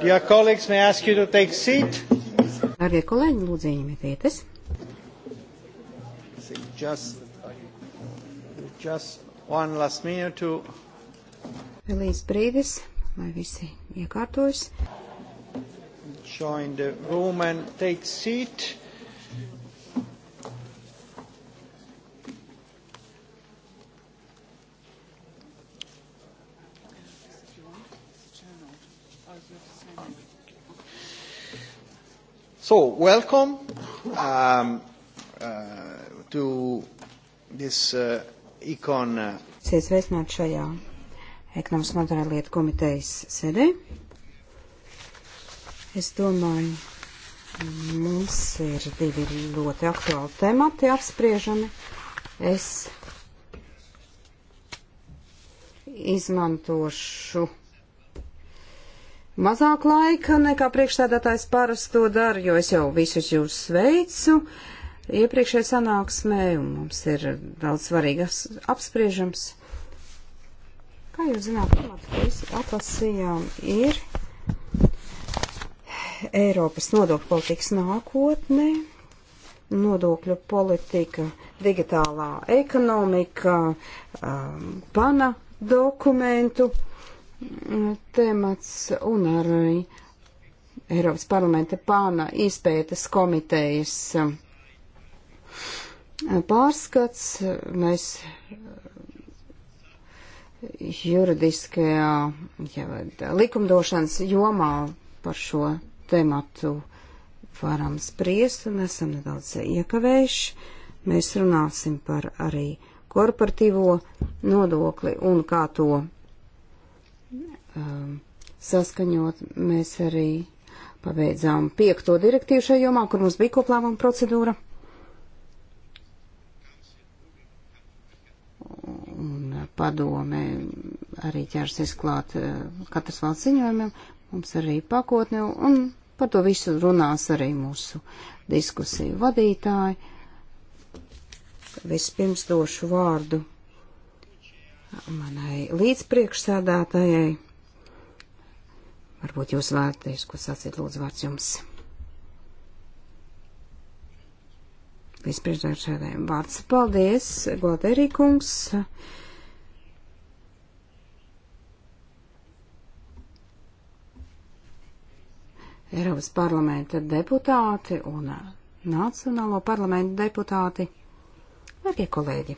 Dear colleagues, may I ask you to take seat? Darbie kolēģi, lūdzu, ieņemiet vietas. Just, just one last minute to... Vēl īsts brīdis, lai visi iekārtojas. Join the room and take seat. So, welcome um, uh, to this uh, econ. Uh... Sēs veicināt šajā ekonomikas monetāra lietu komitejas sēdē. Es domāju, mums ir divi ļoti aktuāli temati apspriežami. Es izmantošu mazāk laika nekā priekšstādātājs parasti to dara, jo es jau visus jūs sveicu iepriekšējā sanāksmē, un mums ir daudz svarīgas apspriežams. Kā jūs zināt, pamats, ko visi atlasījām, ir Eiropas nodokļu politikas nākotnē, nodokļu politika, digitālā ekonomika, um, pana dokumentu temats un arī Eiropas parlamenta pāna izpētes komitejas pārskats. Mēs juridiskajā ja, likumdošanas jomā par šo tematu varam spriest un esam nedaudz iekavējuši. Mēs runāsim par arī korporatīvo nodokli un kā to um, saskaņot. Mēs arī pabeidzām piekto direktīvu šajā jomā, kur mums bija koplēmuma procedūra. Un uh, padome arī ķersies klāt uh, katras valsts ziņojumiem. Mums arī pakotne un par to visu runās arī mūsu diskusiju vadītāji. Vispirms došu vārdu manai līdzpriekšsēdātājai. Varbūt jūs vērtīs, ko sacīt lūdzu vārds jums. Līdzpriekšsēdātājai vārds. Paldies, Goderīkungs. Eiropas parlamenta deputāti un Nacionālo parlamentu deputāti. Darbie kolēģi!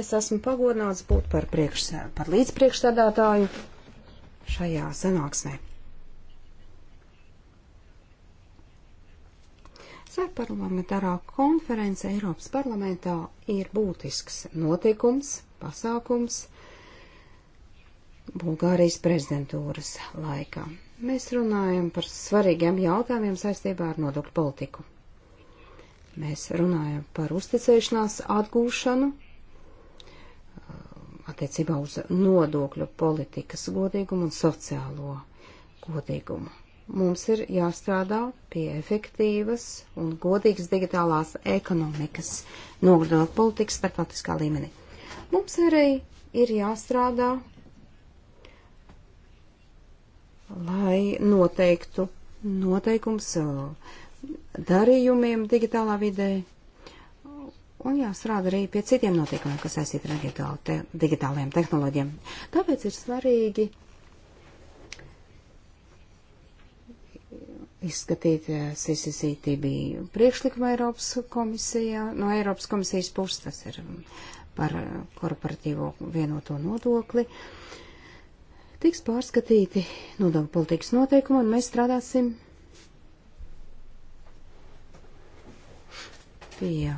Es esmu pagodināts būt par, priekš, par līdzpriekšstādātāju šajā sanāksmē. Sērparlamentārā konference Eiropas parlamentā ir būtisks notikums, pasākums Bulgārijas prezidentūras laikā. Mēs runājam par svarīgiem jautājumiem saistībā ar nodokļu politiku. Mēs runājam par uzticēšanās atgūšanu attiecībā uz nodokļu politikas godīgumu un sociālo godīgumu. Mums ir jāstrādā pie efektīvas un godīgas digitālās ekonomikas nodokļu politikas starptautiskā līmenī. Mums arī ir jāstrādā, lai noteiktu noteikums uh, darījumiem digitālā vidē, un jāstrādā arī pie citiem notiekumiem, kas saistīti ar digitāl, te, digitālajiem tehnoloģiem. Tāpēc ir svarīgi izskatīt eh, CCCTB priekšlikumu Eiropas komisijā, no Eiropas komisijas puses, tas ir mm, par eh, korporatīvo vienoto nodokli. Tiks pārskatīti nodokļu politikas noteikumi, un mēs strādāsim pie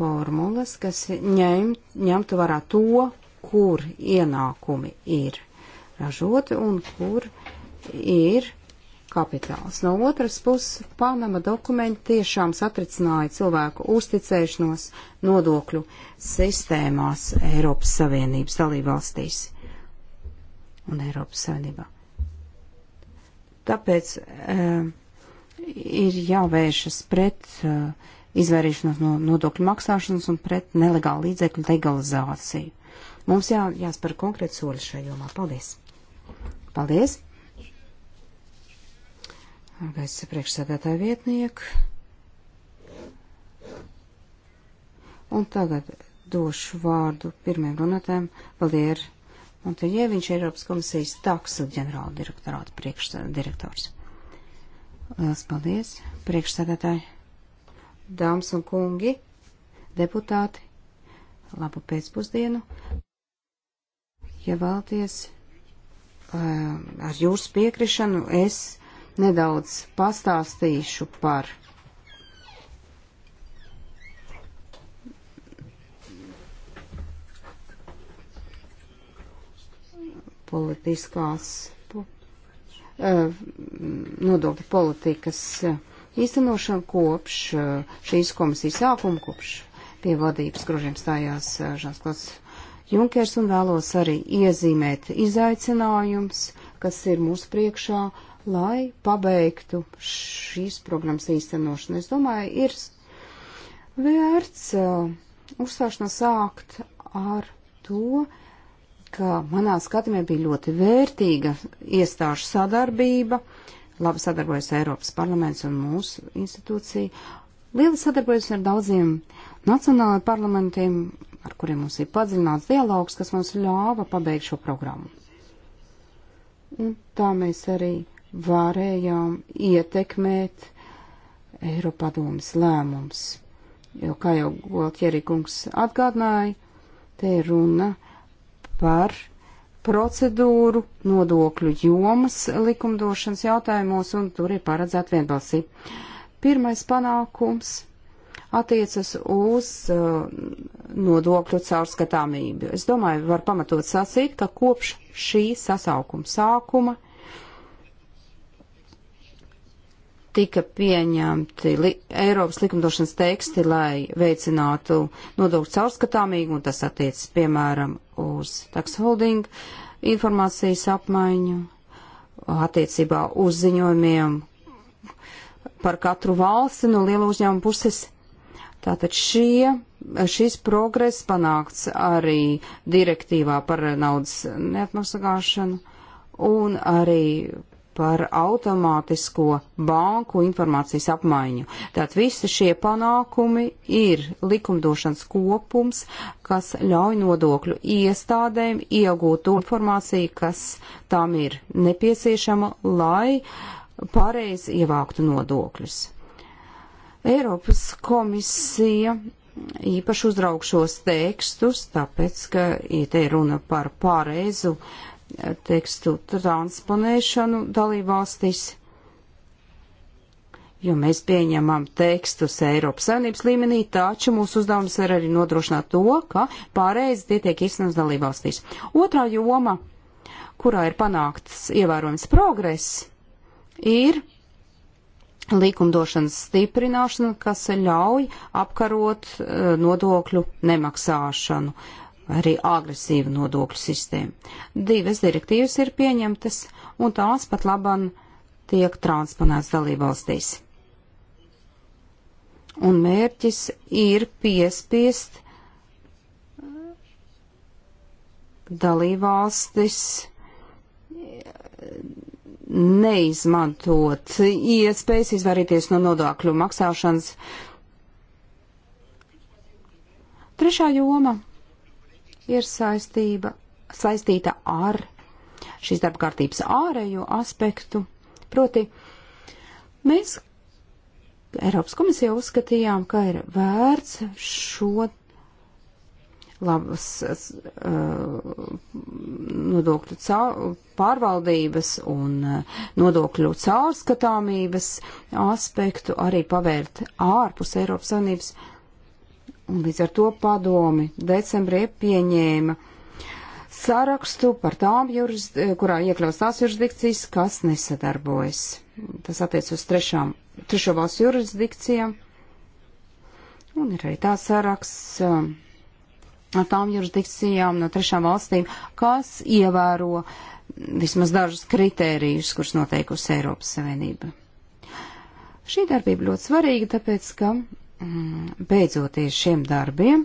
formulas, kas ņem, ņemtu vērā to, kur ienākumi ir ražoti un kur ir kapitāls. No otras puses, Panama dokumenti tiešām satricināja cilvēku uzticēšanos nodokļu sistēmās Eiropas Savienības dalībvalstīs un Eiropas Savienībā. Tāpēc uh, ir jāvēršas pret uh, izvairīšanos no nodokļu maksāšanas un pret nelegālu līdzekļu legalizāciju. Mums jā, jāspēr konkrēti soļi šajā jomā. Paldies! Paldies! Gaisa priekšsēdētāja vietnieku. Un tagad došu vārdu pirmiem runātājiem Valdier Monteļieviņš, Eiropas komisijas taksu ģenerāla direktorāta priekšsēdētājs. Lielas paldies, priekšsēdētāji! dāmas un kungi, deputāti, labu pēcpusdienu. Ja vēlties eh, ar jūsu piekrišanu, es nedaudz pastāstīšu par politiskās eh, nodokļu politikas eh, īstenošanu kopš eh, šīs komisijas sākuma, kopš pie vadības grožiem stājās eh, Žansklots Junkers un vēlos arī iezīmēt izaicinājums, kas ir mūsu priekšā, lai pabeigtu šīs programmas īstenošanu. Es domāju, ir vērts uh, uzstāšanos sākt ar to, ka manā skatījumā bija ļoti vērtīga iestāžu sadarbība, uh, labi sadarbojas Eiropas parlaments un mūsu institūcija. Lieli sadarbojas ar daudziem nacionālajiem parlamentiem, ar kuriem mums ir padziļināts dialogs, kas mums ļāva pabeigt šo programmu. Un tā mēs arī varējām ietekmēt Eiropadomas lēmums. Jo, kā jau Gualtieri kungs atgādināja, te ir runa par procedūru nodokļu jomas likumdošanas jautājumos, un tur ir paredzēta vienbalsība. Pirmais panākums attiecas uz uh, nodokļu caurskatāmību. Es domāju, var pamatot sacīt, ka kopš šī sasaukuma sākuma tika pieņemti li Eiropas likumdošanas teksti, lai veicinātu nodokļu caurskatāmīgu, un tas attiecas, piemēram, uz tax holding informācijas apmaiņu, attiecībā uz ziņojumiem par katru valsti no liela uzņēmuma puses. Tātad šie, šis progress panākts arī direktīvā par naudas neatmaksāšanu un arī par automātisko banku informācijas apmaiņu. Tātad visi šie panākumi ir likumdošanas kopums, kas ļauj nodokļu iestādēm iegūt to informāciju, kas tām ir nepieciešama, lai pareizi ievāktu nodokļus. Eiropas komisija īpaši uzraukšos tekstus, tāpēc, ka ja te ir runa par pareizu tekstu transponēšanu dalībvalstīs, jo mēs pieņemam tekstus Eiropas saimnības līmenī, taču mūsu uzdevums ir arī nodrošināt to, ka pārējais tie tiek īstenos dalībvalstīs. Otrā joma, kurā ir panākts ievērojams progress, ir likumdošanas stiprināšana, kas ļauj apkarot eh, nodokļu nemaksāšanu. Uh, arī agresīvu nodokļu sistēmu. Divas direktīvas ir pieņemtas, un tās pat laban tiek transponēts dalībvalstīs. Un mērķis ir piespiest dalībvalstis neizmantot iespējas izvairīties no nodokļu maksāšanas. Trešā joma ir saistība, saistīta ar šīs darba kārtības ārējo aspektu. Proti, mēs Eiropas komisijā uzskatījām, ka ir vērts šo labas uh, nodokļu caur, pārvaldības un uh, nodokļu caurskatāmības aspektu arī pavērt ārpus Eiropas Savienības. Uh, Un līdz ar to padomi decembrī pieņēma sarakstu par tām, juris, kurā iekļaus tās jurisdikcijas, kas nesadarbojas. Tas attiec uz trešām, trešo valstu jurisdikcijām. Un ir arī tāds saraksts um, ar tām jurisdikcijām no trešām valstīm, kas ievēro vismaz dažus kritērijus, kurus noteikusi Eiropas Savienība. Šī darbība ļoti svarīga, tāpēc, ka Mm, beidzoties šiem darbiem,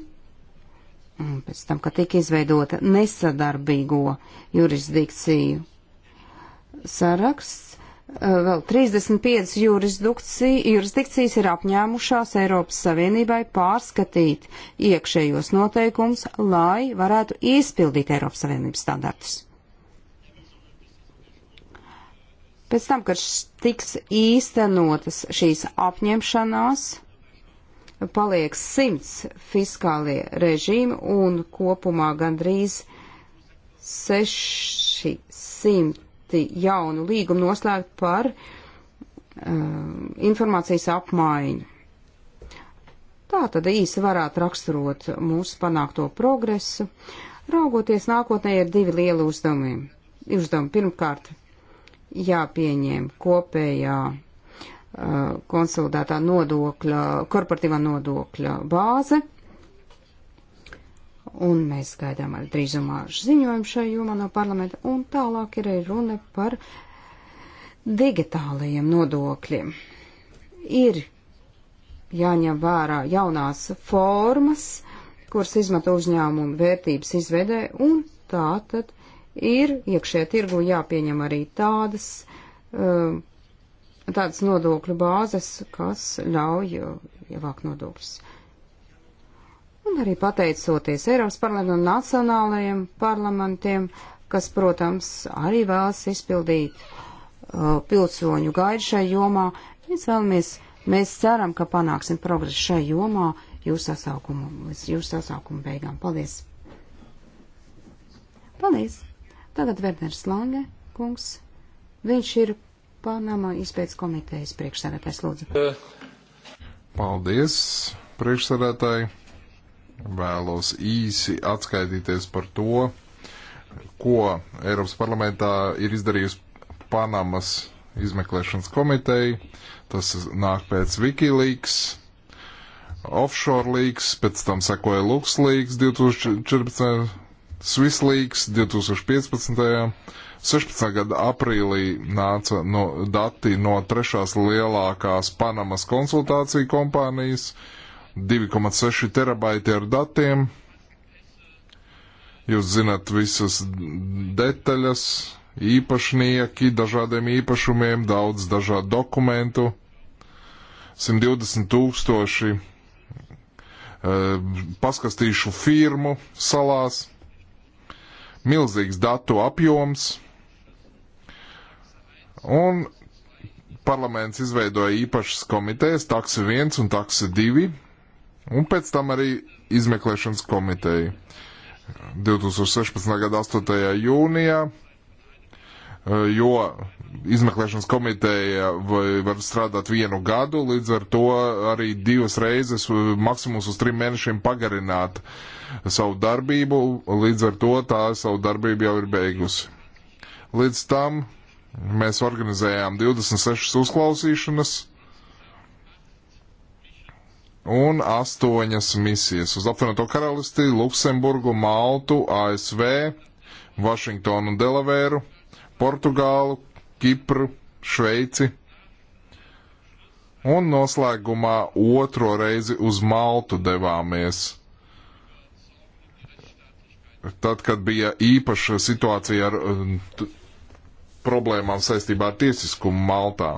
pēc tam, kad tika izveidota nesadarbīgo jurisdikciju saraksts, eh, vēl 35 jurisdikcijas ir apņēmušās Eiropas Savienībai pārskatīt iekšējos noteikums, lai varētu izpildīt Eiropas Savienības standartus. Pēc tam, kad tiks īstenotas šīs apņemšanās, paliek simts fiskālie režīmi un kopumā gandrīz 600 jaunu līgumu noslēgt par um, informācijas apmaiņu. Tā tad īsi varētu raksturot mūsu panākto progresu. Raugoties nākotnē ir divi lieli uzdevumi. Uzdevumi pirmkārt jāpieņem kopējā Uh, konsolidētā nodokļa, korporatīvā nodokļa bāze. Un mēs gaidām ar drīzumā ziņojumu šai jomā no parlamenta. Un tālāk ir runa par digitālajiem nodokļiem. Ir jāņem vērā jaunās formas, kuras izmanto uzņēmumu vērtības izvedē, un tā tad ir iekšē tirgu jāpieņem arī tādas uh, tādas nodokļu bāzes, kas ļauj uh, ievākt nodokļus. Un arī pateicoties Eiropas parlamentam un nacionālajiem parlamentiem, kas, protams, arī vēlas izpildīt uh, pilsoņu gaidu šai jomā, mēs vēlamies, mēs ceram, ka panāksim progresu šai jomā jūsu sasaukumu, līdz jūsu sasaukumu beigām. Paldies! Paldies! Tagad Werners Lange, kungs, viņš ir Panama izpētes komitejas priekšsēdētājs lūdzu. Uh. Paldies, priekšsēdētāji. Vēlos īsi atskaitīties par to, ko Eiropas parlamentā ir izdarījusi Panamas izmeklēšanas komiteja. Tas nāk pēc Wikileaks, Offshore Leaks, pēc tam sekoja LuxLeaks 2014, SwissLeaks 2015. 16. gada aprīlī nāca no dati no trešās lielākās Panamas konsultāciju kompānijas, 2,6 terabaiti ar datiem. Jūs zinat visas detaļas, īpašnieki dažādiem īpašumiem, daudz dažādu dokumentu, 120 tūkstoši e, paskastīšu firmu salās, milzīgs datu apjoms Un parlaments izveidoja īpašas komitejas, taksi 1 un taksi 2, un pēc tam arī izmeklēšanas komiteju. 2016. gada 8. jūnijā, eh, jo izmeklēšanas komiteja var strādāt vienu gadu, līdz ar to arī divas reizes, eh, maksimums uz trim mēnešiem pagarināt savu darbību, līdz ar to tā savu darbību jau ir beigusi. Līdz tam Mēs organizējām 26 uzklausīšanas un 8 misijas uz apvienoto karalisti, Luksemburgu, Maltu, ASV, Vašingtonu, Delavēru, Portugālu, Kipru, Šveici un noslēgumā otro reizi uz Maltu devāmies tad, kad bija īpaša situācija ar um, problēmām saistībā ar tiesiskumu Maltā.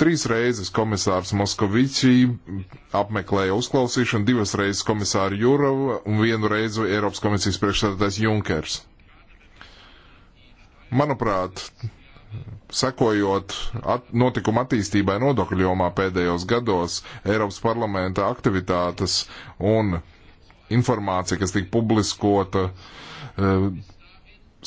Trīs reizes komisārs Moskovičī apmeklēja uzklausīšanu, divas reizes komisāru Jurova un vienu reizi Eiropas komisijas priekšsēdētājs Junkers. Manuprāt, sekojot at notikuma attīstībai nodokļu jomā pēdējos gados, Eiropas parlamenta aktivitātes un informācija, kas tika publiskota, uh,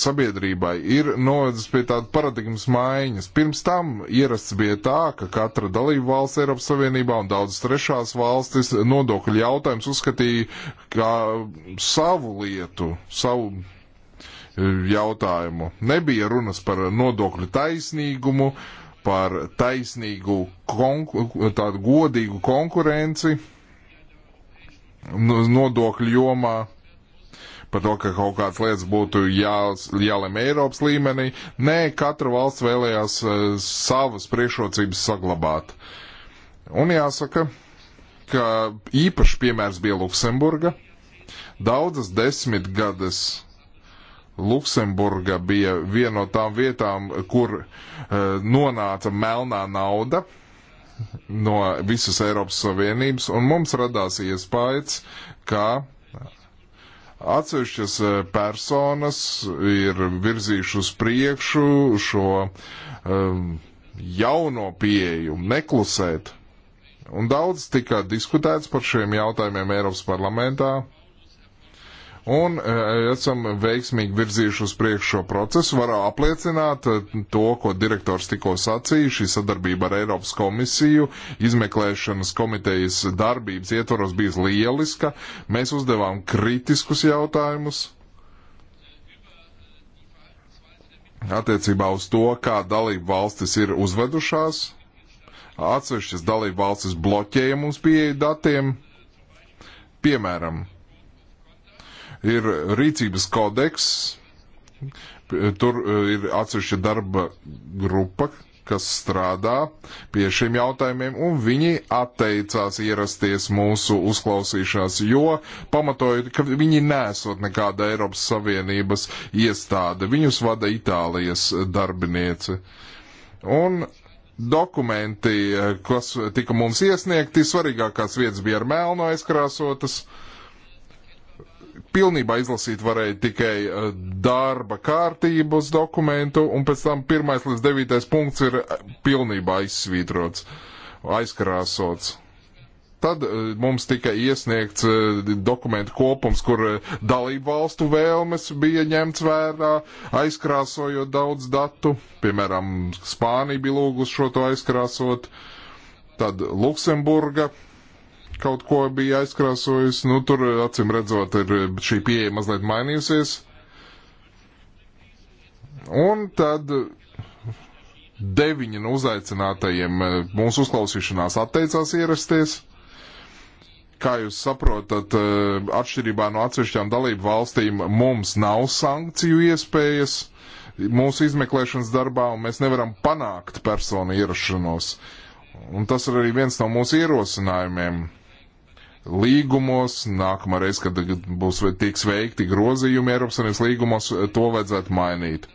sabiedrībai ir novedis pie tāda paradigmas maiņas. Pirms tam ierasts bija tā, ka katra dalība valsts Eiropas Savienībā un daudzas trešās valstis nodokļu jautājums uzskatīja kā savu lietu, savu e, jautājumu. Nebija runas par nodokļu taisnīgumu, par taisnīgu, konku, tādu godīgu konkurenci nodokļu jomā par to, ka kaut kādas lietas būtu jā, jālem Eiropas līmenī. Nē, katra valsts vēlējās e, savas priekšrocības saglabāt. Un jāsaka, ka īpašs piemērs bija Luksemburga. Daudzas desmitgades Luksemburga bija viena no tām vietām, kur uh, nonāca melnā nauda no visas Eiropas Savienības, un mums radās iespējas, ka Atsevišķas e, personas ir virzījuši uz priekšu šo um, jauno pieeju, neklusēt. Un daudz tika diskutēts par šiem jautājumiem Eiropas parlamentā. Un e, esam veiksmīgi virzījuši uz priekšu šo procesu. Varu apliecināt e, to, ko direktors tikko sacīja, šī sadarbība ar Eiropas komisiju, izmeklēšanas komitejas darbības ietvaros bijis lieliska. Mēs uzdevām kritiskus jautājumus attiecībā uz to, kā dalību valstis ir uzvedušās. Atsevišķas dalību valstis bloķēja mums pieeja datiem. Piemēram, ir rīcības kodeks, tur e, ir atsevišķa darba grupa, kas strādā pie šiem jautājumiem, un viņi atteicās ierasties mūsu uzklausīšanās, jo pamatojot, ka viņi nesot nekāda Eiropas Savienības iestāde. Viņus vada Itālijas darbiniece. Un dokumenti, e, kas tika mums iesniegti, svarīgākās vietas bija ar melno aizkrāsotas. Uh, pilnībā izlasīt varēju tikai eh, darba kārtības dokumentu, un pēc tam pirmais līdz devītais punkts ir eh, pilnībā izsvītrots, aizkrāsots. Tad eh, mums tika iesniegts dokumentu kopums, kur dalību valstu vēlmes bija ņemts vērā, aizkrāsojot daudz datu. Piemēram, Spānija bija lūgusi šo to aizkrāsot. Tad Luksemburga kaut ko bija aizkrāsojis. Nu, tur, acīm redzot, ir šī pieeja mazliet mainījusies. Un tad deviņi no uzaicinātajiem eh, mūsu uzklausīšanās atteicās ierasties. Kā jūs saprotat, eh, atšķirībā no atsevišķām dalību valstīm mums nav sankciju iespējas mūsu izmeklēšanas darbā, un mēs nevaram panākt personu ierašanos. Un tas ir arī viens no mūsu ierosinājumiem līgumos, nākamā reize, kad būs tiks veikti grozījumi Eiropas Savienības līgumos, to vajadzētu mainīt.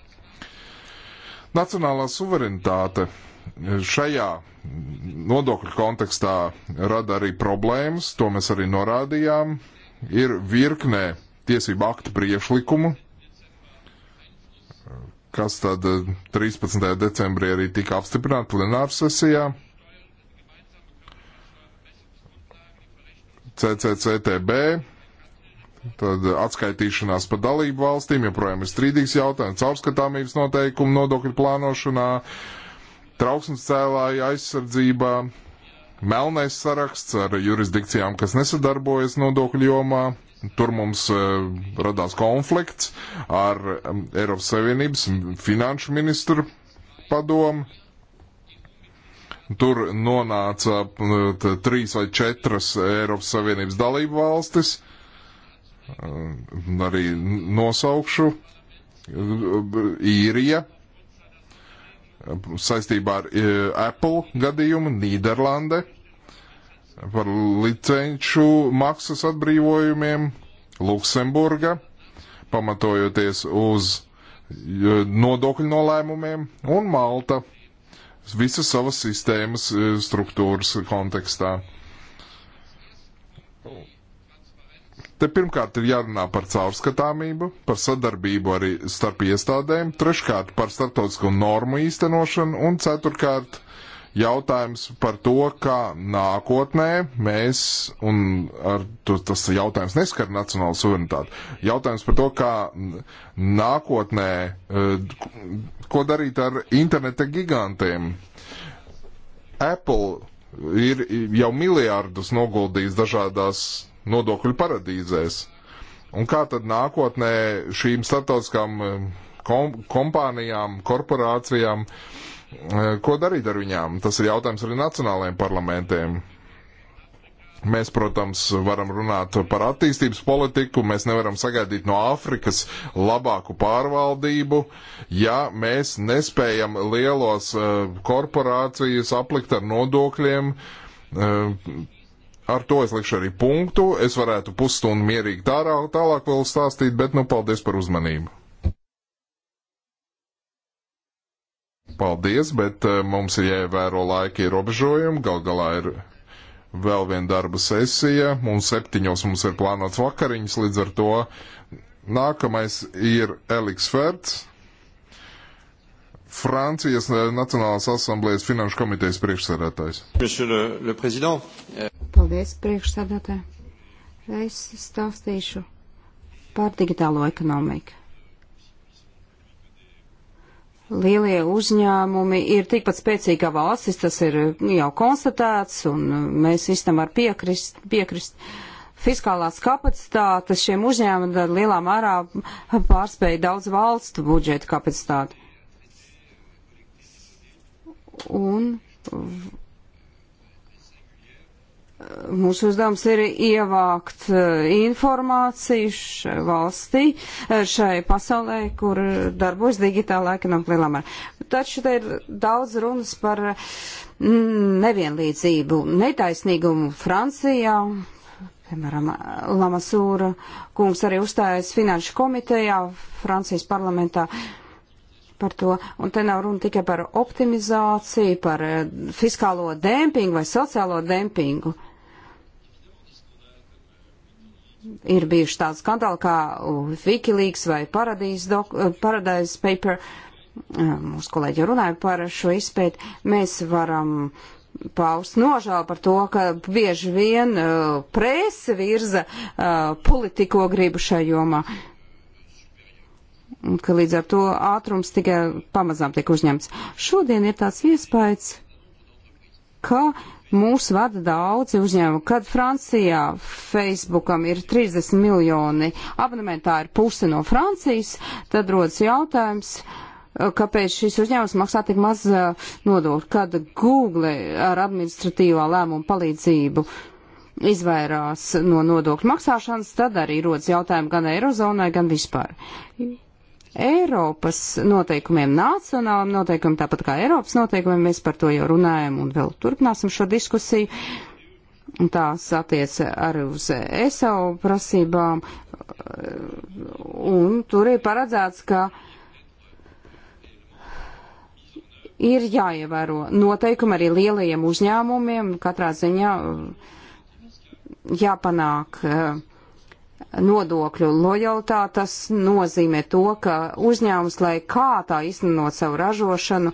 Nacionālā suverenitāte šajā nodokļu kontekstā rada arī problēmas, to mēs arī norādījām. Ir virknē tiesību aktu priešlikumu, kas tad 13. Eh, decembrī arī tika apstiprināta plenārsesijā. Ar CCCTB, tad atskaitīšanās pa dalību valstīm joprojām ir strīdīgs jautājums, caurskatāmības noteikumu nodokļu plānošanā, trauksmes cēlāja aizsardzībā, melnais saraksts ar jurisdikcijām, kas nesadarbojas nodokļu jomā. Tur mums uh, radās konflikts ar um, Eiropas Savienības finanšu ministru padomu Tur nonāca eh, trīs vai četras Eiropas Savienības dalību valstis, eh, arī nosaukšu eh, īrija saistībā ar Apple gadījumu, Nīderlande par licenču maksas atbrīvojumiem, Luksemburga, pamatojoties uz nodokļu nolēmumiem, un Malta visas savas sistēmas e, struktūras kontekstā. Te pirmkārt ir jārunā par caurskatāmību, par sadarbību arī starp iestādēm, treškārt par starptautisko normu īstenošanu un ceturkārt jautājums par to, kā nākotnē mēs, un ar, tas jautājums neskar nacionālu suverenitāti, jautājums par to, kā nākotnē, eh, ko darīt ar interneta gigantiem. Apple ir jau miljārdus noguldījis dažādās nodokļu paradīzēs. Un kā tad nākotnē šīm starptautiskām eh, kom kompānijām, korporācijām uh, Eh, ko darīt ar viņām? Tas ir jautājums arī nacionālajiem parlamentiem. Mēs, protams, varam runāt par attīstības politiku, mēs nevaram sagaidīt no Āfrikas labāku pārvaldību, ja mēs nespējam lielos eh, korporācijas aplikt ar nodokļiem. Eh, ar to es likšu arī punktu. Es varētu pusstundu mierīgi tālāk vēl stāstīt, bet nu paldies par uzmanību. Paldies, bet eh, mums ir jāievēro laika ierobežojumi. Gal galā ir vēl viena darba sesija. Mums septiņos mums ir plānots vakariņas, līdz ar to nākamais ir Eliks Ferts, Francijas eh, Nacionālās asamblējas finanšu komitejas priekšsēdētājs. Paldies, priekšsēdētāji. Es stāstīšu par digitālo ekonomiku lielie uzņēmumi ir tikpat spēcīgi kā valstis, tas ir eh, jau konstatēts, un eh, mēs visi tam var piekrist. piekrist. Fiskālās kapacitātes šiem uzņēmumiem lielā mērā pārspēja daudz valstu budžeta kapacitāti. Un Mūsu uzdevums ir ievākt e, informāciju valstī, e, šai pasaulē, kur darbojas digitāla ekonomika lielā mērā. Taču te ir daudz runas par mm, nevienlīdzību, netaisnīgumu Francijā. Piemēram, Lamasūra kungs arī uzstājas finanšu komitejā Francijas parlamentā par to. Un te nav runa tikai par optimizāciju, par e, fiskālo dempingu vai sociālo dempingu ir bijuši tādi skandāli kā uh, Wikileaks vai Paradise, doc, uh, Paradise Paper. Uh, mūsu kolēģi jau runāja par šo izpēti. Mēs varam paust nožēlu par to, ka bieži vien uh, prese virza uh, politiko gribu šajā jomā. Un, ka līdz ar to ātrums tikai pamazām tiek uzņemts. Šodien ir tāds iespējas, ka uh, Mūs vada daudzi uzņēmumi. Kad Francijā Facebookam ir 30 miljoni abonementā ir puse no Francijas, tad rodas jautājums, eh, kāpēc šis uzņēmums maksā tik maz eh, nodokļu, kad Google ar administratīvā lēmuma palīdzību izvairās no nodokļu maksāšanas, tad arī rodas jautājumi gan Eirozonai, gan vispār. Eiropas noteikumiem, nacionāliem noteikumiem, tāpat kā Eiropas noteikumiem, mēs par to jau runājam un vēl turpināsim šo diskusiju. Un tās attiec arī uz ESO prasībām, un tur ir paredzēts, ka ir jāievēro noteikumi arī lielajiem uzņēmumiem, katrā ziņā jāpanāk uh, nodokļu lojalitāte, tas nozīmē to, ka uzņēmums, lai kā tā iznenot savu ražošanu,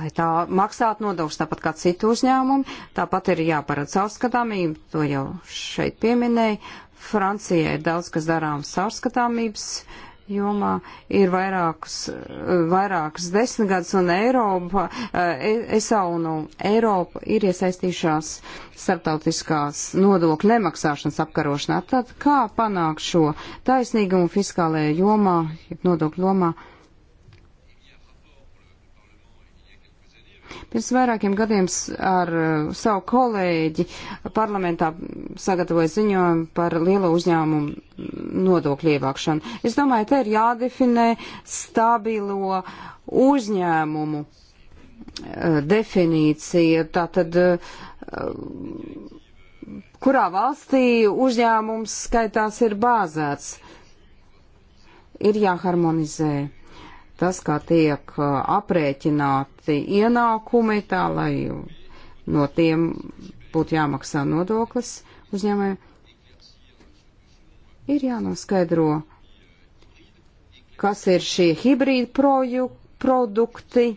lai tā maksātu nodokļus tāpat kā citu uzņēmumu, tāpat ir jāparedz caurskatāmību, to jau šeit pieminēja. Francijai ir daudz, kas darāms caurskatāmības jomā ir vairākas, vairākas desmitgadus, un Eiropa, ESA e un Eiropa ir iesaistījušās starptautiskās nodokļu nemaksāšanas apkarošanā. Tad kā panākt šo taisnīgumu fiskālajā jomā, nodokļu jomā? Pirms vairākiem gadiem ar uh, savu kolēģi parlamentā sagatavoju ziņojumu par lielo uzņēmumu nodokļu ievākšanu. Es domāju, te ir jādefinē stabilo uzņēmumu uh, definīcija. Tātad, uh, kurā valstī uzņēmums skaitās ir bāzēts, ir jāharmonizē tas, kā tiek aprēķināti ienākumi, tā lai no tiem būtu jāmaksā nodoklis uzņēmējiem, ir jānoskaidro, kas ir šie hibrīdu produkti.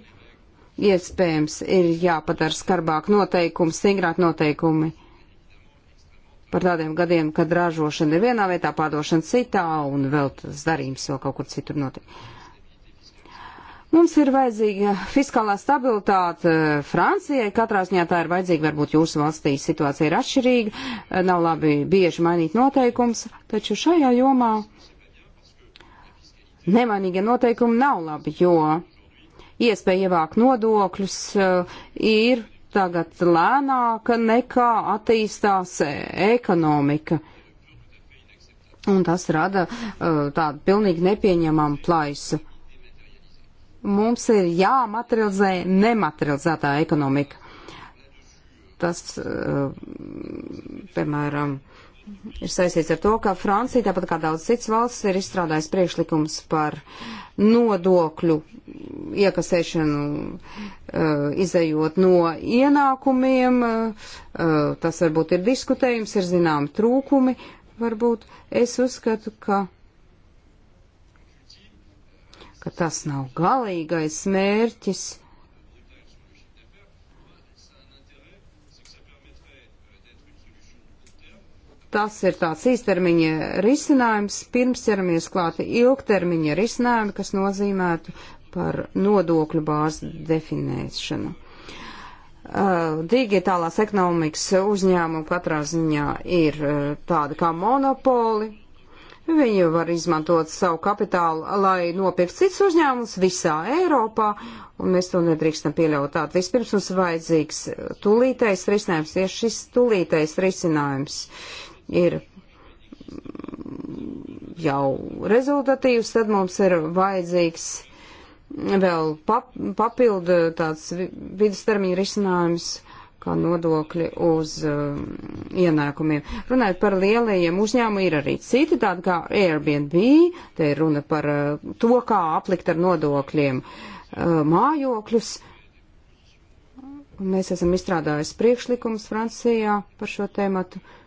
Iespējams, ir jāpadara skarbāk noteikumi, stingrāk noteikumi par tādiem gadiem, kad ražošana ir vienā vietā, pārdošana citā, un vēl tas darījums vēl kaut kur citur notiek. Mums ir vajadzīga fiskālā stabilitāte Francijai. Katrā ziņā tā ir vajadzīga. Varbūt jūsu valstī situācija ir atšķirīga. Nav labi bieži mainīt noteikums. Taču šajā jomā nemainīgie noteikumi nav labi, jo iespēja ievākt nodokļus eh, ir tagad lēnāka nekā attīstās eh, ekonomika. Un tas rada eh, tādu pilnīgi nepieņemamu plaisu. Mums ir jāmaterializē nematerializētā ekonomika. Tas, eh, piemēram, ir saistīts ar to, ka Francija, tāpat kā daudz cits valsts, ir izstrādājis priekšlikums par nodokļu iekasēšanu, eh, izējot no ienākumiem. Eh, tas varbūt ir diskutējums, ir zināmi trūkumi. Varbūt es uzskatu, ka ka tas nav galīgais mērķis. Tas ir tāds īstermiņa risinājums, pirms ķeramies klāt ilgtermiņa risinājumi, kas nozīmētu par nodokļu bāzi definēšanu. Uh, digitālās ekonomikas uzņēmumi katrā ziņā ir uh, tādi kā monopoli, Viņi var izmantot savu kapitālu, lai nopirkt cits uzņēmums visā Eiropā, un mēs to nedrīkstam pieļaut tādu. Vispirms mums vajadzīgs tūlītais risinājums, ja šis tūlītais risinājums ir jau rezultatīvs, tad mums ir vajadzīgs vēl pap, papildu tāds vidustermiņa risinājums kā nodokļi uz um, ienākumiem. Runājot par lielajiem uzņēmumiem, ir arī citi tādi kā Airbnb, te ir runa par uh, to, kā aplikt ar nodokļiem uh, mājokļus. Mēs esam izstrādājuši priekšlikums Francijā par šo tēmatu. Uh,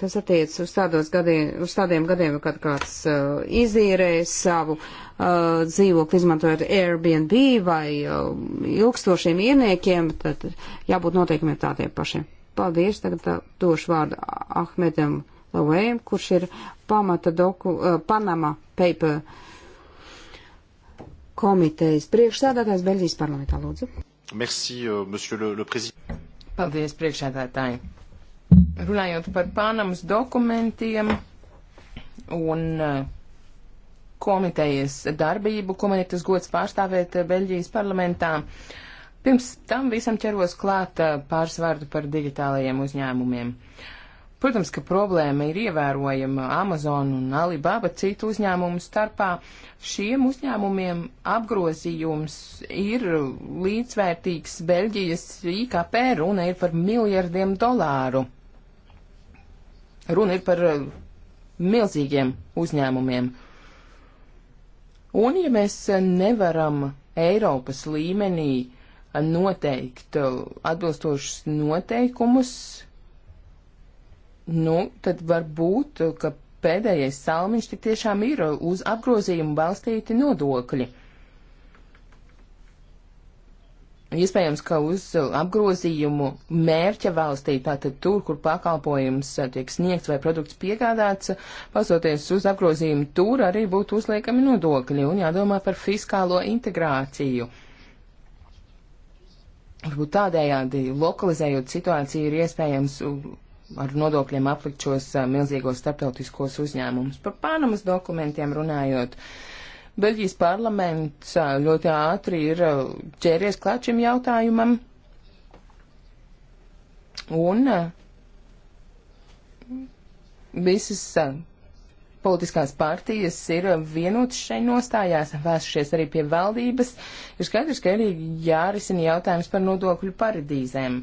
Tas attiecas uz, tādos gadiem, uz tādiem gadiem, kad kāds uh, izīrē savu uh, dzīvokli, izmantojot Airbnb vai uh, ilgstošiem ieniekiem, tad jābūt noteikumiem tādiem pašiem. Paldies, tagad tā, došu vārdu Ahmedam Lavējam, kurš ir pamata doku, uh, Panama Paper komitejas priekšsēdētājs Beļģijas parlamentā, lūdzu. Merci, uh, monsieur le, le président. Paldies, priekšsēdētāji. Runājot par Panamas dokumentiem un eh, komitejas darbību, ko man ir tas gods pārstāvēt eh, Beļģijas parlamentā. Pirms tam visam ķeros klāt eh, pāris vārdu par digitālajiem uzņēmumiem. Protams, ka problēma ir ievērojama Amazon un Alibaba citu uzņēmumu starpā. Šiem uzņēmumiem apgrozījums ir līdzvērtīgs Beļģijas IKP, runa ir par miljardiem dolāru. Runa ir par eh, milzīgiem uzņēmumiem. Un ja mēs nevaram Eiropas līmenī noteikt eh, atbilstošus noteikumus, nu, tad varbūt, eh, ka pēdējais salmiņš tik tiešām ir uz apgrozījumu balstīti nodokļi. Iespējams, ka uz apgrozījumu mērķa valstī, tātad tur, kur pakalpojums uh, tiek sniegts vai produkts piegādāts, pasoties uz apgrozījumu tur arī būtu uzliekami nodokļi un jādomā par fiskālo integrāciju. Varbūt tādējādi, lokalizējot situāciju, ir iespējams uh, ar nodokļiem aplikt šos uh, milzīgos starptautiskos uzņēmumus. Par Panamas dokumentiem runājot. Uh, Beļģijas parlaments ļoti ātri ir ķēries klāt šim jautājumam. Un visas politiskās partijas ir vienotas šai nostājās, vērsušies arī pie valdības. Ir skaidrs, ka arī jārisina jautājums par nodokļu paradīzēm.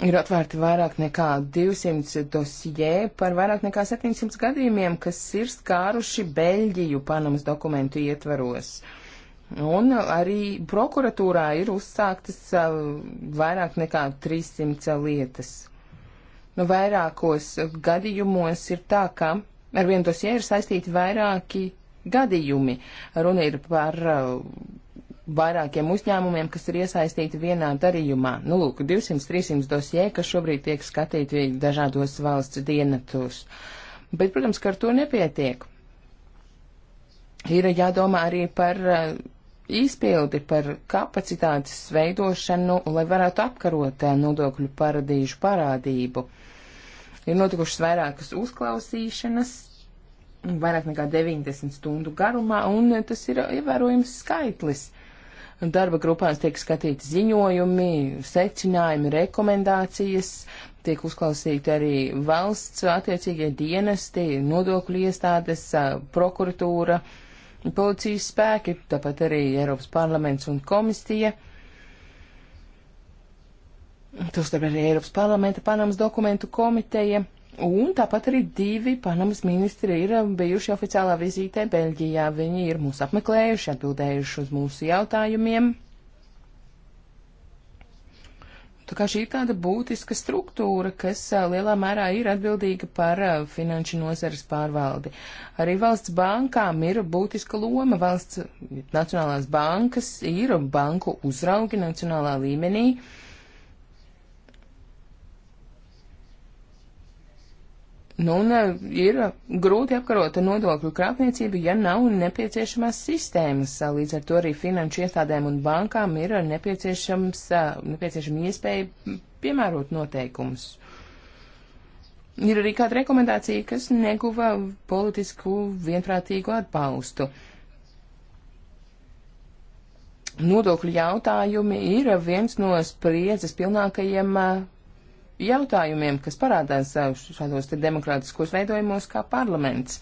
Ir atvērti vairāk nekā 200 dosijē par vairāk nekā 700 gadījumiem, kas ir skāruši Beļģiju Panamas dokumentu ietvaros. Un arī prokuratūrā ir uzsāktas vairāk nekā 300 lietas. Nu, vairākos gadījumos ir tā, ka ar vienu dosijē ir saistīti vairāki gadījumi. Runa ir par vairākiem uzņēmumiem, kas ir iesaistīti vienā darījumā. Nu, lūk, 200-300 dosie, kas šobrīd tiek skatīti dažādos valsts dienatos. Bet, protams, ka ar to nepietiek. Ir jādomā arī par eh, izpildi, par kapacitātes veidošanu, lai varētu apkarot eh, nodokļu paradīžu parādību. Ir notikušas vairākas uzklausīšanas, vairāk nekā 90 stundu garumā, un eh, tas ir ievērojams skaitlis. Darba grupās tiek skatīti ziņojumi, secinājumi, rekomendācijas, tiek uzklausīti arī valsts attiecīgie dienesti, nodokļu iestādes, prokuratūra, policijas spēki, tāpat arī Eiropas parlaments un komisija. Tostarp arī Eiropas parlamenta Panamas dokumentu komiteja. Un tāpat arī divi Panamas ministri ir um, bijuši oficiālā vizītē Beļģijā. Viņi ir mūs apmeklējuši, atbildējuši uz mūsu jautājumiem. Tā kā šī tāda būtiska struktūra, kas uh, lielā mērā ir atbildīga par uh, finanšu nozares pārvaldi. Arī valsts bankām ir būtiska loma. Valsts Nacionālās bankas ir banku uzraugi nacionālā līmenī. Uh, Nu, un eh, ir grūti apkarot nodokļu krāpniecību, ja nav nepieciešamās sistēmas. Eh, līdz ar to arī finanšu iestādēm un bankām ir eh, nepieciešams, nepieciešama iespēja piemērot noteikumus. Ir arī kāda rekomendācija, kas neguva politisku vienprātīgu atbalstu. Nodokļu jautājumi ir viens no spriedzes pilnākajiem jautājumiem, kas parādās šādos te demokrātiskos veidojumos kā parlaments.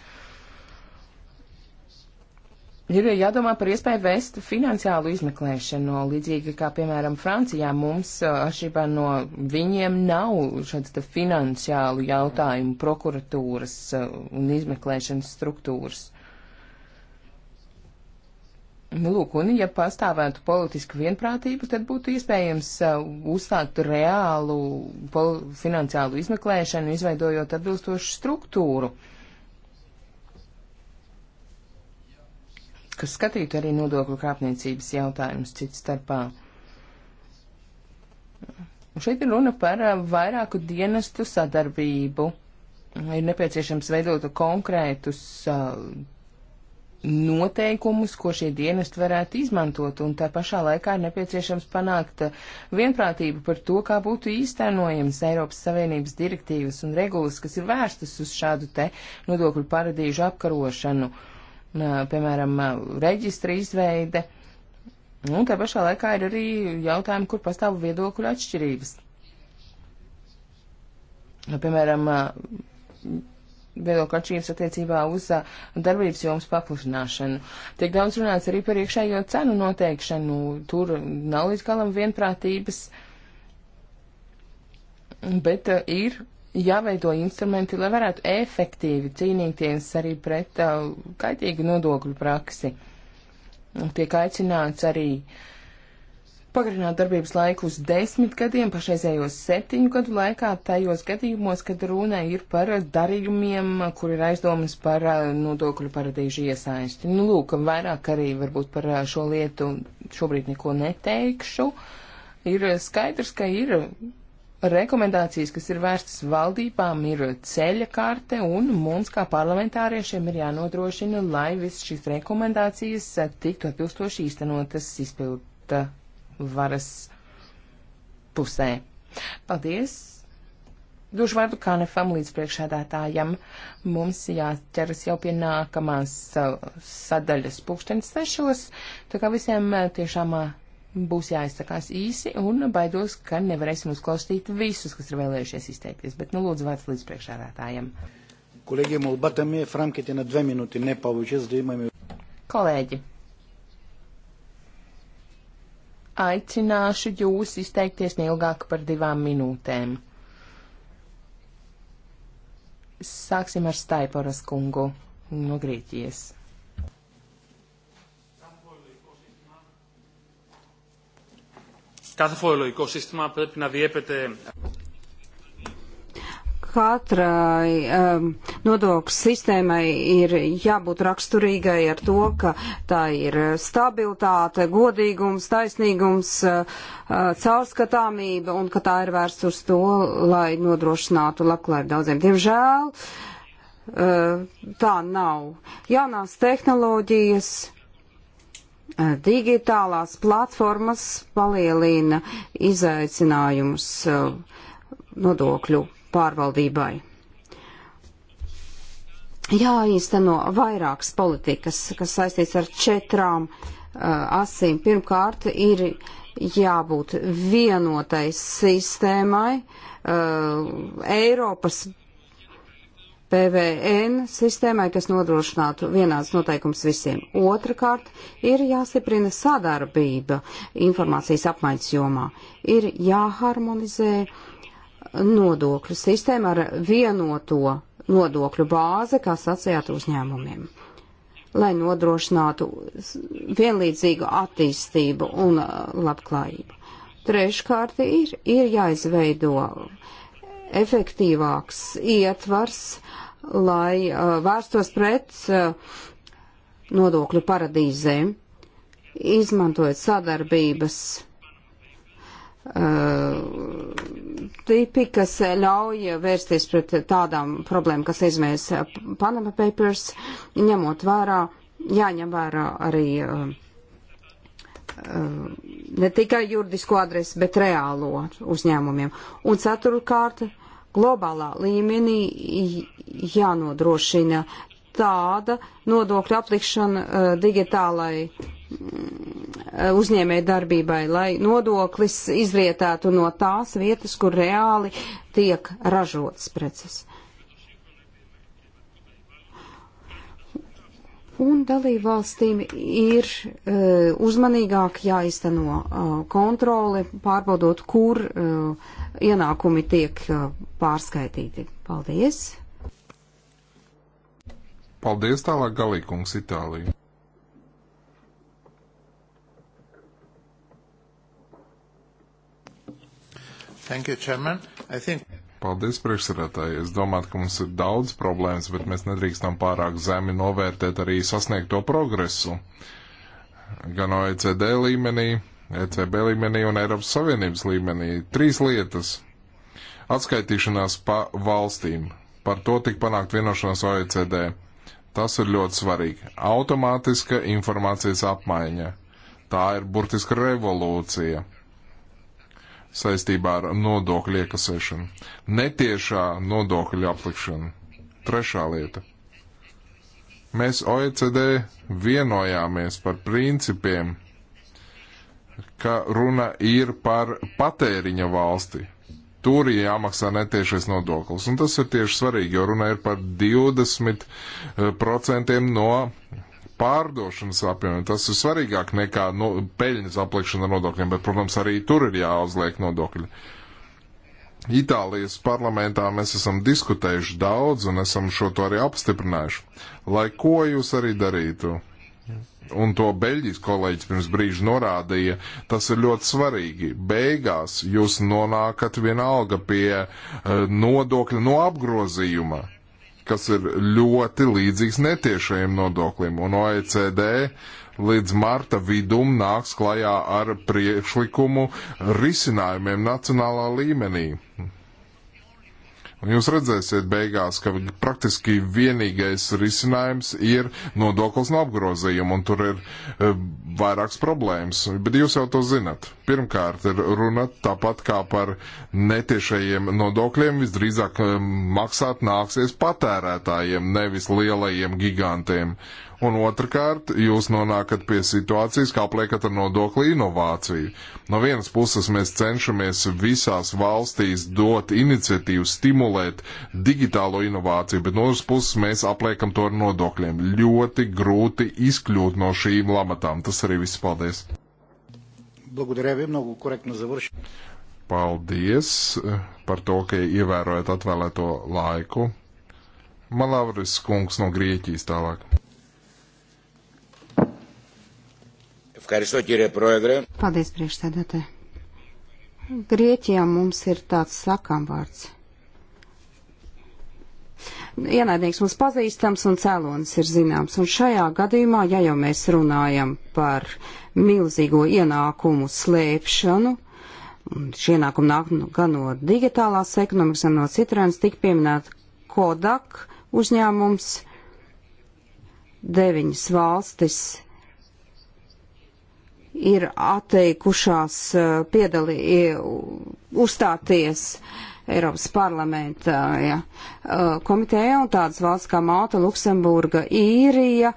Ir jādomā par iespēju vēst finansiālu izmeklēšanu, līdzīgi kā, piemēram, Francijā mums, atšķirībā no viņiem, nav šāds finansiālu jautājumu prokuratūras un izmeklēšanas struktūras. Nu, lūk, un ja pastāvētu politiska vienprātība, tad būtu iespējams uh, uzsākt reālu finansiālu izmeklēšanu, izveidojot atbilstošu struktūru, kas skatītu arī nodokļu krāpniecības jautājumus cits starpā. Un šeit ir runa par uh, vairāku dienestu sadarbību. Ir nepieciešams veidot konkrētus uh, noteikumus, ko šie dienesti varētu izmantot, un tā pašā laikā ir nepieciešams panākt vienprātību par to, kā būtu īstenojams Eiropas Savienības direktīvas un regulas, kas ir vērstas uz šādu te nodokļu paradīžu apkarošanu, piemēram, reģistra izveide. Un tā pašā laikā ir arī jautājumi, kur pastāv viedokļu atšķirības. Piemēram, viedokļu atšķirības attiecībā uz darbības jomas paplašināšanu. Tiek daudz runāts arī par iekšējo cenu noteikšanu. Tur nav līdz galam vienprātības, bet ir jāveido instrumenti, lai varētu efektīvi cīnīties arī pret kaitīgu nodokļu praksi. Tiek aicināts arī uh, pagarināt darbības laiku uz desmit gadiem, pašreizējos septiņu gadu laikā, tajos gadījumos, kad runa ir par darījumiem, kur ir aizdomas par eh, nodokļu paradīžu iesaisti. Nu, lūk, vairāk arī varbūt par eh, šo lietu šobrīd neko neteikšu. Ir skaidrs, ka ir rekomendācijas, kas ir vērstas valdībām, ir ceļa karte, un mums, kā parlamentāriešiem, ir jānodrošina, lai viss šīs rekomendācijas eh, tiktu atbilstoši īstenotas izpilda varas pusē. Paldies! Došu vārdu Kanefam līdz priekšēdētājam. Mums jāķeras jau pie nākamās uh, sadaļas pūkstens sešos, tā kā visiem uh, tiešām uh, būs jāizsakās īsi un baidos, ka nevarēsim uzklausīt visus, kas ir vēlējušies izteikties, bet nu lūdzu vārds līdz priekšēdētājam. Kolēģi, mūlbata mi, Franki, tie na dve minūti nepaučies, dīmami. Kolēģi, aicināšu jūs izteikties neilgāk par divām minūtēm. Sāksim ar Staiporas kungu no Grieķijas. Κάθε φορολογικό σύστημα πρέπει να διέπεται katrai um, nodokļu sistēmai ir jābūt raksturīgai ar to, ka tā ir stabilitāte, godīgums, taisnīgums, uh, uh caurskatāmība un ka tā ir vērsta uz to, lai nodrošinātu labklājību daudziem. Diemžēl uh, tā nav. Jaunās tehnoloģijas. Uh, digitālās platformas palielina izaicinājumus uh, nodokļu pārvaldībai. Jāīsteno vairākas politikas, kas saistīts ar četrām uh, asīm. Pirmkārt, ir jābūt vienotai sistēmai, uh, Eiropas PVN sistēmai, kas nodrošinātu vienāds noteikums visiem. Otrakārt, ir jāstiprina sadarbība informācijas apmaiņas jomā. Ir jāharmonizē nodokļu sistēmu ar vienoto nodokļu bāzi, kā sacījāt uzņēmumiem, lai nodrošinātu vienlīdzīgu attīstību un uh, labklājību. Treškārt ir, ir jāizveido efektīvāks ietvars, lai uh, vērstos pret uh, nodokļu paradīzēm, izmantojot sadarbības Eh, tipi, kas ļauj vērsties pret tādām problēmām, kas izmēs Panama Papers, ņemot vērā, jāņem vērā arī uh, uh, ne tikai juridisko adresi, bet reālo uzņēmumiem. Un ceturkārt, globālā līmenī jānodrošina tāda nodokļa aplikšana uh, digitālai Mm, uzņēmē darbībai, lai nodoklis izvietētu no tās vietas, kur reāli tiek ražotas preces. Un dalībvalstīm ir uh, uzmanīgāk jāizteno uh, e, kontroli, pārbaudot, kur uh, ienākumi tiek uh, pārskaitīti. Paldies! Paldies tālāk, Galīkungs, Itālija! Thank you, Chairman. I think... Paldies, priekšsarētāji. Es domāju, ka mums ir daudz problēmas, bet mēs nedrīkstam pārāk zemi novērtēt arī sasniegto progresu. Gan OECD līmenī, ECB līmenī un Eiropas Savienības līmenī. Trīs lietas. Atskaitīšanās pa valstīm. Par to tik panākt vienošanās OECD. Tas ir ļoti svarīgi. Automātiska informācijas apmaiņa. Tā ir burtiska revolūcija saistībā ar nodokļu iekasēšanu. Netiešā nodokļu aplikšana. Trešā lieta. Mēs OECD vienojāmies par principiem, ka runa ir par patēriņa valsti. Tur ir jāmaksā netiešais nodoklis. Un tas ir tieši svarīgi, jo runa ir par 20% eh, no pārdošanas apjomiem. Tas ir svarīgāk nekā no, nu, peļņas aplikšana ar nodokļiem, bet, protams, arī tur ir jāuzliek nodokļi. Itālijas parlamentā mēs esam diskutējuši daudz un esam šo to arī apstiprinājuši. Lai ko jūs arī darītu, un to Beļģijas kolēģis pirms brīža norādīja, tas ir ļoti svarīgi. Beigās jūs nonākat vienalga pie uh, nodokļa no apgrozījuma kas ir ļoti līdzīgs netiešajiem nodokļiem, un OECD līdz marta vidum nāks klajā ar priekšlikumu risinājumiem nacionālā līmenī. Un jūs redzēsiet beigās, ka praktiski vienīgais risinājums ir nodoklis no apgrozījuma, un tur ir e, vairākas problēmas, bet jūs jau to zinat. Pirmkārt, ir runa tāpat kā par netiešajiem nodokļiem, visdrīzāk e, maksāt nāksies patērētājiem, nevis lielajiem gigantiem. E, Un otrkārt, jūs nonākat pie situācijas, kā pliekat ar nodokli inovāciju. No vienas puses mēs cenšamies visās valstīs dot iniciatīvu, stimulēt digitālo inovāciju, bet no otras puses mēs apliekam to ar nodokļiem. Ļoti grūti izkļūt no šīm lamatām. Tas arī viss. Paldies! Paldies eh, par to, ka ievērojat atvēlēto laiku. Malavris kungs no Grieķijas tālāk. Ευχαριστώ, κύριε Πρόεδρε. Paldies, priekšsēdētāji. Grieķijā mums ir tāds sakāmvārds. Ienaidnieks mums pazīstams un cēlonis ir zināms, un šajā gadījumā, ja jau mēs runājam par milzīgo ienākumu slēpšanu, un šie ienākumi nāk nu gan no digitālās ekonomikas, gan no citrēnas, tik pieminēta Kodak uzņēmums, deviņas valstis ir atteikušās eh, piedalī, uzstāties Eiropas parlamenta ja, eh, komitejā un tādas valsts kā Malta, Luksemburga, Īrija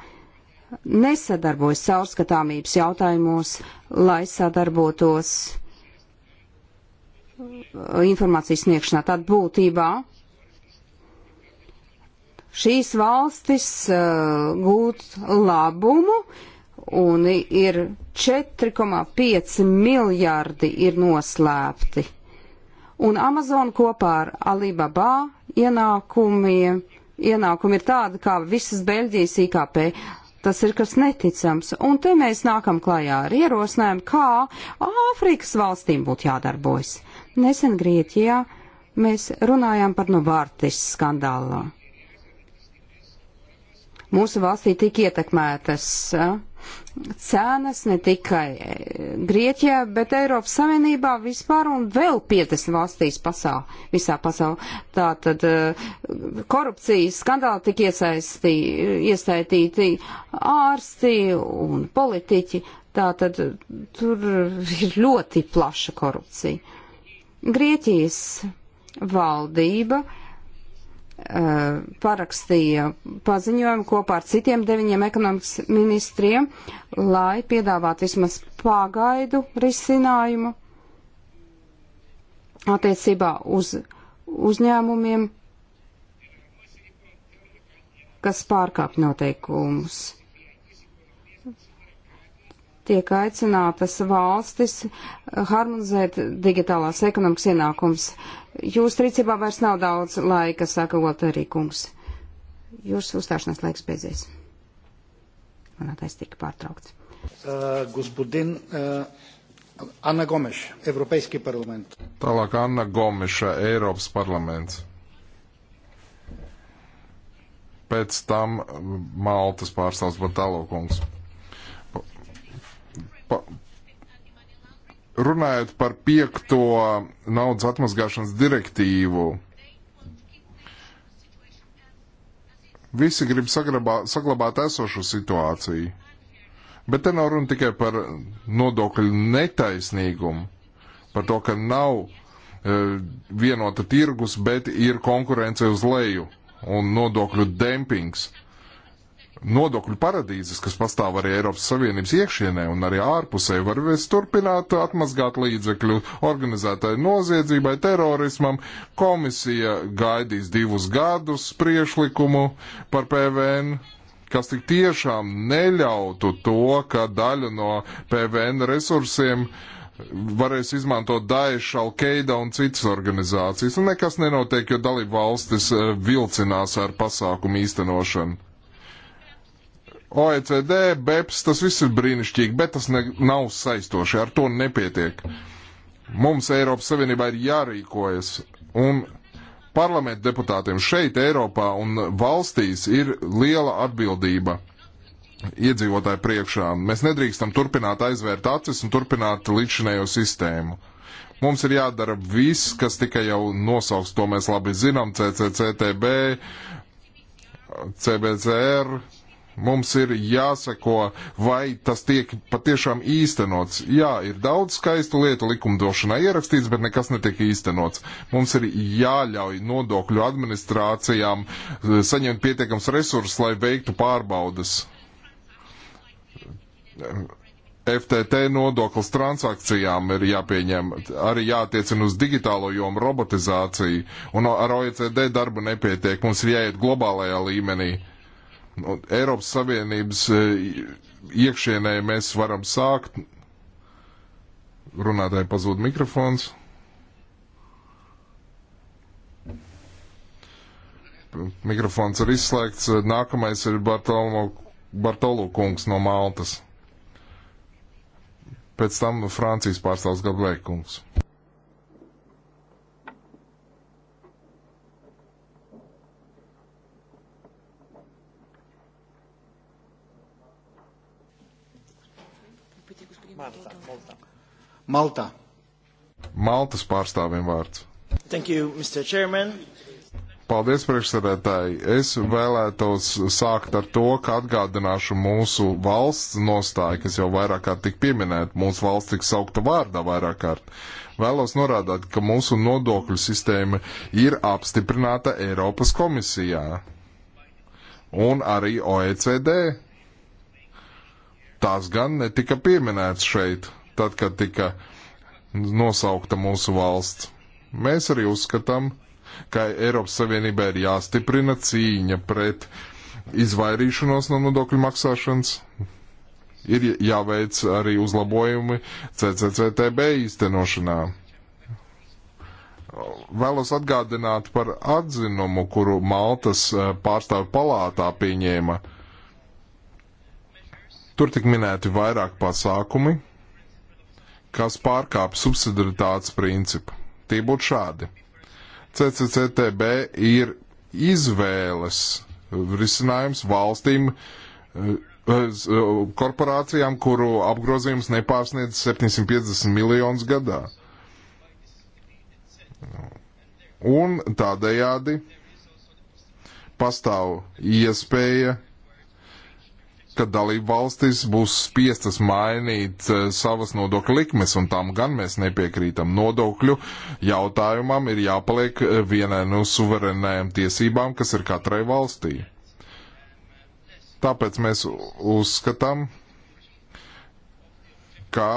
nesadarbojas caurskatāmības jautājumos, lai sadarbotos eh, informācijas sniegšanā. Tad būtībā šīs valstis uh, gūt labumu, uh, un ir 4,5 miljārdi ir noslēpti. Un Amazon kopā ar Alibaba ienākumiem, ienākumi ir tādi kā visas Beļģijas IKP. Tas ir kas neticams. Un te mēs nākam klajā ar ierosinājumu, kā Āfrikas valstīm būtu jādarbojas. Nesen Grieķijā mēs runājām par Novartis skandālu. Mūsu valstī tik ietekmētas. Uh, cenas ne tikai e, Grieķijā, bet Eiropas Savienībā vispār un vēl 50 valstīs pasaul, visā pasaulē. Tātad e, korupcijas skandāli tik iesaistī, iesaistīti ārsti un politiķi. Tātad tur ir ļoti plaša korupcija. Grieķijas valdība uh, Uh, parakstīja paziņojumu kopā ar citiem deviņiem ekonomikas ministriem, lai piedāvātu vismaz pagaidu risinājumu attiecībā uz uzņēmumiem, kas pārkāp noteikumus tiek aicinātas valstis harmonizēt digitālās ekonomikas ienākums. Jūs rīcībā vairs nav daudz laika, saka Walterī kungs. Jūsu uzstāšanās laiks beidzies. Man attais tika pārtraukts. Uh, Guspudin, uh, Anna Gomeša, Europeiski parlament. Tālāk Anna Gomeša, Eiropas parlaments. Pēc tam Maltas pārstāvs Batalo kungs. Pa, runājot par piekto naudas atmazgāšanas direktīvu, visi grib sagrabā, saglabāt esošu situāciju. Bet te nav runa tikai par nodokļu netaisnīgumu, par to, ka nav e, vienota tirgus, bet ir konkurence uz leju un nodokļu dempings. E, nodokļu paradīzes, kas pastāv arī Eiropas Savienības iekšienē un arī ārpusē, var vēst turpināt atmazgāt līdzekļu organizētai noziedzībai, terorismam. Komisija gaidīs divus gadus priešlikumu par PVN kas tik tiešām neļautu to, ka daļa no PVN resursiem varēs izmantot Daesh, Al-Qaida un citas organizācijas. Un nekas nenotiek, jo dalību valstis eh, vilcinās ar pasākumu īstenošanu. OECD, BEPS, tas viss ir brīnišķīgi, bet tas ne, nav saistoši, ar to nepietiek. Mums Eiropas Savienībā ir jārīkojas, un parlamentu deputātiem šeit, Eiropā un valstīs ir liela atbildība iedzīvotāju priekšā. Mēs nedrīkstam turpināt aizvērt acis un turpināt līdzinējo sistēmu. Mums ir jādara viss, kas tikai jau nosauks, to mēs labi zinām, CCCTB, CBCR, Mums ir jāseko, vai tas tiek patiešām īstenots. Jā, ir daudz skaistu lietu likumdošanā ierakstīts, bet nekas netiek īstenots. Mums ir jāļauj nodokļu administrācijām eh, saņemt pietiekams resursus, lai veiktu pārbaudas. FTT nodoklis transakcijām ir jāpieņem, arī jātiecina uz digitālo jomu, robotizāciju, un ar OECD darbu nepietiek, mums ir jāiet globālajā līmenī. Uh, Eiropas Savienības e, iekšienē mēs varam sākt. Runātāji pazūd mikrofons. Mikrofons ir izslēgts. Nākamais ir Bartolo, Bartolo kungs no Maltas. Pēc tam Francijas pārstāvs Gablē kungs. Maltā. Maltas pārstāvim vārds. Thank you, Mr. Chairman. Paldies, priekšsēdētāji. Es vēlētos sākt ar to, ka atgādināšu mūsu valsts nostāju, kas jau vairāk kārt tik pieminēta, mūsu valsts tik saukta vārdā vairāk kārt. Vēlos norādāt, ka mūsu nodokļu sistēma ir apstiprināta Eiropas komisijā un arī OECD. Tās gan netika pieminēts šeit tad, kad tika nosaukta mūsu valsts. Mēs arī uzskatām, ka Eiropas Savienībai ir jāstiprina cīņa pret izvairīšanos no nodokļu maksāšanas. Ir jāveic arī uzlabojumi CCCTB īstenošanā. Vēlos atgādināt par atzinumu, kuru Maltas eh, pārstāvju palātā pieņēma. Tur tik minēti vairāk pasākumi, kas pārkāp subsidaritātes principu. Tie būtu šādi. CCCTB ir izvēles risinājums valstīm, eh, eh, korporācijām, kuru apgrozījums nepārsniedz 750 miljonus gadā. Un tādējādi pastāv iespēja ka dalība valstis būs spiestas mainīt eh, savas nodokļu likmes, un tam gan mēs nepiekrītam. Nodokļu jautājumam ir jāpaliek eh, vienai no suverenējām tiesībām, kas ir katrai valstī. Tāpēc mēs uzskatām, ka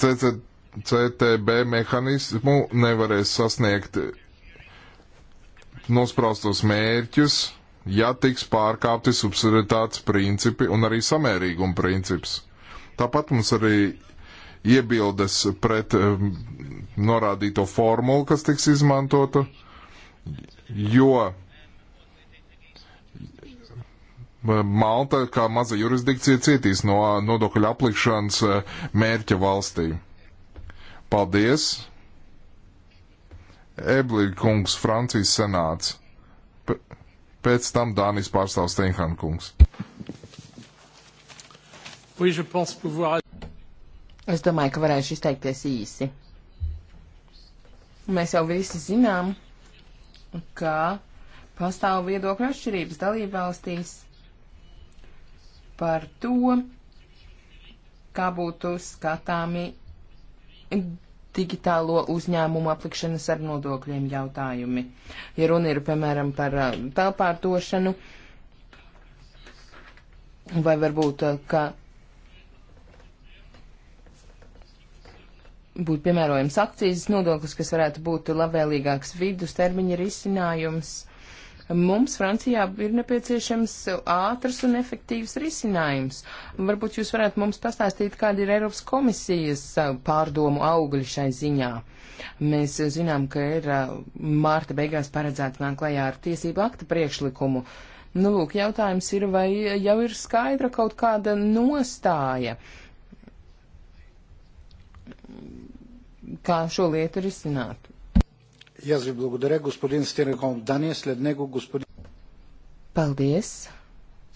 CCTB mehānismu nevarēs sasniegt nospraustos mērķus, ja tiks pārkāpti subsidiaritātes principi un arī samērīguma princips. Tāpat mums arī iebildes pret um, norādīto formulu, kas tiks izmantota, jo um, Malta kā maza jurisdikcija cietīs no nodokļu aplikšanas uh, mērķa valstī. Paldies! Eblīga kungs, Francijas senāts. P pēc tam Dānijas pārstāvs Steinhan kungs. Es domāju, ka varēšu izteikties īsi. Mēs jau visi zinām, ka pastāv viedokļu atšķirības dalībvalstīs par to, kā būtu skatāmi digitālo uzņēmumu aplikšanas ar nodokļiem jautājumi. Ja runa ir, piemēram, par uh, telpārtošanu, vai varbūt, uh, ka būtu piemērojams akcijas nodoklis, kas varētu būt labvēlīgāks vidus termiņa risinājums. Mums Francijā ir nepieciešams ātrs un efektīvs risinājums. Varbūt jūs varētu mums pastāstīt, kāda ir Eiropas komisijas pārdomu augļi šai ziņā. Mēs zinām, ka ir mārta beigās paredzēta nāk klajā ar tiesību akta priekšlikumu. Nu, lūk, jautājums ir, vai jau ir skaidra kaut kāda nostāja, kā šo lietu risināt? Аз ви благодаря, господин Стенков. Дания, след него господин... Paldies.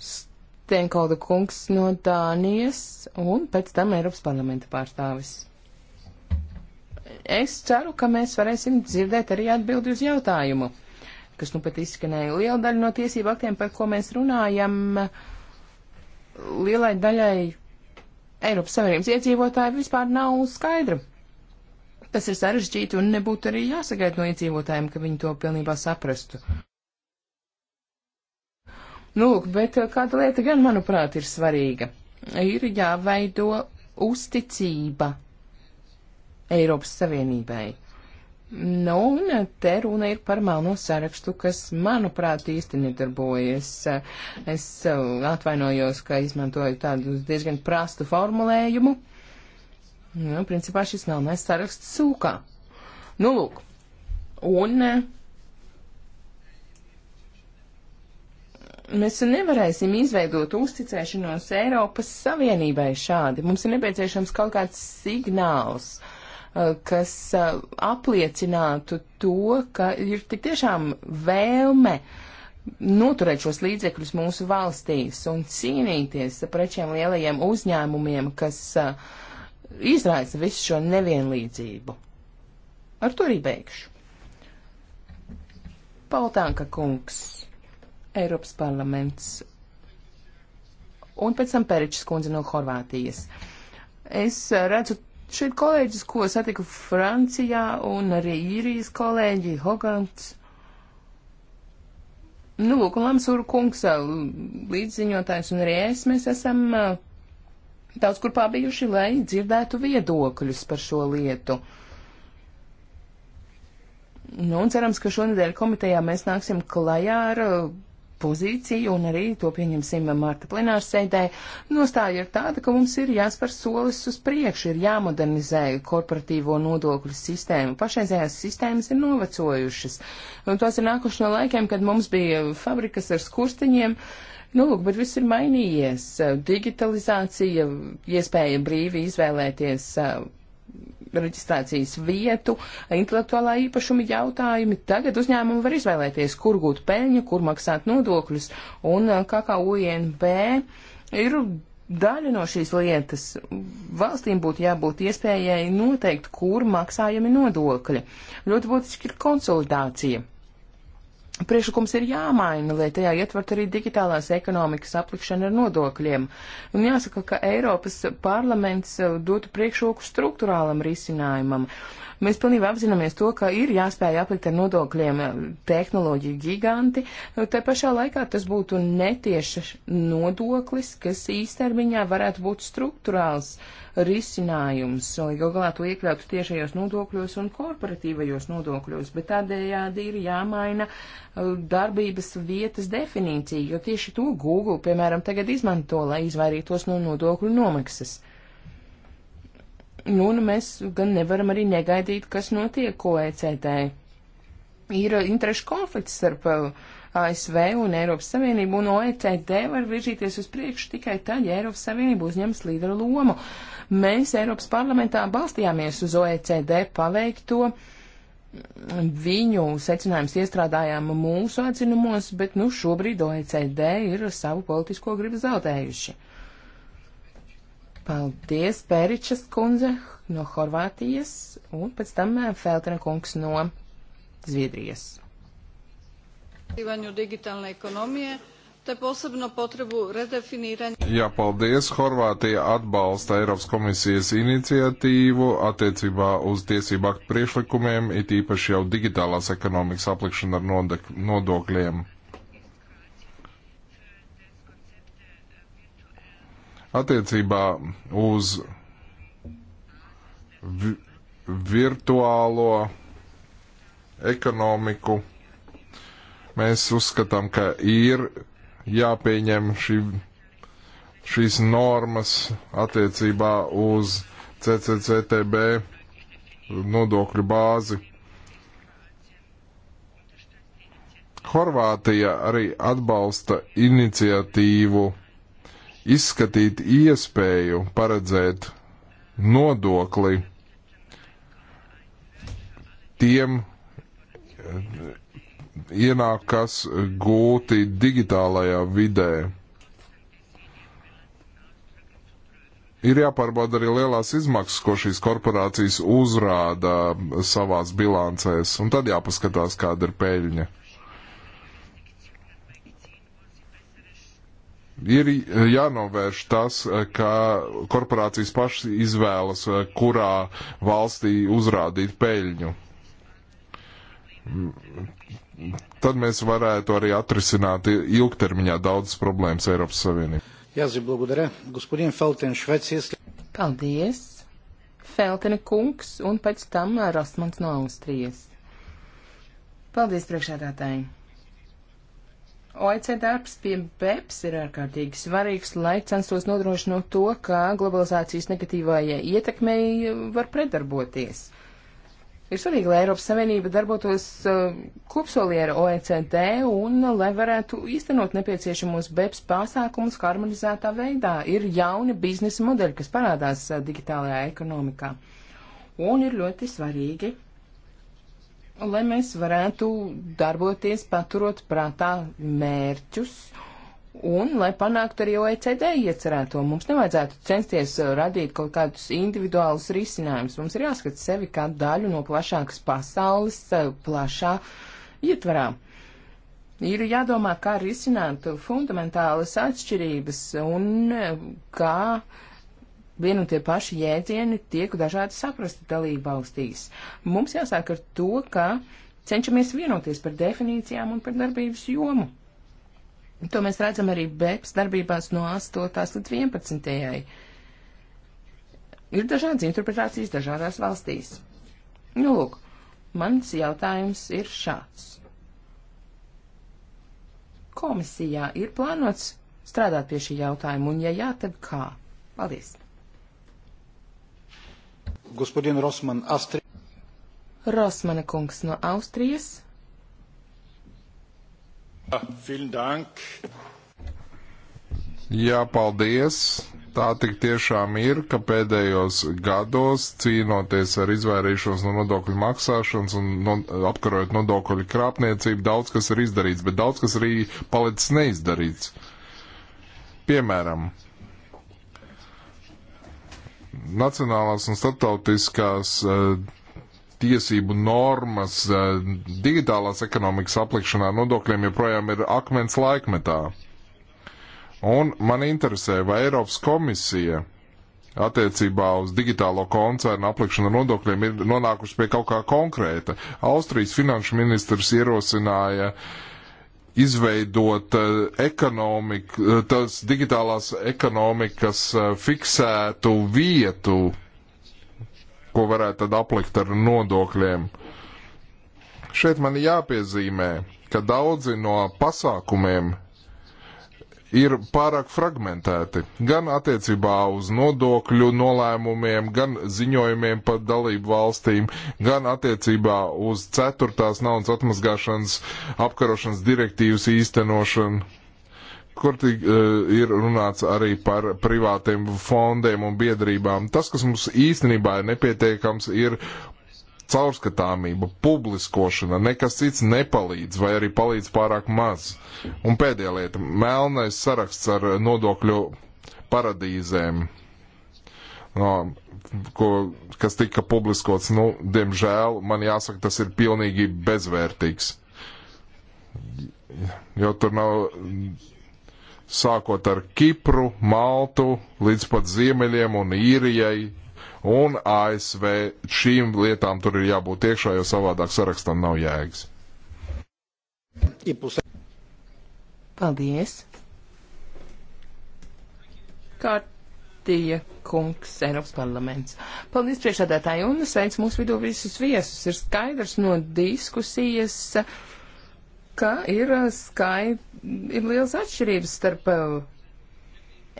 Stenkolda kungs no Dānijas un pēc tam Eiropas parlamenta pārstāvis. Es ceru, ka mēs varēsim dzirdēt arī atbildi uz jautājumu, kas nu pat izskanēja. Liela daļa no tiesību aktiem, par ko mēs runājam, lielai daļai Eiropas Savienības iedzīvotāji vispār nav skaidra. Tas ir sarežģīti un nebūtu arī jāsagaida no iedzīvotājiem, ka viņi to pilnībā saprastu. Nu, lūk, bet eh, kāda lieta gan, manuprāt, ir svarīga. Ir jāveido uzticība Eiropas Savienībai. Nu, un te runa ir par melno sarakstu, kas, manuprāt, īsti nedarbojas. Es eh, atvainojos, ka izmantoju tādu diezgan prastu formulējumu. Uh, Nu, principā šis melnais saraksts sūkā. Nu, lūk. Un e, mēs nevarēsim izveidot uzticēšanos Eiropas Savienībai šādi. Mums ir nepieciešams kaut kāds signāls, e, kas e, apliecinātu to, ka ir tik tiešām vēlme noturēt šos līdzekļus mūsu valstīs un cīnīties pret šiem lielajiem uzņēmumiem, kas uh, izraisa visu šo nevienlīdzību. Ar to arī beigšu. Paltānka kungs, Eiropas parlaments un pēc tam Peričs kundze no Horvātijas. Es redzu šeit kolēģis, ko satiku Francijā un arī īrijas kolēģi Hogants. Nu, lūk, un Lamsūra kungs, līdziņotājs un arī es, mēs esam uh, daudz kur pābijuši, lai dzirdētu viedokļus par šo lietu. Nu, un cerams, ka šonadēļ komitejā mēs nāksim klajā ar uh, pozīciju un arī to pieņemsim Marta plenārs sēdē. Nostāja ir tāda, ka mums ir jāspēr solis uz priekšu, ir jāmodernizē korporatīvo nodokļu sistēmu. Pašreizējās sistēmas ir novecojušas. Un tās ir nākuši no laikiem, kad mums bija fabrikas ar skursteņiem. Uh, Nu, lūk, bet viss ir mainījies. Digitalizācija, iespēja brīvi izvēlēties reģistrācijas vietu, intelektuālā īpašuma jautājumi. Tagad uzņēmumi var izvēlēties, kur gūt peļņu, kur maksāt nodokļus. Un kā kā UNB ir daļa no šīs lietas. Valstīm būtu jābūt iespējai noteikt, kur maksājami nodokļi. Ļoti būtiski ir konsolidācija. Priekšlikums ir jāmaina, lai tajā ietvert arī digitālās ekonomikas aplikšana ar nodokļiem. Un jāsaka, ka Eiropas parlaments eh, dotu priekšroku struktūrālam risinājumam. Mēs pilnībā apzināmies to, ka ir jāspēj aplikt ar nodokļiem eh, tehnoloģiju giganti. Te pašā laikā tas būtu netiešas nodoklis, kas īstermiņā varētu būt struktūrāls. Uh, risinājums, lai gal galā to iekļautu tiešajos nodokļos un korporatīvajos nodokļos, bet tādējādi ir jāmaina darbības vietas definīcija, jo tieši to Google, piemēram, tagad izmanto, lai izvairītos no nodokļu nomaksas. Nu, un mēs gan nevaram arī negaidīt, kas notiek OECD. Ir interešu konflikts starp uh, ASV un Eiropas Savienību un OECD var virzīties uz priekšu tikai tad, ja Eiropas Savienība uzņemas līderu lomu. Mēs Eiropas parlamentā balstījāmies uz OECD paveikto viņu secinājums iestrādājām mūsu atzinumos, bet nu šobrīd OECD ir savu politisko gribu zaudējuši. Paldies, Pēričas kundze no Horvātijas un pēc tam Feltena kungs no Zviedrijas. Ivaņu digitālajai ekonomijai. Te posebno potrebu redefiniranja. Jā, paldies. Horvātija atbalsta Eiropas komisijas iniciatīvu attiecībā uz tiesību aktu priešlikumiem, it īpaši jau digitālās ekonomikas aplikšana ar nodek, nodokļiem. Attiecībā uz vi virtuālo ekonomiku Mēs uzskatām, ka ir jāpieņem šī, šīs normas attiecībā uz CCCTB nodokļu bāzi. Horvātija arī atbalsta iniciatīvu izskatīt iespēju paredzēt nodokli tiem ienāk, kas gūti digitālajā vidē. Ir jāpārbauda arī lielās izmaksas, ko šīs korporācijas uzrāda savās bilancēs, un tad jāpaskatās, kāda ir peļņa. Ir jānovērš tas, ka korporācijas pašas izvēlas, kurā valstī uzrādīt peļņu tad mēs varētu arī atrisināt ilgtermiņā daudzas problēmas Eiropas Savienībā. Paldies! Feltene kungs un pēc tam Rastmans no Austrijas. Paldies priekšādātāji! OECD darbs pie BEPS ir ārkārtīgi svarīgs, lai censtos nodrošinot to, ka globalizācijas negatīvajai ietekmei var predarboties. Ir svarīgi, lai Eiropas Savienība darbotos uh, kopsolī ar OECD un lai varētu īstenot nepieciešamos BEPS pasākumus harmonizētā veidā. Ir jauni biznesa modeļi, kas parādās uh, digitālajā ekonomikā. Un ir ļoti svarīgi, lai mēs varētu darboties paturot prātā mērķus Un, lai panāktu arī OECD iecerēto, mums nevajadzētu censties uh, radīt kaut kādus individuālus risinājumus. Mums ir jāskat sevi kā daļu no plašākas pasaules, uh, plašā ietvarā. Ir jādomā, kā risināt fundamentālas atšķirības un uh, kā vien un tie paši jēdzieni tiek dažādi saprasti dalību valstīs. Mums jāsāk ar to, ka cenšamies vienoties par definīcijām un par darbības jomu To mēs redzam arī BEPS darbībās no 8. līdz 11. Ir dažādas interpretācijas dažādās valstīs. Nu, lūk, mans jautājums ir šāds. Komisijā ir plānots strādāt pie šī jautājuma, un ja jā, tad kā? Paldies! Gospodin Rosman, Austri... Rosmana kungs no Austrijas. Jā, paldies. Tā tik tiešām ir, ka pēdējos gados cīnoties ar izvairīšanos no nodokļu maksāšanas un no, apkarojot nodokļu krāpniecību, daudz kas ir izdarīts, bet daudz kas arī palicis neizdarīts. Piemēram, nacionālās un starptautiskās uh, tiesību normas eh, digitālās ekonomikas aplikšanā nodokļiem joprojām ir akmens laikmetā. Un man interesē, vai Eiropas komisija attiecībā uz digitālo koncernu aplikšanu nodokļiem ir nonākusi pie kaut kā konkrēta. Austrijas finanšu ministrs ierosināja izveidot eh, ekonomiku, eh, tas digitālās ekonomikas fiksētu vietu ko varētu tad aplikt ar nodokļiem. Šeit man jāpiezīmē, ka daudzi no pasākumiem ir pārāk fragmentēti. Gan attiecībā uz nodokļu nolēmumiem, gan ziņojumiem par dalību valstīm, gan attiecībā uz ceturtās naudas atmazgāšanas apkarošanas direktīvas īstenošanu kur tik, uh, ir runāts arī par privātiem fondiem un biedrībām. Tas, kas mums īstenībā ir nepietiekams, ir caurskatāmība, publiskošana, nekas cits nepalīdz vai arī palīdz pārāk maz. Un pēdējā lieta - melnais saraksts ar nodokļu paradīzēm, no, ko, kas tika publiskots. Nu, diemžēl man jāsaka, tas ir pilnīgi bezvērtīgs. Jo tur nav sākot ar Kipru, Maltu, līdz pat Ziemeļiem un Īrijai un ASV. Šīm lietām tur ir jābūt iekšā, jo savādāk sarakstam nav jēgas. Paldies! Kārtija kungs, Eiropas parlaments. Paldies priekšādātāji un sveic mūsu vidū visus viesus. Ir skaidrs no diskusijas. Uh, ka ir, eh, skai, ir liels atšķirības starp eh,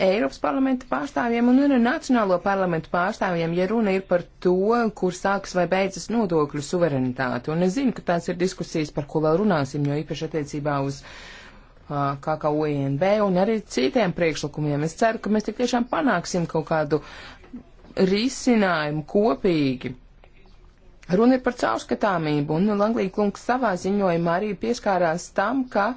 Eiropas parlamenta pārstāvjiem un arī Nacionālo parlamentu pārstāvjiem, ja runa ir par to, kur sāks vai beidzas nodokļu suverenitāte. Un es zinu, ka tās ir diskusijas, par ko vēl runāsim, jo īpaši attiecībā uz uh, eh, KKOINB un arī citiem priekšlikumiem. Es ceru, ka mēs tik tiešām panāksim kaut kādu risinājumu kopīgi. Runa ir par caurskatāmību, un Langlīna kungs savā ziņojumā arī pieskārās tam, ka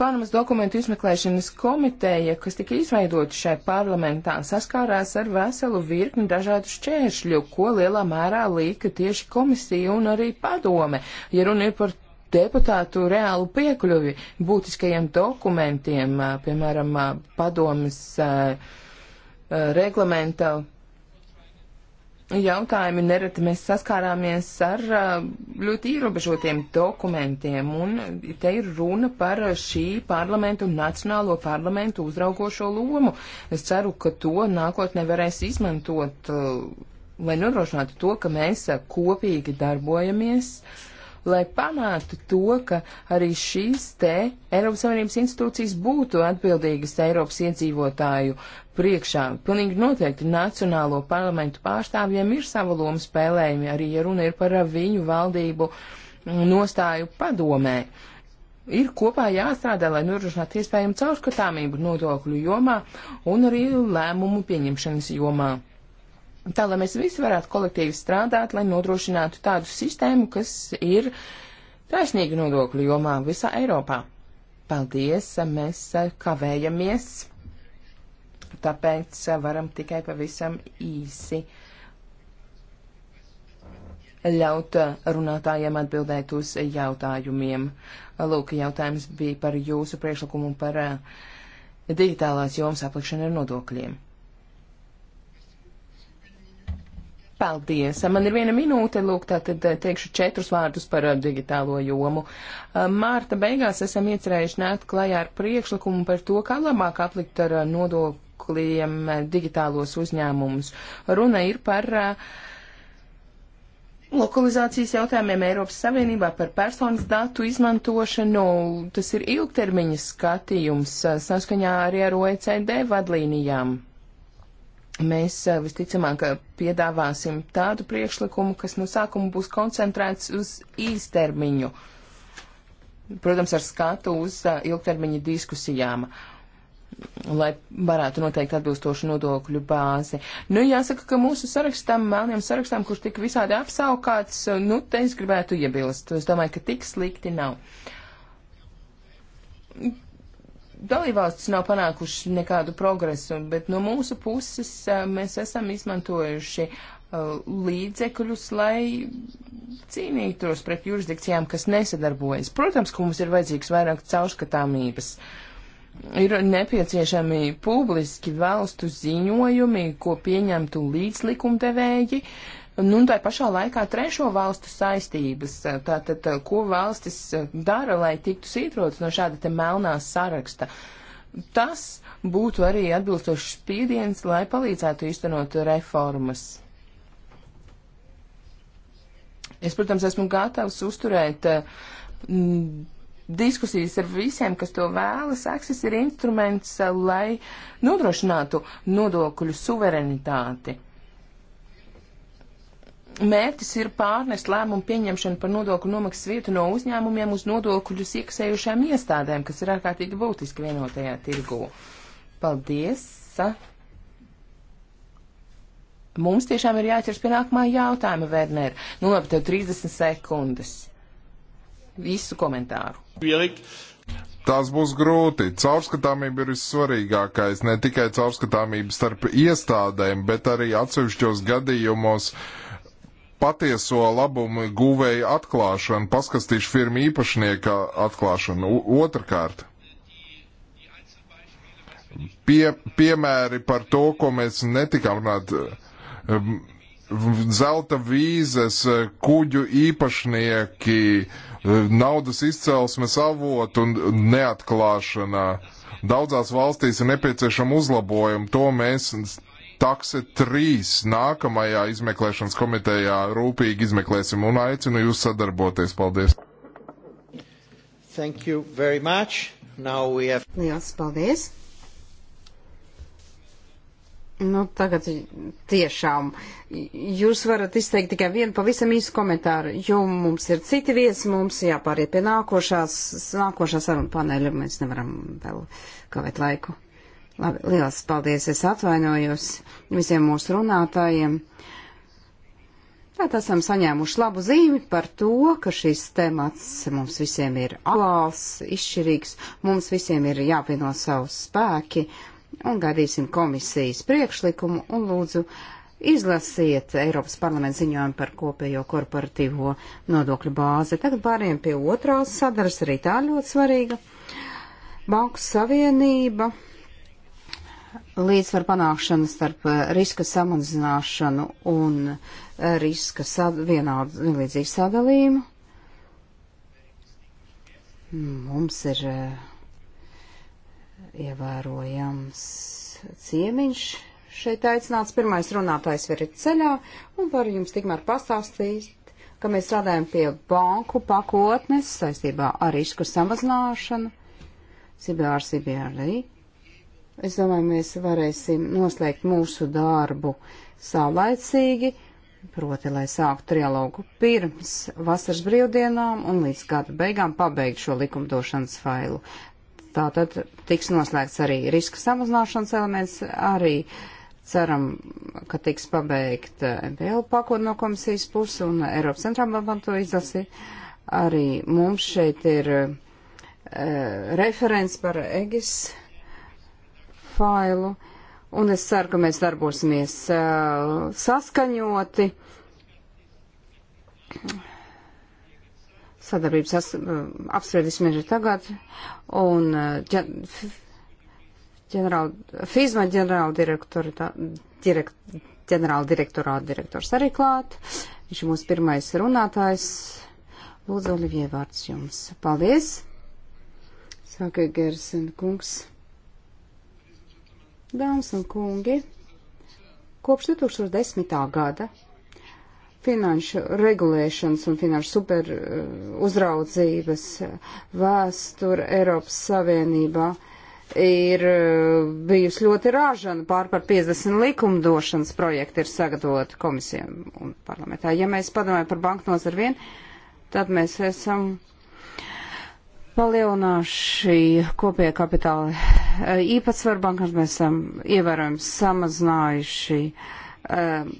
Panamas dokumentu izmeklēšanas komiteja, kas tika izveidota šai parlamentā, saskārās ar veselu virkni dažādu šķēršļu, ko lielā mērā līka tieši komisija un arī padome, ja runa ir par deputātu reālu piekļuvi būtiskajiem dokumentiem, piemēram, padomas reglamenta jautājumi nereti mēs saskārāmies ar ļoti ierobežotiem dokumentiem, un te ir runa par šī parlamentu un nacionālo parlamentu uzraugošo lomu. Es ceru, ka to nākotnē varēs izmantot, lai nodrošinātu to, ka mēs kopīgi darbojamies lai panāktu to, ka arī šīs te Eiropas Savienības institūcijas būtu atbildīgas Eiropas iedzīvotāju priekšā. Pilnīgi noteikti nacionālo parlamentu pārstāvjiem ir sava loma spēlējumi, arī ja runa ir par viņu valdību nostāju padomē. Ir kopā jāstrādā, lai nodrošinātu iespējamu caurskatāmību nodokļu jomā un arī lēmumu pieņemšanas jomā. Tā, lai mēs visi varētu kolektīvi strādāt, lai nodrošinātu tādu sistēmu, kas ir taisnīga nodokļu jomā visā Eiropā. Paldies, mēs kavējamies tāpēc eh, varam tikai pavisam īsi ļaut eh, runātājiem atbildēt uz jautājumiem. Lūk, jautājums bija par jūsu priekšlikumu par eh, digitālās jomas aplikšanu ar nodokļiem. Paldies! Man ir viena minūte, lūk, tā tad teikšu četrus vārdus par digitālo jomu. Mārta beigās esam iecerējuši nākt klajā ar priekšlikumu par to, kā labāk aplikt ar nodokļu nodokļiem eh, digitālos uzņēmumus. Runa ir par eh, lokalizācijas jautājumiem Eiropas Savienībā par personas datu izmantošanu. Tas ir ilgtermiņa skatījums eh, saskaņā arī ar OECD vadlīnijām. Mēs visticamāk piedāvāsim tādu priekšlikumu, kas no sākuma būs koncentrēts uz īstermiņu. Protams, ar skatu uz ilgtermiņa diskusijām. Uh, lai varētu noteikt atbilstošu nodokļu bāzi. Nu, jāsaka, ka mūsu sarakstam, melniem sarakstam, kurš tika visādi apsaukāts, nu, te es gribētu iebilst. Es domāju, ka tik slikti nav. Dalībvalstis nav panākuši nekādu progresu, bet no mūsu puses eh, mēs esam izmantojuši eh, līdzekļus, lai cīnītos pret jurisdikcijām, kas nesadarbojas. Protams, ka mums ir vajadzīgs vairāk caurskatāmības. Uh, ir nepieciešami publiski valstu ziņojumi, ko pieņemtu līdz likumdevēji, nu, tā pašā laikā trešo valstu saistības, tātad, ko valstis dara, lai tiktu sītrots no šāda te melnā saraksta. Tas būtu arī atbilstošs spiediens, lai palīdzētu īstenot reformas. Es, protams, esmu gatavs uzturēt m, diskusijas ar visiem, kas to vēlas. Akses ir instruments, eh, lai nodrošinātu nodokļu suverenitāti. Mērķis ir pārnest lēmumu pieņemšanu par nodokļu nomaksas vietu no uzņēmumiem uz nodokļus iekasējušām iestādēm, kas ir ārkārtīgi būtiski vienotajā tirgū. Paldies! Mums tiešām ir jāķers pie nākamā jautājuma, Werner. Nu labi, tev 30 sekundes īsu komentāru. Tas būs grūti. Caurskatāmība ir vissvarīgākais. Ne tikai caurskatāmība starp iestādēm, bet arī atsevišķos gadījumos patieso labumu guvēju atklāšanu, paskastīšu firmu īpašnieka atklāšanu. Otrakārt, pie, piemēri par to, ko mēs netikām runāt ehm, zelta vīzes, e, kuģu īpašnieki, e, naudas izcelsmes avotu un neatklāšanā. Daudzās valstīs ir nepieciešama uzlabojuma, to mēs takse 3 nākamajā izmeklēšanas komitejā rūpīgi izmeklēsim un aicinu jūs sadarboties. Paldies! Thank you very much. Now we have... Liels paldies! Nu, tagad tiešām jūs varat izteikt tikai vienu pavisam īsu komentāru, jo mums ir citi viesi, mums jāpāriet pie nākošās, nākošā saruna paneļa, mēs nevaram vēl kavēt laiku. Labi, liels paldies, es atvainojos visiem mūsu runātājiem. Tātad esam saņēmuši labu zīmi par to, ka šis temats mums visiem ir alāls, izšķirīgs, mums visiem ir jāpieno savus spēki un gaidīsim komisijas priekšlikumu un lūdzu izlasiet Eiropas parlamenta ziņojumu par kopējo korporatīvo nodokļu bāzi. Tagad pāriem pie otrās sadaras, arī tā ļoti svarīga. Banku savienība līdzsvaru panākšana starp eh, riska samazināšanu un eh, riska sad vienādu vienlīdzīgu sadalījumu. Mums ir uh, ievērojams ciemiņš šeit aicināts. Pirmais runātājs vēl ir ceļā un varu jums tikmēr pastāstīt, ka mēs strādājam pie banku pakotnes saistībā ar risku samazināšanu. Sibēr, Sibēr arī. Es domāju, mēs varēsim noslēgt mūsu darbu saulaicīgi, proti, lai sāktu trialogu pirms vasaras brīvdienām un līdz gada beigām pabeigt šo likumdošanas failu. Tātad tiks noslēgts arī riska samazināšanas elements, arī ceram, ka tiks pabeigta eh, MPL pakotne no komisijas puses un Eiropas centrālā banka to izlasīja. Arī mums šeit ir uh, referents par EGIS failu, un es ceru, ka mēs darbosimies uh, saskaņoti sadarbības apspriedis mēs ir tagad, un uh, ģenerāla, FIZMA ģenerāla direktora, direkt, ģenerāla direktorā direktors arī klāt. Viņš ir mūsu pirmais runātājs. Lūdzu, Olivie, vārds jums. Paldies! Saka Gersen kungs. Dāmas un kungi, kopš 2010. gada finanšu regulēšanas un finanšu super eh, uzraudzības eh, vēsture Eiropas Savienībā ir eh, bijusi ļoti rāžana. Pār par 50 likumdošanas projektu ir sagatavota komisijām un parlamentā. Ja mēs padomājam par banku nozaru vien, tad mēs esam palielinājuši kopējā kapitāla īpatsvaru bankās, mēs esam ievērojami samazinājuši um,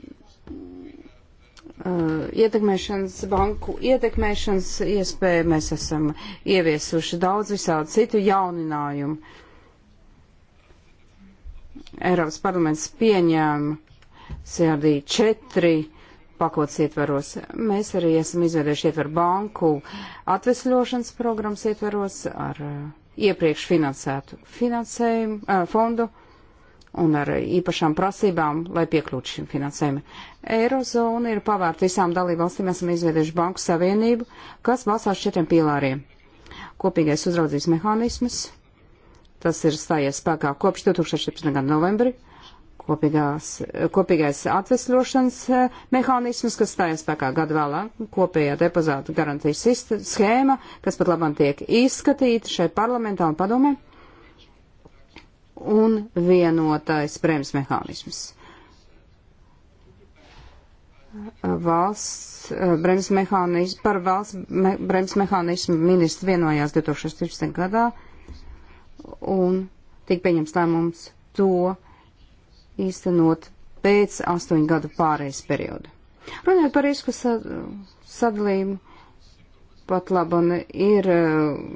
Uh, ietekmēšanas, banku ietekmēšanas iespēju. Mēs esam ieviesuši daudz visādu citu jauninājumu. Eiropas parlaments pieņēma CRD 4 pakots ietvaros. Mēs arī esam izveidojuši ietveru banku atvesļošanas programmas ietvaros ar uh, iepriekš finansētu finansējumu uh, fondu. Uh, un ar īpašām prasībām, lai piekļūtu šim finansējumam. Eirozona ir pavērta visām dalībvalstīm, esam izveidojuši banku savienību, kas balstās četriem pīlāriem. Kopīgais uzraudzības mehānisms, tas ir stājies spēkā kopš 2014. gada novembri, kopīgās, kopīgais atvesļošanas e, mehānisms, kas stājies spēkā gadu vēlāk, kopējā depozāta garantijas schēma, kas pat labam tiek izskatīta šeit parlamentā un padomē un vienotais prēmas mehānisms. Valsts brems eh, mehānismu, par valsts me, brems mehānismu ministrs vienojās 2014. gadā un tika pieņems lēmums to īstenot pēc astoņu gadu pārējais periodu. Runājot par risku sadalījumu, pat labam ir eh,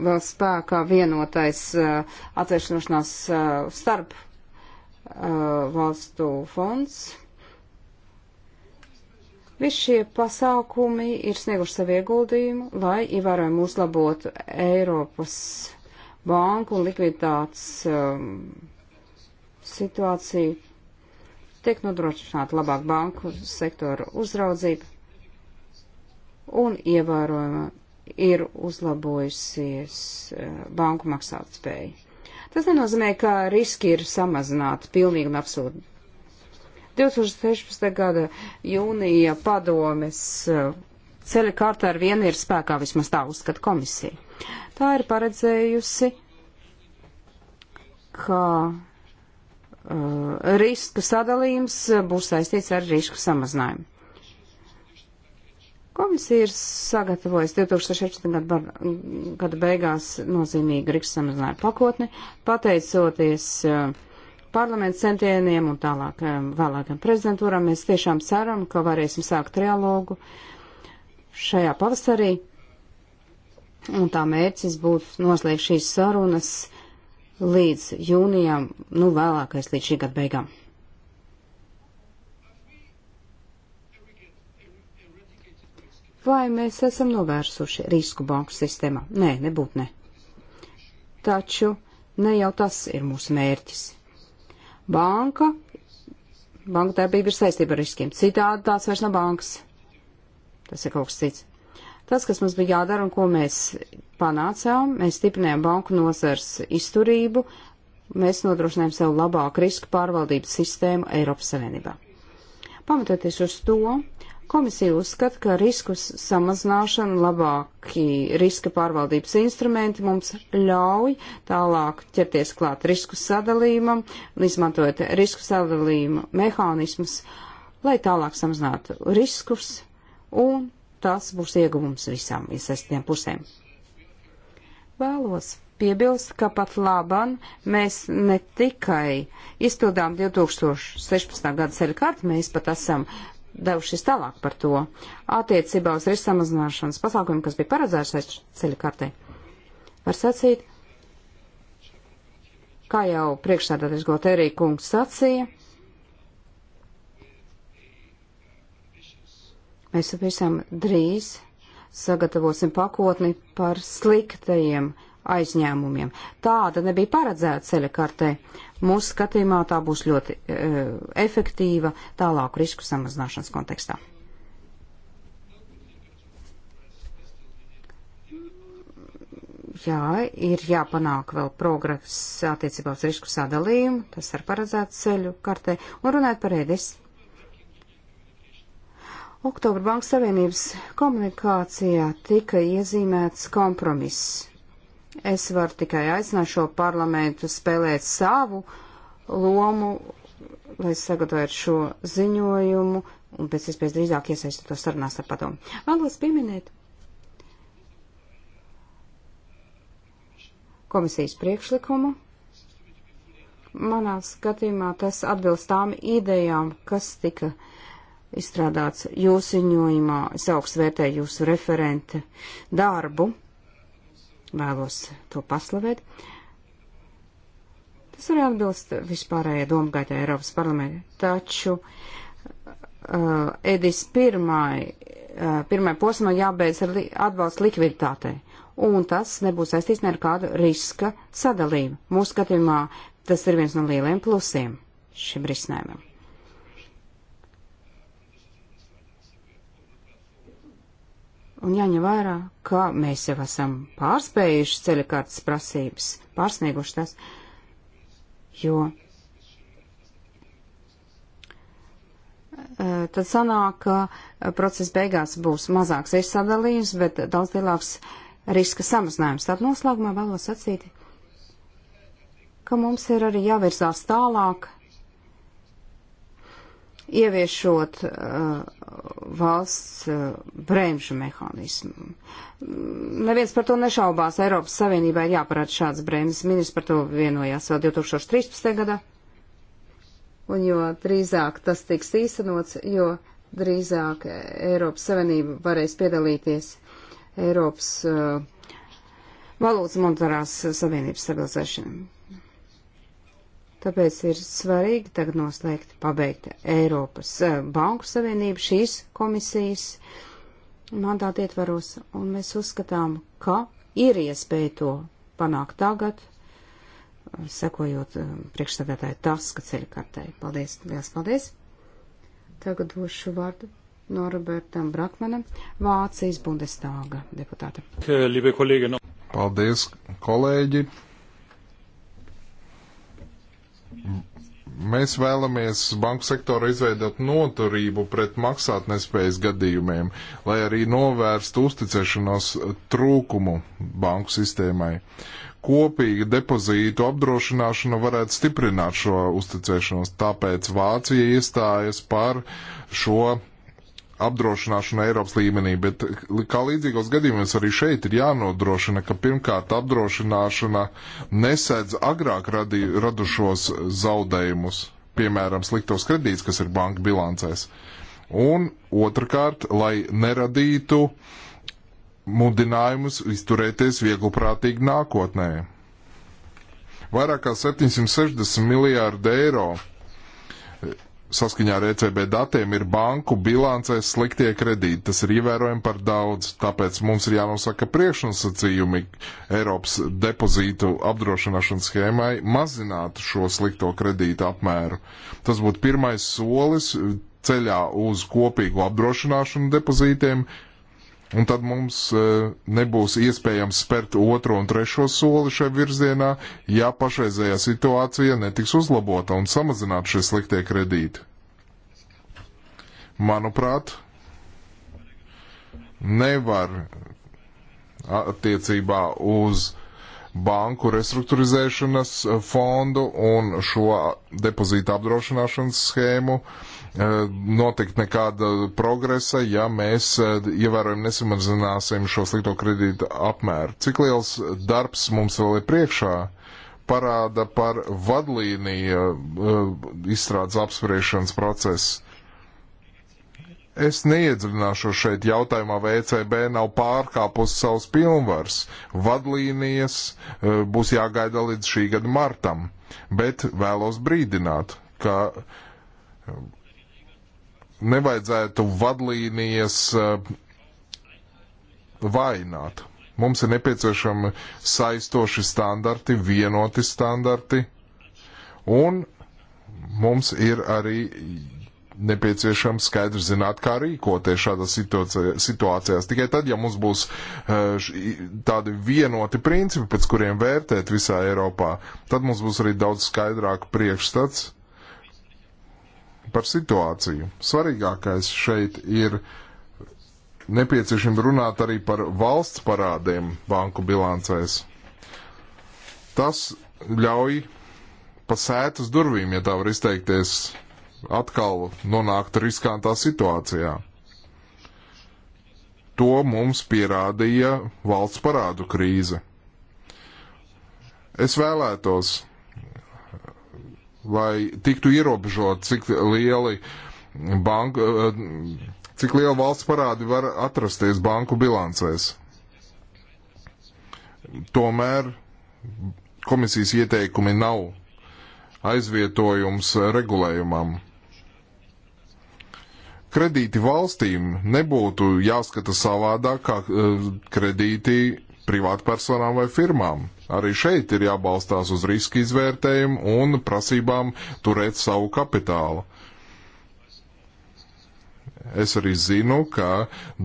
vēl spēkā vienotais eh, atvēršanošanās eh, starp valstu fonds. Visi šie pasākumi ir snieguši savu ieguldījumu, lai ievērojami uzlabotu Eiropas banku un likviditātes um, situāciju. Tiek nodrošināta labāk banku sektora uzraudzība un ievērojama ir uzlabojusies eh, banku maksātspēja. Tas nenozīmē, ka riski ir samazināti pilnīgi un absolūti. 2016. gada jūnija padomes eh, ceļa kārta ar vienu ir spēkā, vismaz tā uzskata komisija. Tā ir paredzējusi, ka uh, eh, riska sadalījums būs saistīts ar risku samazinājumu. Komisija ir sagatavojusi 2016. gada, gada beigās nozīmīgu Rīgas samazinājumu pakotni, pateicoties uh, parlamentu centieniem un tālāk eh, vēlākam prezidentūram. Mēs tiešām ceram, ka varēsim sākt trialogu šajā pavasarī. Un tā mērķis būs noslēgt šīs sarunas līdz jūnijam, nu vēlākais līdz šī gada beigām. Vai mēs esam novērsuši risku banku sistēmā? Nē, nebūt ne. Taču ne jau tas ir mūsu mērķis. Banka, banka darbība ir saistība ar riskiem. Citādi tās vairs nav bankas. Tas ir kaut kas cits. Tas, kas mums bija jādara un ko mēs panācām, mēs stiprinājām banku nozars izturību, mēs nodrošinājām sev labāku risku pārvaldības sistēmu Eiropas Savienotībā. Pamatoties uz to, Komisija uzskata, ka risku samazināšana, labāki riska pārvaldības instrumenti mums ļauj tālāk ķerties klāt risku sadalījumam un izmantojot risku sadalījuma mehānismus, lai tālāk samazinātu riskus, un tas būs ieguvums visām iesaistītiem pusēm. Vēlos piebilst, ka pat laban mēs ne tikai izpildām 2016. gada ceļu karti, mēs pat esam devušies tālāk par to attiecībā uz riska samazināšanas pasākumiem, kas bija paredzēts ceļa kartē. Var sacīt, kā jau priekšsēdētājs Gotērī kungs sacīja, mēs pavisam drīz sagatavosim pakotni par sliktajiem aizņēmumiem. Tāda nebija paredzēta ceļa kartē, Mūsu skatījumā tā būs ļoti uh, efektīva tālāku risku samazināšanas kontekstā. Jā, ir jāpanāk vēl progress attiecībā uz risku sadalījumu, tas ir paredzēts ceļu kartē, un runājot par ēdis. Oktobra Bankas Savienības komunikācijā tika iezīmēts kompromiss Es varu tikai aicināt šo parlamentu spēlēt savu lomu, lai sagatavotu šo ziņojumu un pēc iespējas drīzāk iesaistītu to sarunās ar padomu. Vēlos pieminēt komisijas priekšlikumu manā skatījumā tas atbilst tām idejām, kas tika izstrādāts jūsu ziņojumā. Es augstu vērtēju jūsu referente darbu. Vēlos to paslavēt. Tas arī atbilst vispārējai domgaitai Eiropas parlamentā. Taču uh, Edis pirmai, uh, pirmai posmai jābeidz ar li atbalstu likviditātei. Un tas nebūs saistīts ne ar kādu riska sadalību. Mūsu skatījumā tas ir viens no lieliem plusiem šim risinājumam. Un jāņem vērā, ka mēs jau esam pārspējuši ceļakārtas prasības, pārsnieguši tas, jo eh, tad sanāk, ka eh, procesa beigās būs mazāks izsadalījums, bet daudz lielāks riska samazinājums. Tātad noslēgumā vēlos sacīt, ka mums ir arī jāvirzās tālāk ieviešot uh, valsts uh, bremžu mehānismu. Neviens par to nešaubās. Eiropas Savienībā ir jāparāda šāds bremzes. Ministrs par to vienojās vēl 2013. gadā. Un jo drīzāk tas tiks īstenots, jo drīzāk Eiropas Savienība varēs piedalīties Eiropas uh, valūtas monetārās savienības stabilizēšanai. Tāpēc ir svarīgi tagad noslēgt, pabeigt Eiropas eh, Banku Savienību šīs komisijas mandāti ietvaros, un mēs uzskatām, ka ir iespēja to panākt tagad, eh, sekojot eh, priekšstādātāju taska ceļkartei. Paldies, liels paldies! Tagad došu vārdu Norbertam Brakmanam, Vācijas Bundestāga deputātam. Paldies, kolēģi! Mēs vēlamies banku sektoru izveidot noturību pret maksātnespējas gadījumiem, lai arī novērstu uzticēšanos trūkumu banku sistēmai. Kopīga depozītu apdrošināšana varētu stiprināt šo uzticēšanos, tāpēc Vācija iestājas par šo apdrošināšana Eiropas līmenī, bet kā līdzīgos gadījumos arī šeit ir jānodrošina, ka pirmkārt apdrošināšana nesedz agrāk radī, radušos zaudējumus, piemēram, sliktos kredītus, kas ir banka bilancēs. Un otrkārt, lai neradītu mudinājumus izturēties vieglprātīgi nākotnē. Vairāk kā 760 miljārdi eiro saskaņā ar ECB datiem ir banku bilancēs sliktie kredīti. Tas ir ievērojami par daudz, tāpēc mums ir jānosaka priekšnosacījumi Eiropas depozītu apdrošināšanas schēmai mazināt šo slikto kredītu apmēru. Tas būtu pirmais solis ceļā uz kopīgu apdrošināšanu depozītiem, Un tad mums e, nebūs iespējams spērt otro un trešo soli šai virzienā, ja pašreizējā situācija netiks uzlabota un samazināt šie sliktie kredīti. Manuprāt, nevar attiecībā uz banku restruktūrizēšanas fondu un šo depozīta apdrošināšanas schēmu uh, Eh, notikt nekāda progresa, ja mēs eh, ievērojami nesamazināsim šo slikto kredītu apmēru. Cik liels darbs mums vēl ir priekšā? parāda par vadlīniju eh, izstrādes apspriešanas procesu. Es neiedzināšu šeit jautājumā, vai ECB nav pārkāpusi savus pilnvars. Vadlīnijas būs jāgaida līdz šī gada martam, bet vēlos brīdināt, ka nevajadzētu vadlīnijas eh, vainot. Mums ir nepieciešami saistoši standarti, vienoti standarti, un mums ir arī nepieciešams skaidri zināt, kā rīkoties šādās situācijās. Tikai tad, ja mums būs eh, tādi vienoti principi, pēc kuriem vērtēt visā Eiropā, tad mums būs arī daudz skaidrāk priekšstats par situāciju. Svarīgākais šeit ir nepieciešams runāt arī par valsts parādiem banku bilancēs. Tas ļauj pa sētas durvīm, ja tā var izteikties, atkal nonākt riskantā situācijā. To mums pierādīja valsts parādu krīze. Es vēlētos, lai tiktu ierobežot, cik lieli banku, cik liela valsts parādi var atrasties banku bilancēs. Tomēr komisijas ieteikumi nav aizvietojums regulējumam. Kredīti valstīm nebūtu jāskata savādāk kā eh, kredīti privātpersonām vai firmām. Arī šeit ir jābalstās uz riska izvērtējumu un prasībām turēt savu kapitālu. Es arī zinu, ka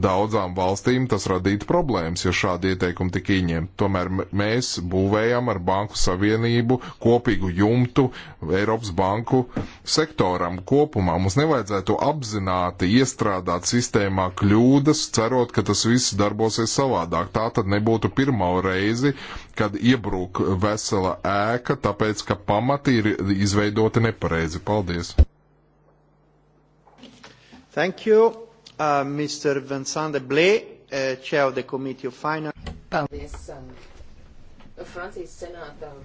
daudzām valstīm tas radītu problēmas, ja šādi ieteikumi tika ieņemti. Tomēr mēs būvējam ar Banku Savienību kopīgu jumtu Eiropas banku sektoram kopumā. Mums nevajadzētu apzināti iestrādāt sistēmā kļūdas, cerot, ka tas viss darbosies savādāk. Tā tad nebūtu pirmā reize, kad iebrūk vesela ēka, tāpēc, ka pamati ir izveidoti nepareizi. Paldies! Thank you, uh, Mr. Vincent de Blé, uh, Chair of the Committee of Finance. Paldies um, Francijas senātam.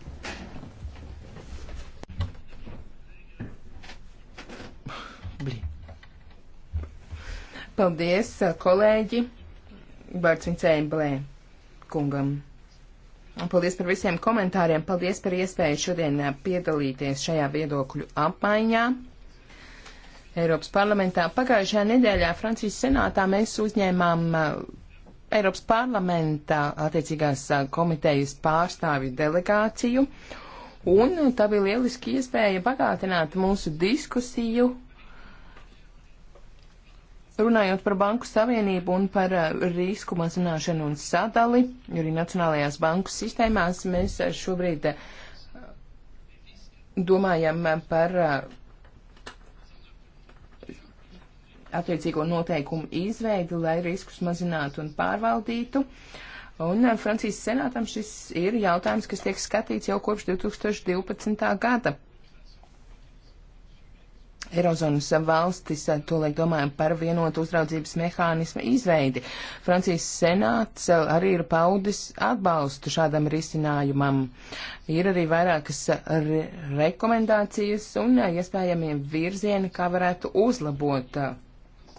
Paldies, uh, kolēģi, Bārts Vincējiem Blē kungam. Un paldies par visiem komentāriem, paldies par iespēju šodien uh, piedalīties šajā viedokļu apmaiņā. Eiropas parlamentā. Pagājušajā nedēļā Francijas senātā mēs uzņēmām eh, Eiropas parlamentā attiecīgās eh, komitejas pārstāvju delegāciju. Un tā bija lieliski iespēja bagātināt mūsu diskusiju Runājot par banku savienību un par eh, risku mazināšanu un sadali, arī nacionālajās banku sistēmās mēs šobrīd domājam par attiecīgo noteikumu izveidi, lai riskus mazinātu un pārvaldītu. Un eh, Francijas senātam šis ir jautājums, kas tiek skatīts jau kopš 2012. gada. Eirozonas valstis eh, tolaik domājam par vienotu uzraudzības mehānismu izveidi. Francijas senāts eh, arī ir paudis atbalstu šādam risinājumam. Ir arī vairākas re rekomendācijas un iespējamie virzieni, kā varētu uzlabot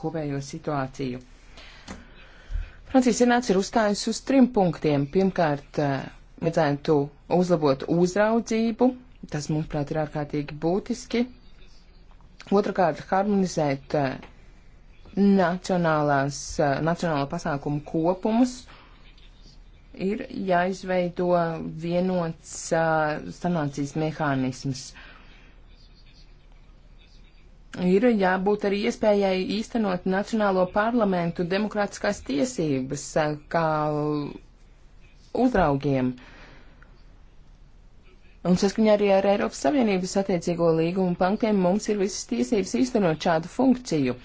kopējo situāciju. Francijas senāts ir uzstājusi uz trim punktiem. Pirmkārt, eh, vajadzētu uzlabot uzraudzību, tas, manuprāt, ir ārkārtīgi būtiski. Otrakārt, harmonizēt eh, nacionālās, eh, nacionālo pasākumu kopumus ir jāizveido vienots uh, sanācijas mehānisms. Uh, ir jābūt arī iespējai īstenot Nacionālo parlamentu demokrātiskās tiesības eh, kā uzraugiem. Un saskaņā arī ar Eiropas Savienības attiecīgo līgumu bankiem mums ir visas tiesības īstenot šādu funkciju.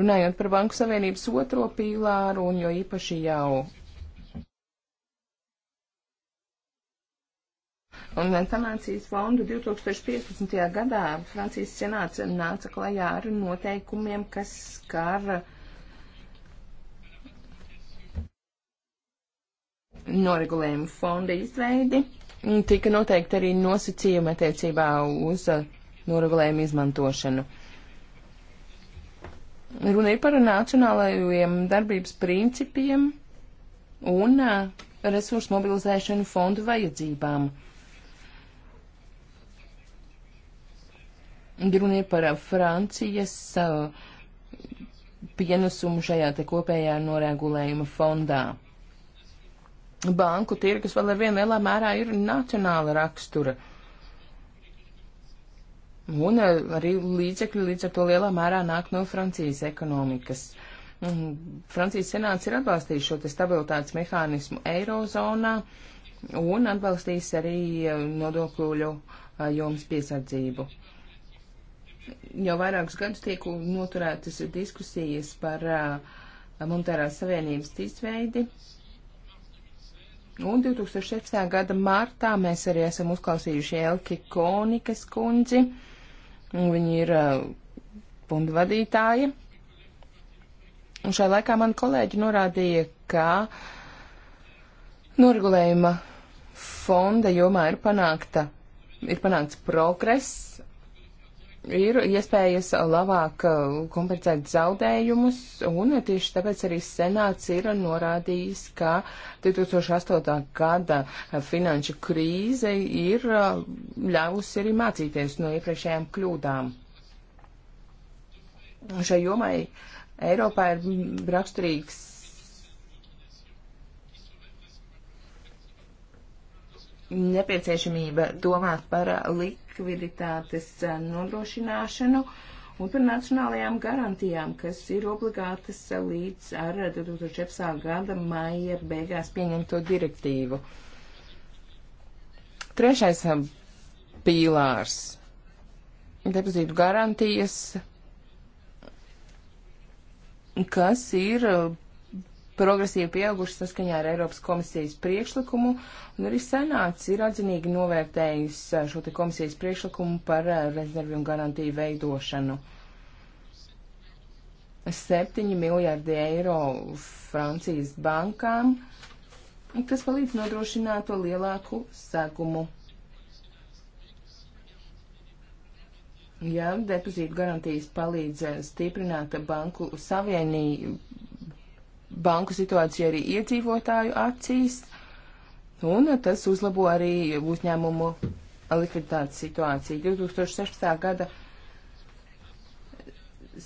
Runājot par Banku Savienības otro pīlāru un jo īpaši jau Un Francijas fondu 2015. gadā Francijas senāts nāca klajā ar noteikumiem, kas skar noregulējumu fonda izveidi. Tika noteikti arī nosacījumi attiecībā uz noregulējumu izmantošanu. Runa ir par nacionālajiem darbības principiem un resursu mobilizēšanu fondu vajadzībām. Runa ir par Francijas uh, pienesumu šajā te kopējā noregulējuma fondā. Banku tirgus vēl ar vienu lielā mērā ir nacionāla rakstura. Un uh, arī līdzekļi līdz ar to lielā mērā nāk no Francijas ekonomikas. Francijas senāts ir atbalstījis šo te stabilitātes mehānismu eirozonā un atbalstījis arī uh, nodokļu jomas piesardzību jau vairākus gadus tiek noturētas diskusijas par uh, monetārās savienības izveidi. Un 2016. gada martā mēs arī esam uzklausījuši Elki Konikas kundzi. Viņa ir uh, bundu vadītāja. Un šai laikā man kolēģi norādīja, ka noregulējuma fonda jomā ir panākta, ir panākts progress, ir iespējas labāk uh, kompensēt zaudējumus, un tieši tāpēc arī senāts ir norādījis, ka 2008. gada finanšu krīze ir uh, ļāvusi arī mācīties no iepriekšējām kļūdām. Šai jomai Eiropā ir raksturīgs nepieciešamība domāt par likteņu likviditātes eh, nodrošināšanu un par nacionālajām garantijām, kas ir obligātas eh, līdz ar 2014. Eh, gada maija beigās pieņemto direktīvu. Trešais pīlārs - depozītu garantijas, kas ir progresīvi pieauguši saskaņā ar Eiropas komisijas priekšlikumu, un arī senāts ir atzinīgi novērtējis uh, šo te komisijas priekšlikumu par uh, rezervju un garantiju veidošanu. 7 miljardi eiro Francijas bankām, kas palīdz nodrošināt to lielāku segumu. Ja depozītu garantijas palīdz uh, stiprināt banku savienību, banku situācija arī iedzīvotāju acīs, un tas uzlabo arī uzņēmumu likviditātes situāciju. 2016. gada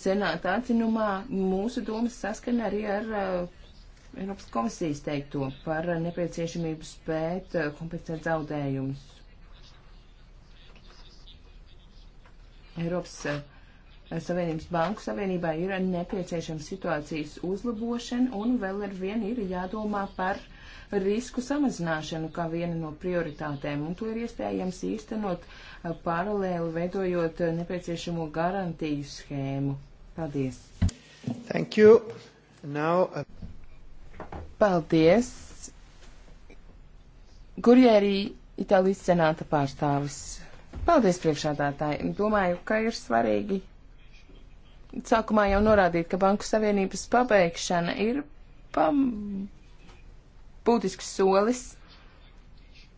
senāta atzinumā mūsu domas saskana arī ar uh, Eiropas komisijas teikto par uh, nepieciešamību spēt uh, kompensēt zaudējumus. Eiropas uh, Savienības Banku Savienībā ir nepieciešama situācijas uzlabošana un vēl ar vienu ir jādomā par risku samazināšanu kā viena no prioritātēm, un to ir iespējams īstenot paralēli veidojot nepieciešamo garantiju schēmu. Paldies! Thank you. Now, uh... Paldies! Gurjērī Itālijas senāta pārstāvis. Paldies priekšādātāji. Domāju, ka ir svarīgi sākumā jau norādīt, ka Banku Savienības pabeigšana ir pam... būtisks solis,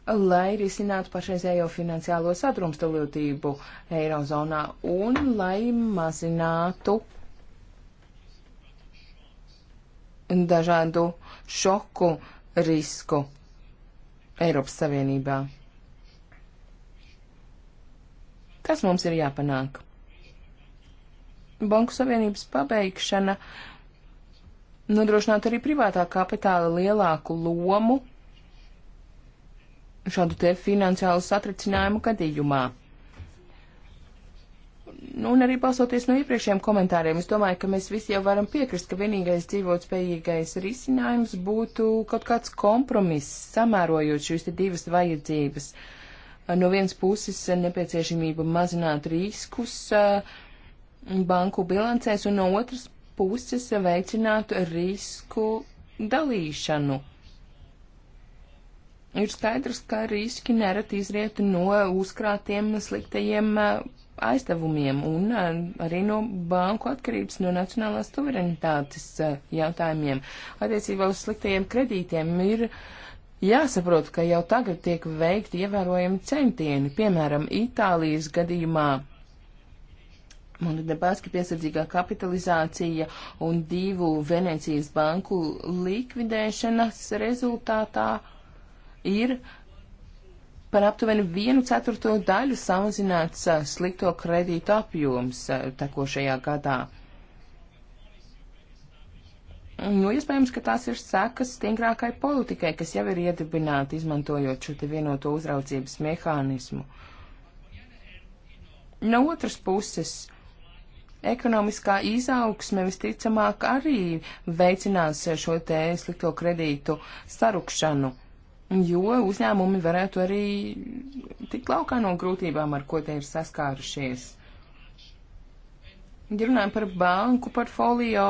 lai risinātu pašreizējo finansiālo sadrumstalotību Eirozonā un lai mazinātu dažādu šoku risku Eiropas Savienībā. Tas mums ir jāpanāk. Banku savienības pabeigšana nodrošinātu arī privātā kapitāla lielāku lomu šādu te finansiālu satricinājumu gadījumā. Nu, un arī balsoties no iepriekšējiem komentāriem, es domāju, ka mēs visi jau varam piekrist, ka vienīgais dzīvotspējīgais risinājums būtu kaut kāds kompromiss, samērojot šīs divas vajadzības. No vienas puses nepieciešamība mazināt riskus, uh, banku bilancēs un no otras puses veicinātu risku dalīšanu. Ir skaidrs, ka riski nereti izriet no uzkrātiem sliktajiem aizdevumiem un arī no banku atkarības no nacionālās suverenitātes jautājumiem. Attiecībā uz sliktajiem kredītiem ir jāsaprot, ka jau tagad tiek veikti ievērojami centieni. Piemēram, Itālijas gadījumā Un Debaski piesardzīgā kapitalizācija un divu Venecijas banku likvidēšanas rezultātā ir par aptuveni vienu ceturto daļu samazināts slikto kredītu apjoms tekošajā gadā. Nu, iespējams, ka tās ir sekas stingrākai politikai, kas jau ir iedibināta izmantojot šo te vienoto uzraudzības mehānismu. No otras puses, Ekonomiskā izaugsme visticamāk arī veicinās šo te slikto kredītu sarukšanu, jo uzņēmumi varētu arī tikt laukā no grūtībām, ar ko tie ir saskārušies. Ja runājam par banku portfolio,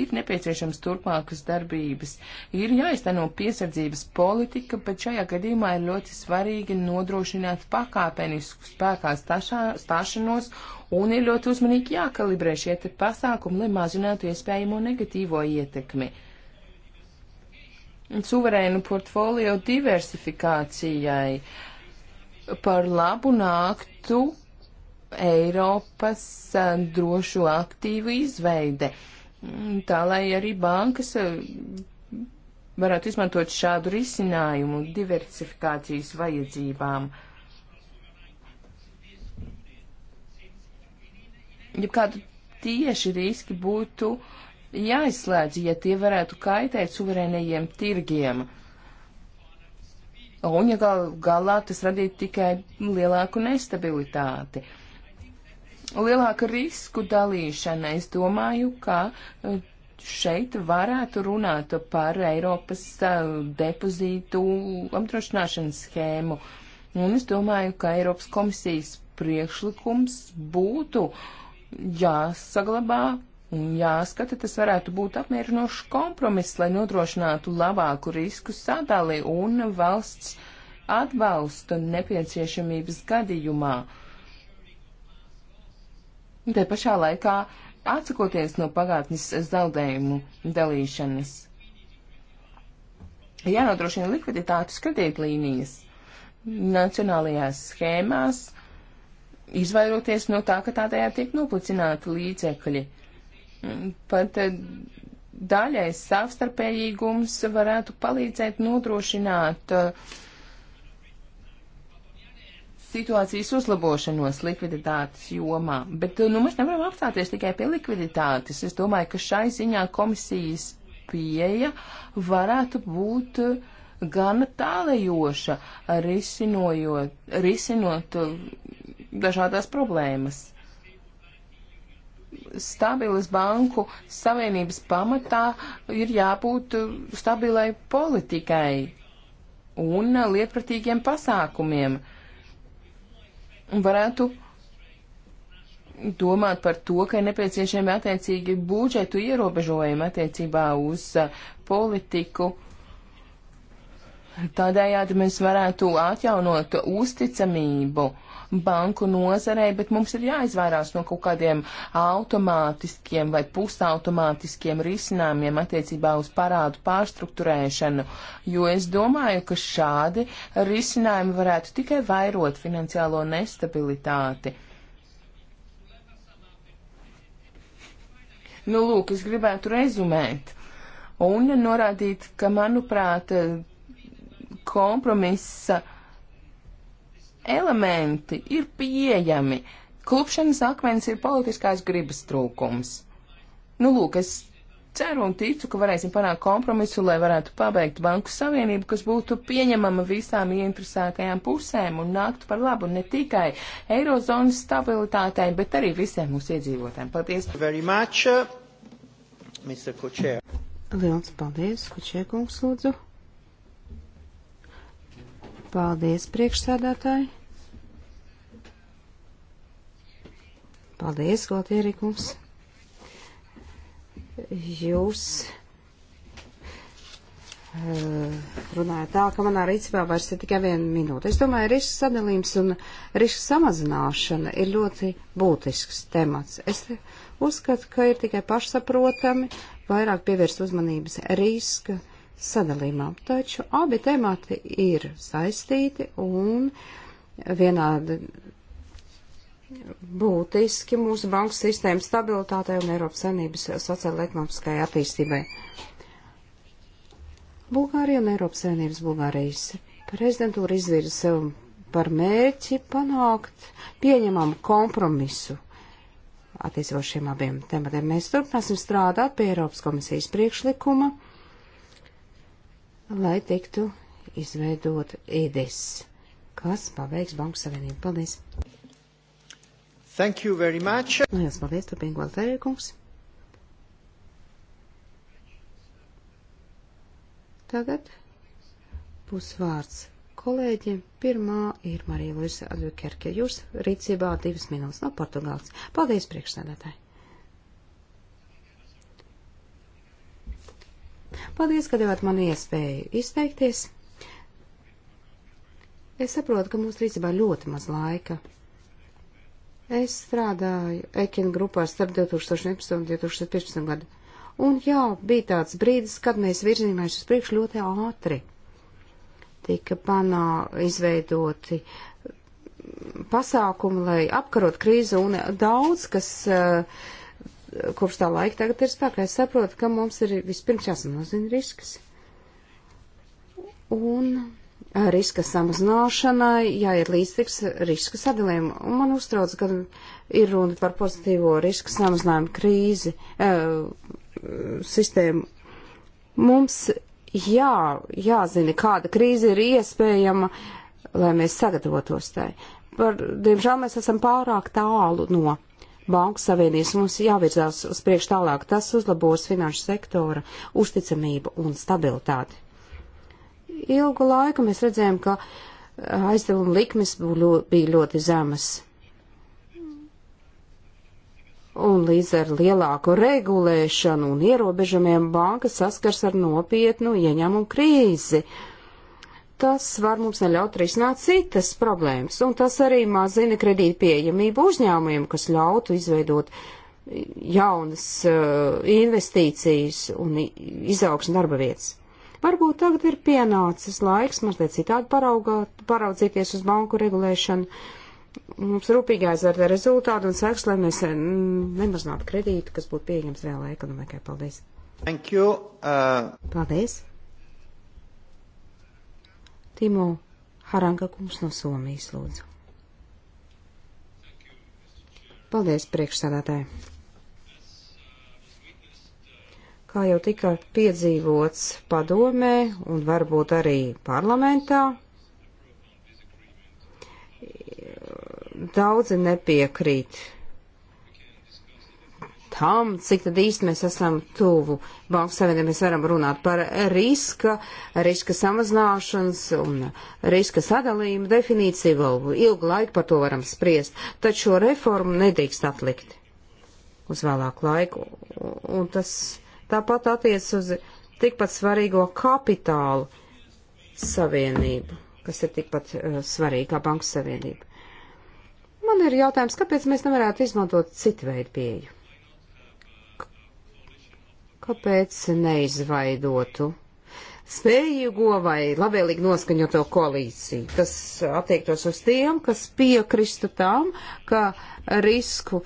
ir nepieciešams turpmākas darbības. Ir jāizteno piesardzības politika, bet šajā gadījumā ir ļoti svarīgi nodrošināt pakāpenisku spēkā stašā, stāšanos un ir ļoti uzmanīgi jākalibrē šie pasākumi, lai mazinātu iespējamo negatīvo ietekmi suverēnu portfolio diversifikācijai par labu nāktu Eiropas eh, drošu aktīvu izveide. Uh, tā lai arī bankas eh, varētu izmantot šādu risinājumu diversifikācijas vajadzībām. Ja kādu tieši riski būtu jāizslēdz, ja tie varētu kaitēt suverēnajiem tirgiem. Un ja gal, galā tas radītu tikai lielāku nestabilitāti. Uh, lielāka risku dalīšana. Es domāju, ka e, šeit varētu runāt par Eiropas e, depozītu apdrošināšanas schēmu. Un es domāju, ka Eiropas komisijas priekšlikums būtu jāsaglabā un jāskata, tas varētu būt apmierinošs kompromiss, lai nodrošinātu labāku risku sadali un valsts atbalstu nepieciešamības gadījumā. Uh, Te pašā laikā atsakoties no pagātnes zaudējumu dalīšanas. Jānodrošina likviditātes kredītlīnijas nacionālajās schēmās, izvairoties no tā, ka tādējā tiek noplicināti līdzekļi. Mm, Pat eh, daļais savstarpējīgums varētu palīdzēt nodrošināt uh, situācijas uzlabošanos likviditātes jomā, bet nu, mēs nevaram apstāties tikai pie likviditātes. Es domāju, ka šai ziņā komisijas pieeja varētu būt gana tālējoša, risinot dažādas problēmas. Stabilas banku savienības pamatā ir jābūt stabilai politikai un lietpratīgiem pasākumiem varētu domāt par to, ka ir nepieciešami attiecīgi budžetu ierobežojumi attiecībā uz uh, politiku. Tādējādi mēs varētu atjaunot uzticamību uh, banku nozarei, bet mums ir jāizvairās no kaut kādiem automātiskiem vai pusautomātiskiem risinājumiem attiecībā uz parādu pārstruktūrēšanu, jo es domāju, ka šādi risinājumi varētu tikai vairot finansiālo nestabilitāti. Nu, lūk, es gribētu rezumēt un norādīt, ka, manuprāt, kompromisa uh, elementi ir pieejami. Klupšanas akmens ir politiskās gribas trūkums. Nu, lūk, es ceru un ticu, ka varēsim panākt kompromisu, lai varētu pabeigt banku savienību, kas būtu pieņemama visām ieinteresētajām pusēm un nāktu par labu ne tikai eirozonas stabilitātei, bet arī visiem mūsu iedzīvotājiem. Paldies! Very much, uh, Mr. Kučē. Liels paldies, Kučē kungs, lūdzu. Paldies, priekšsēdētāji. Paldies, Galtierikums. Jūs eh, runāja tā, ka manā rīcībā vairs ir tikai viena minūte. Es domāju, risks sadalījums un risks samazināšana ir ļoti būtisks temats. Es uzskatu, ka ir tikai pašsaprotami vairāk pievērst uzmanības riska sadalījumam. Taču abi temati ir saistīti un vienādi būtiski mūsu banku sistēmas stabilitātei un Eiropas saimnības sociāla ekonomiskai attīstībai. Bulgārija un Eiropas saimnības Bulgārijas prezidentūra izvirza sev par mērķi panākt pieņemamu kompromisu attiecībā šiem abiem tematiem. Mēs turpināsim strādāt pie Eiropas komisijas priekšlikuma lai tiktu izveidot EDIS, kas paveiks Banku Savienību. Paldies! Thank you very much! Lielas paldies, turpina Gualterīkums! Tagad būs vārds kolēģiem. Pirmā ir Marija Luisa Advikerke. Jūs rīcībā divas minūtes no Portugāles. Paldies, priekšsēdētāji! Paldies, ka devāt man iespēju izteikties. Es saprotu, ka mums rīcībā ļoti maz laika. Es strādāju Ekina grupā starp 2011 un 2015 gadu. Un jā, bija tāds brīdis, kad mēs virzījāmies uz priekšu ļoti ātri. Tika panā izveidoti pasākumi, lai apkarot krīzi, un daudz, kas uh, kopš tā laika tagad ir spēkā. Es saprotu, ka mums ir vispirms jāsamazina risks. Un riska samazināšanai jāiet līdzīgs riska sadalījumam. Un man uztrauc, ka ir runa par pozitīvo riska samazinājumu krīzi uh, sistēmu. Mums jā, jāzina, kāda krīze ir iespējama, lai mēs sagatavotos tai. Par, diemžēl mēs esam pārāk tālu no Banku savienības. Mums jāvirzās uz priekšu tālāk. Tas uzlabos finanšu sektora uzticamību un stabilitāti. Ilgu laiku mēs redzējām, ka eh, aizdevuma likmes bija ļoti zemas. Un līdz ar lielāku regulēšanu un ierobežumiem banka saskars ar nopietnu ieņēmumu krīzi. Uh, tas var mums neļaut risināt citas problēmas, un tas arī mazina kredīta pieejamību uzņēmumiem, kas ļautu izveidot jaunas uh, investīcijas un izaugsmu darba vietas. Varbūt tagad ir pienācis laiks mazliet citādi paraugāt, paraudzīties uz banku regulēšanu. Mums rūpīgi aizvērtē rezultātu un seks, lai mēs nemazinātu kredītu, kas būtu pieejams reālai ekonomikai. Paldies! Thank you! Uh... Paldies! Timo Haranga kungs no Somijas lūdzu. Paldies, priekšsādātāji! Kā jau tika piedzīvots padomē un varbūt arī parlamentā, daudzi nepiekrīt tam, cik tad īsti mēs esam tuvu Banku Savienībai. Mēs varam runāt par riska, riska samazināšanas un riska sadalījuma definīciju, vēl ilgu laiku par to varam spriest, taču šo reformu nedrīkst atlikt uz vēlāku laiku, un tas tāpat attiec uz tikpat svarīgo kapitālu savienību, kas ir tikpat uh, svarīga banku savienība. Man ir jautājums, kāpēc mēs nevarētu izmantot citu veidu pieeju? Kāpēc neizvaidotu spējīgo vai labvēlīgi noskaņoto koalīciju, kas attiektos uz tiem, kas piekristu tam, ka risku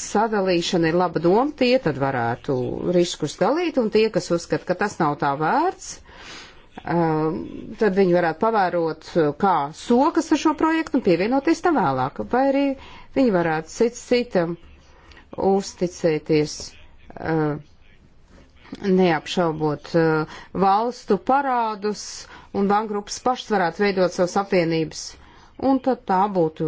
sadalīšana ir laba doma, tie tad varētu riskus dalīt, un tie, kas uzskata, ka tas nav tā vērts, um, tad viņi varētu pavērot, uh, kā sokas ar šo projektu un pievienoties tam vēlāk, vai arī viņi varētu cits citam uzticēties. Uh, neapšaubot uh, valstu parādus un bankrupas pašas varētu veidot savas apvienības. Un tad tā būtu,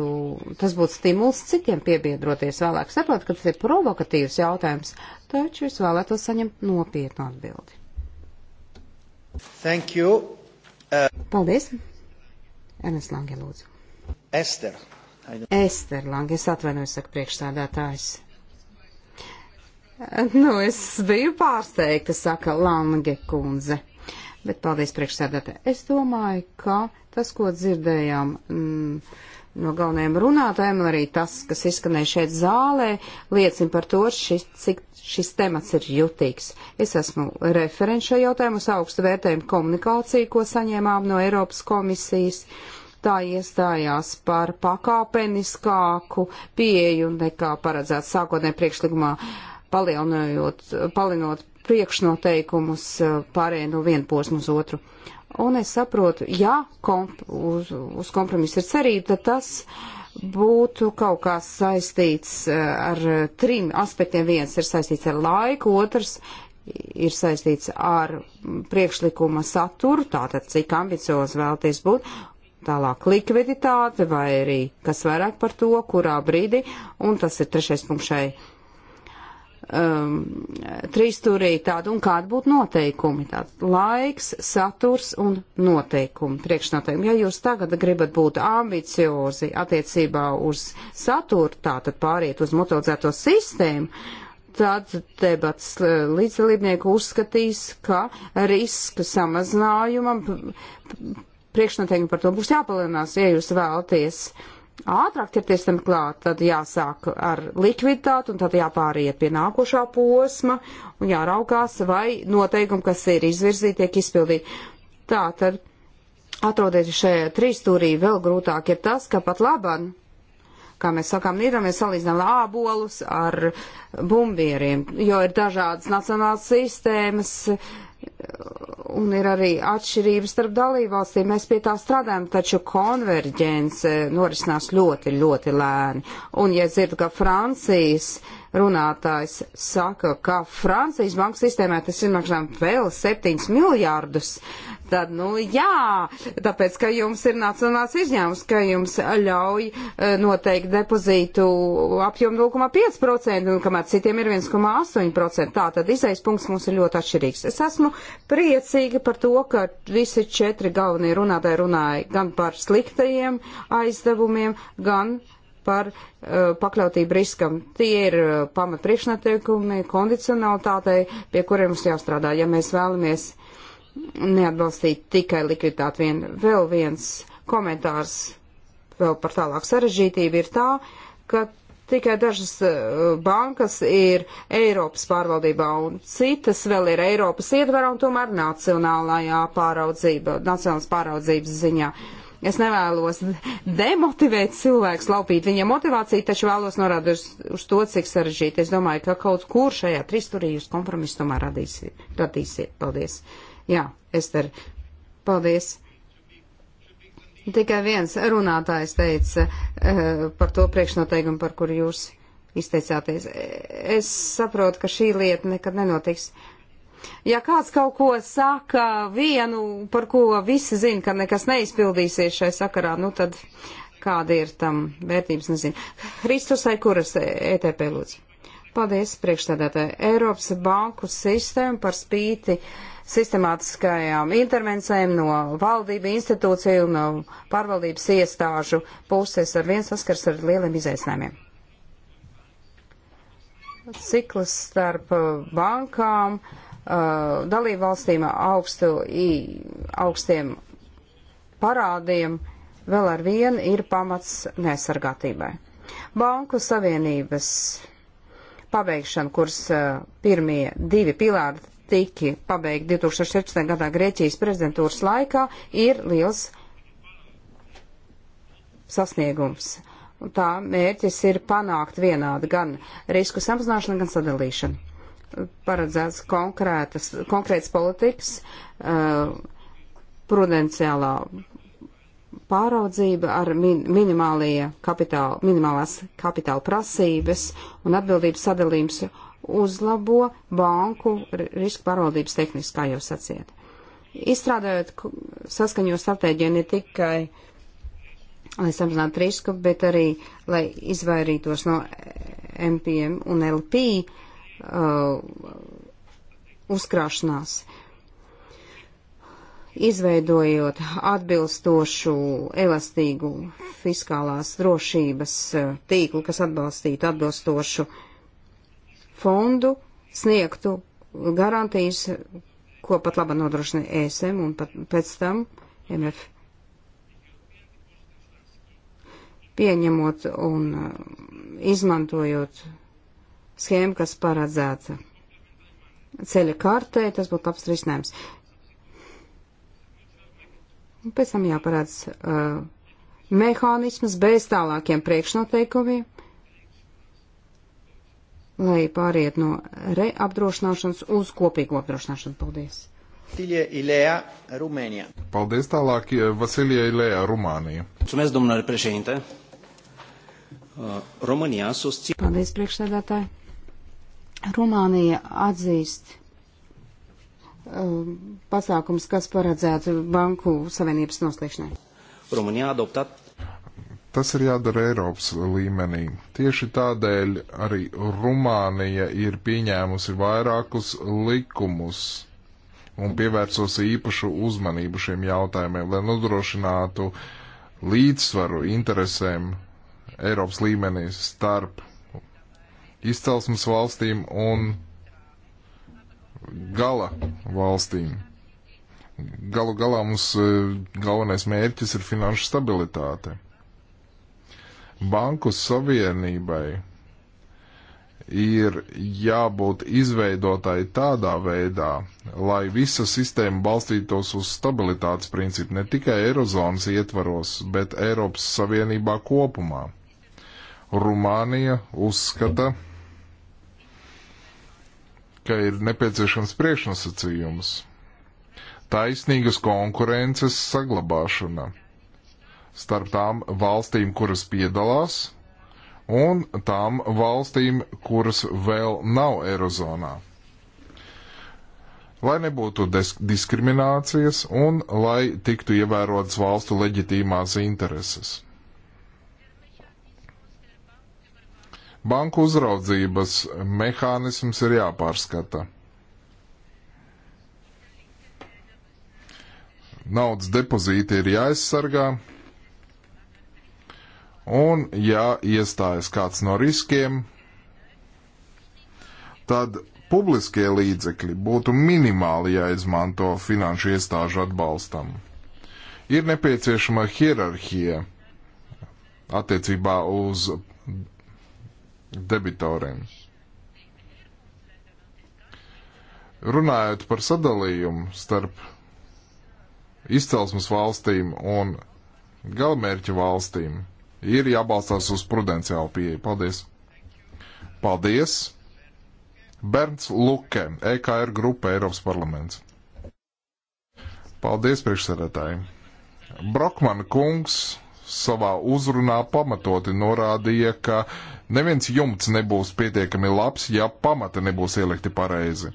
tas būtu stimuls citiem piebiedroties vēlāk. Saprotu, ka tas ir provokatīvs jautājums, taču es vēlētos saņemt nopietnu atbildi. Thank you. Uh... Paldies. Ernest Lange, lūdzu. Ester. Ester Lange, es atvainojos, saka priekšstādātājs. Nu, es biju pārsteigta, saka Lange kundze. Bet paldies priekšsēdētē. Es domāju, ka tas, ko dzirdējām mm, no galvenajiem runātājiem, un arī tas, kas izskanēja šeit zālē, liecina par to, šis, cik šis temats ir jutīgs. Es esmu referents šo jautājumu uz augstu vērtējumu komunikāciju, ko saņēmām no Eiropas komisijas. Tā iestājās par pakāpeniskāku pieeju nekā paredzēts sākotnē priekšlikumā. Uh, palielinot, palielinot priekšnoteikumus eh, pārējai no vienu posmu uz otru. Un es saprotu, ja komp uz, uz kompromisu ir cerība, tad tas būtu kaut kā saistīts eh, ar trim aspektiem. Viens ir saistīts ar laiku, otrs ir saistīts ar priekšlikuma saturu, tātad cik ambiciozi vēlties būt, tālāk likviditāte vai arī kas vairāk par to, kurā brīdī, un tas ir trešais punkts šai um, trīsstūrī tādu un kāda būtu noteikumi. Tātad laiks, saturs un noteikumi, priekšnoteikumi. Ja jūs tagad gribat būt ambiciozi attiecībā uz saturu, tātad pāriet uz motorizēto sistēmu, tad debats uh, līdzdalībnieku uzskatīs, ka riska samazinājumam priekšnoteikumi par to būs jāpalielinās, ja jūs vēlaties uh, ātrāk ķerties tam klāt, tad jāsāk ar likviditāti un tad jāpāriet pie nākošā posma un jāraukās, vai noteikumi, kas ir izvirzīti, tiek izpildīti. Tā tad, atrodoties šajā trīstūrī, vēl grūtāk ir tas, ka pat laban, kā mēs sakām, nīram, mēs salīdzinām ābolus ar bumbieriem, jo ir dažādas nacionālas sistēmas, uh, un ir arī atšķirības starp dalībvalstīm. Mēs pie tā strādājam, taču konverģence norisinās ļoti, ļoti lēni. Un, ja dzird, ka Francijas uh, runātājs saka, ka Francijas banku sistēmā tas ir maksājām vēl 7 miljārdus, tad, nu jā, tāpēc, ka jums ir nacionāls izņēmums, ka jums ļauj e, noteikt depozītu apjomu 0,5% un kamēr citiem ir 1,8%. Tā tad izējas punkts mums ir ļoti atšķirīgs. Es esmu priecīga par to, ka visi četri galvenie runātāji runāja gan par sliktajiem aizdevumiem, gan par par uh, pakļautību riskam. Tie ir uh, eh, pamat priekšnoteikumi kondicionalitātei, pie kuriem mums jāstrādā, ja mēs vēlamies neatbalstīt tikai likviditāti vien. Vēl viens komentārs vēl par tālāk sarežģītību ir tā, ka tikai dažas eh, bankas ir Eiropas pārvaldībā un citas vēl ir Eiropas ietverā un tomēr nacionālajā pāraudzība, nacionālas pāraudzības ziņā. Uh, Es nevēlos demotivēt cilvēku, laupīt viņa motivāciju, taču vēlos norādīt uz, uz to, cik sarežģīti. Es domāju, ka kaut kur šajā tristurī jūs kompromisu tomēr radīsiet. radīsiet. Paldies. Jā, Ester, paldies. Tikai viens runātājs teica uh, par to priekšnoteikumu, par kur jūs izteicāties. Es saprotu, ka šī lieta nekad nenotiks. Uh, Ja kāds kaut ko saka vienu, par ko visi zina, ka nekas neizpildīsies šai sakarā, nu tad kāda ir tam vērtības, nezinu. Kristus Aikuras, ETP lūdzu. Paldies, priekšstādātāji. Eiropas banku sistēma par spīti sistemātiskajām intervencēm no valdību institūciju un no pārvaldības iestāžu puses ar viens saskars ar lieliem izaicinājumiem. Cikls starp bankām. Uh, Uh, dalību valstīm augstu, augstiem parādiem vēl ar vienu ir pamats nesargātībai. Banku savienības pabeigšana, kuras uh, pirmie divi pilāri tiki pabeigti 2016. gadā Grieķijas prezidentūras laikā, ir liels sasniegums. Un tā mērķis ir panākt vienādi gan risku samazināšanu, gan sadalīšanu paredzēts konkrētas, konkrēts politikas, uh, prudenciālā pāraudzība ar min, kapitāla, minimālās kapitāla prasības un atbildības sadalījums uzlabo banku riska pārvaldības tehniski, kā jau sacījāt. Izstrādājot saskaņo stratēģiju ne tikai, lai samazinātu risku, bet arī, lai izvairītos no MPM un LP, uh, uh, uzkrāšanās. Izveidojot atbilstošu elastīgu fiskālās drošības uh, tīklu, kas atbalstītu atbilstošu fondu, sniegtu garantijas, ko pat laba nodrošina ESM un pat pēc tam MF. Pieņemot un uh, izmantojot schēma, kas paredzēta ceļa kartē, tas būtu labs risinājums. Pēc tam jāparāds uh, mehānisms bez tālākiem priekšnoteikumiem, lai pāriet no reapdrošināšanas uz kopīgu apdrošināšanu. Paldies! Ilea, Rumēnija. Paldies tālāk, Vasilija Ilēja, Rumānija. Uh, Paldies, priekšsēdētāji! Rumānija atzīst um, pasākums, kas paredzētu banku savienības noslēgšanai. Rumānija adoptēt. Tas ir jādara Eiropas līmenī. Tieši tādēļ arī Rumānija ir pieņēmusi vairākus likumus un pievērsos īpašu uzmanību šiem jautājumiem, lai nodrošinātu līdzsvaru interesēm Eiropas līmenī starp izcelsmes valstīm un gala valstīm. Galu galā mums e, galvenais mērķis ir finanšu stabilitāte. Banku savienībai ir jābūt izveidotai tādā veidā, lai visa sistēma balstītos uz stabilitātes principu ne tikai Eirozonas ietvaros, bet Eiropas Savienībā kopumā. Rumānija uzskata, ka ka ir nepieciešams priekšnosacījums - taisnīgas konkurences saglabāšana starp tām valstīm, kuras piedalās, un tām valstīm, kuras vēl nav Eirozonā. Lai nebūtu diskriminācijas un lai tiktu ievērotas valstu leģitīmās intereses. Banku uzraudzības mehānisms ir jāpārskata. Naudas depozīti ir jāaizsargā, un ja iestājas kāds no riskiem, tad publiskie līdzekļi būtu minimāli jāizmanto finanšu iestāžu atbalstam. Ir nepieciešama hierarhija attiecībā uz debitoriem. Runājot par sadalījumu starp izcelsmes valstīm un galamērķu valstīm, ir jābalstās uz prudenciālu pieeju. Paldies! Paldies! Bernts Luke, EKR grupa Eiropas parlaments. Paldies priekšsēdētāji! Brokmana kungs savā uzrunā pamatoti norādīja, ka neviens jumts nebūs pietiekami labs, ja pamata nebūs ielikti pareizi.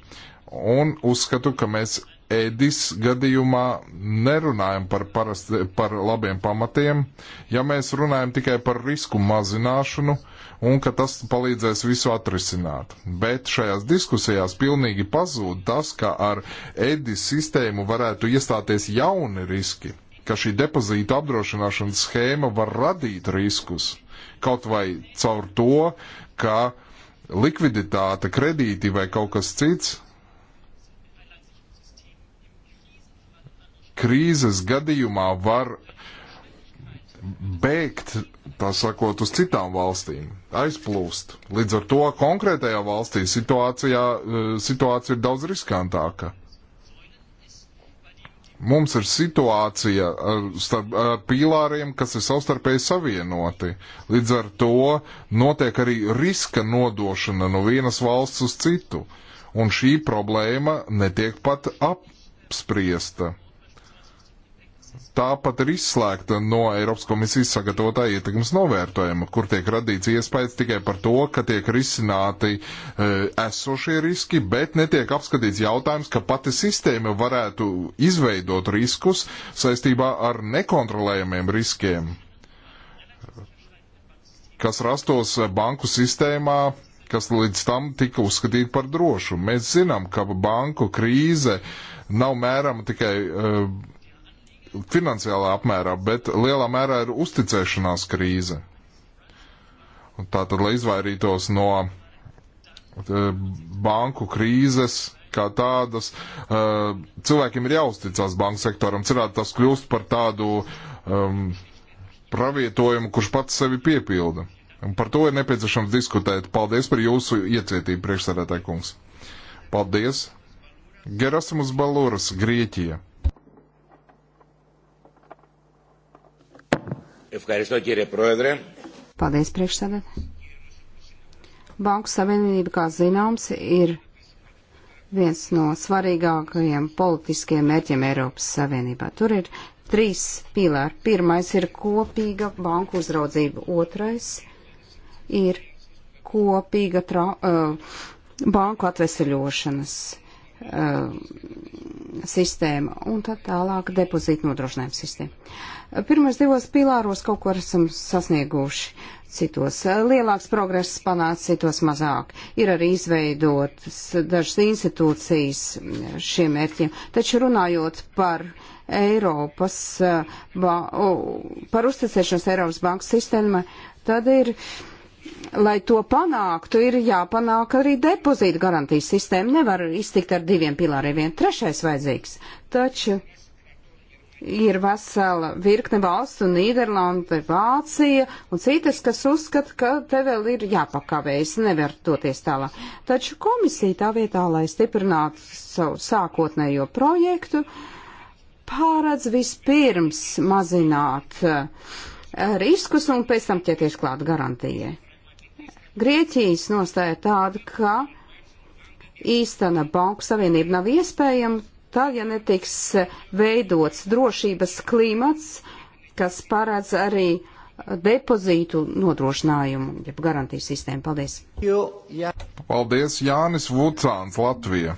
Un uzskatu, ka mēs Edis gadījumā nerunājam par, parasti, par labiem pamatiem, ja mēs runājam tikai par risku mazināšanu un ka tas palīdzēs visu atrisināt. Bet šajās diskusijās pilnīgi pazūd tas, ka ar Edis sistēmu varētu iestāties jauni riski ka šī depozīta apdrošināšanas schēma var radīt riskus. Kaut vai caur to, ka likviditāte, kredīti vai kaut kas cits krīzes gadījumā var bēgt, tā sakot, uz citām valstīm, aizplūst. Līdz ar to konkrētajā valstī situācijā, eh, situācija ir daudz riskantāka. Mums ir situācija ar, uh, starp, ar uh, pīlāriem, kas ir savstarpēji savienoti. Līdz ar to notiek arī riska nodošana no vienas valsts uz citu, un šī problēma netiek pat apspriesta tāpat ir izslēgta no Eiropas komisijas sagatavotā ietekmes novērtējuma, kur tiek radīts iespējas tikai par to, ka tiek risināti e, esošie riski, bet netiek apskatīts jautājums, ka pati sistēma varētu izveidot riskus saistībā ar nekontrolējumiem riskiem, kas rastos banku sistēmā kas līdz tam tika uzskatīti par drošu. Mēs zinām, ka banku krīze nav mērama tikai uh, e, finansiālā apmērā, bet lielā mērā ir uzticēšanās krīze. Tātad, lai izvairītos no e, banku krīzes kā tādas, e, cilvēkiem ir jāuzticas banku sektoram. Cerēt, tas kļūst par tādu um, pravietojumu, kurš pats sevi piepilda. Un par to ir nepieciešams diskutēt. Paldies par jūsu iecietību, priekšsēdētāji kungs. Paldies. Gerasimus Balūras, Grieķija. Ευχαριστώ, κύριε Πρόεδrē. Paldies, priekšsēdētāji. Banku savienība, kā zināms, ir viens no svarīgākajiem politiskiem mērķiem Eiropas Savienībā. Tur ir trīs pīlāri. Pirmais ir kopīga banku uzraudzība, otrais ir kopīga tra, uh, banku atveseļošanas uh, sistēma un tad tālāk depozīta nodrošinājuma sistēma. Pirmais divos pilāros kaut ko esam sasnieguši, citos lielāks progress panāca, citos mazāk. Ir arī izveidotas dažas institūcijas šiem mērķiem, taču runājot par Eiropas, eh, ba, o, par uzticēšanos Eiropas bankas sistēmai, tad ir lai to panāktu, ir jāpanāk arī depozīta garantijas sistēma. Nevar iztikt ar diviem pilāriem, vien trešais vajadzīgs. Taču ir vesela virkne valstu, Nīderlanda, Vācija un citas, kas uzskata, ka te vēl ir jāpakavējas, nevar toties tālāk. Taču komisija tā vietā, lai stiprinātu savu sākotnējo projektu, pārādz vispirms mazināt eh, riskus un pēc tam ķerties klāt garantijai. Grieķijas nostāja tāda, ka īstena banku savienība nav iespējama, tā ja netiks veidots drošības klimats, kas paredz arī depozītu nodrošinājumu, ja garantijas sistēmu. Paldies! Paldies, Jānis Vucāns, Latvija!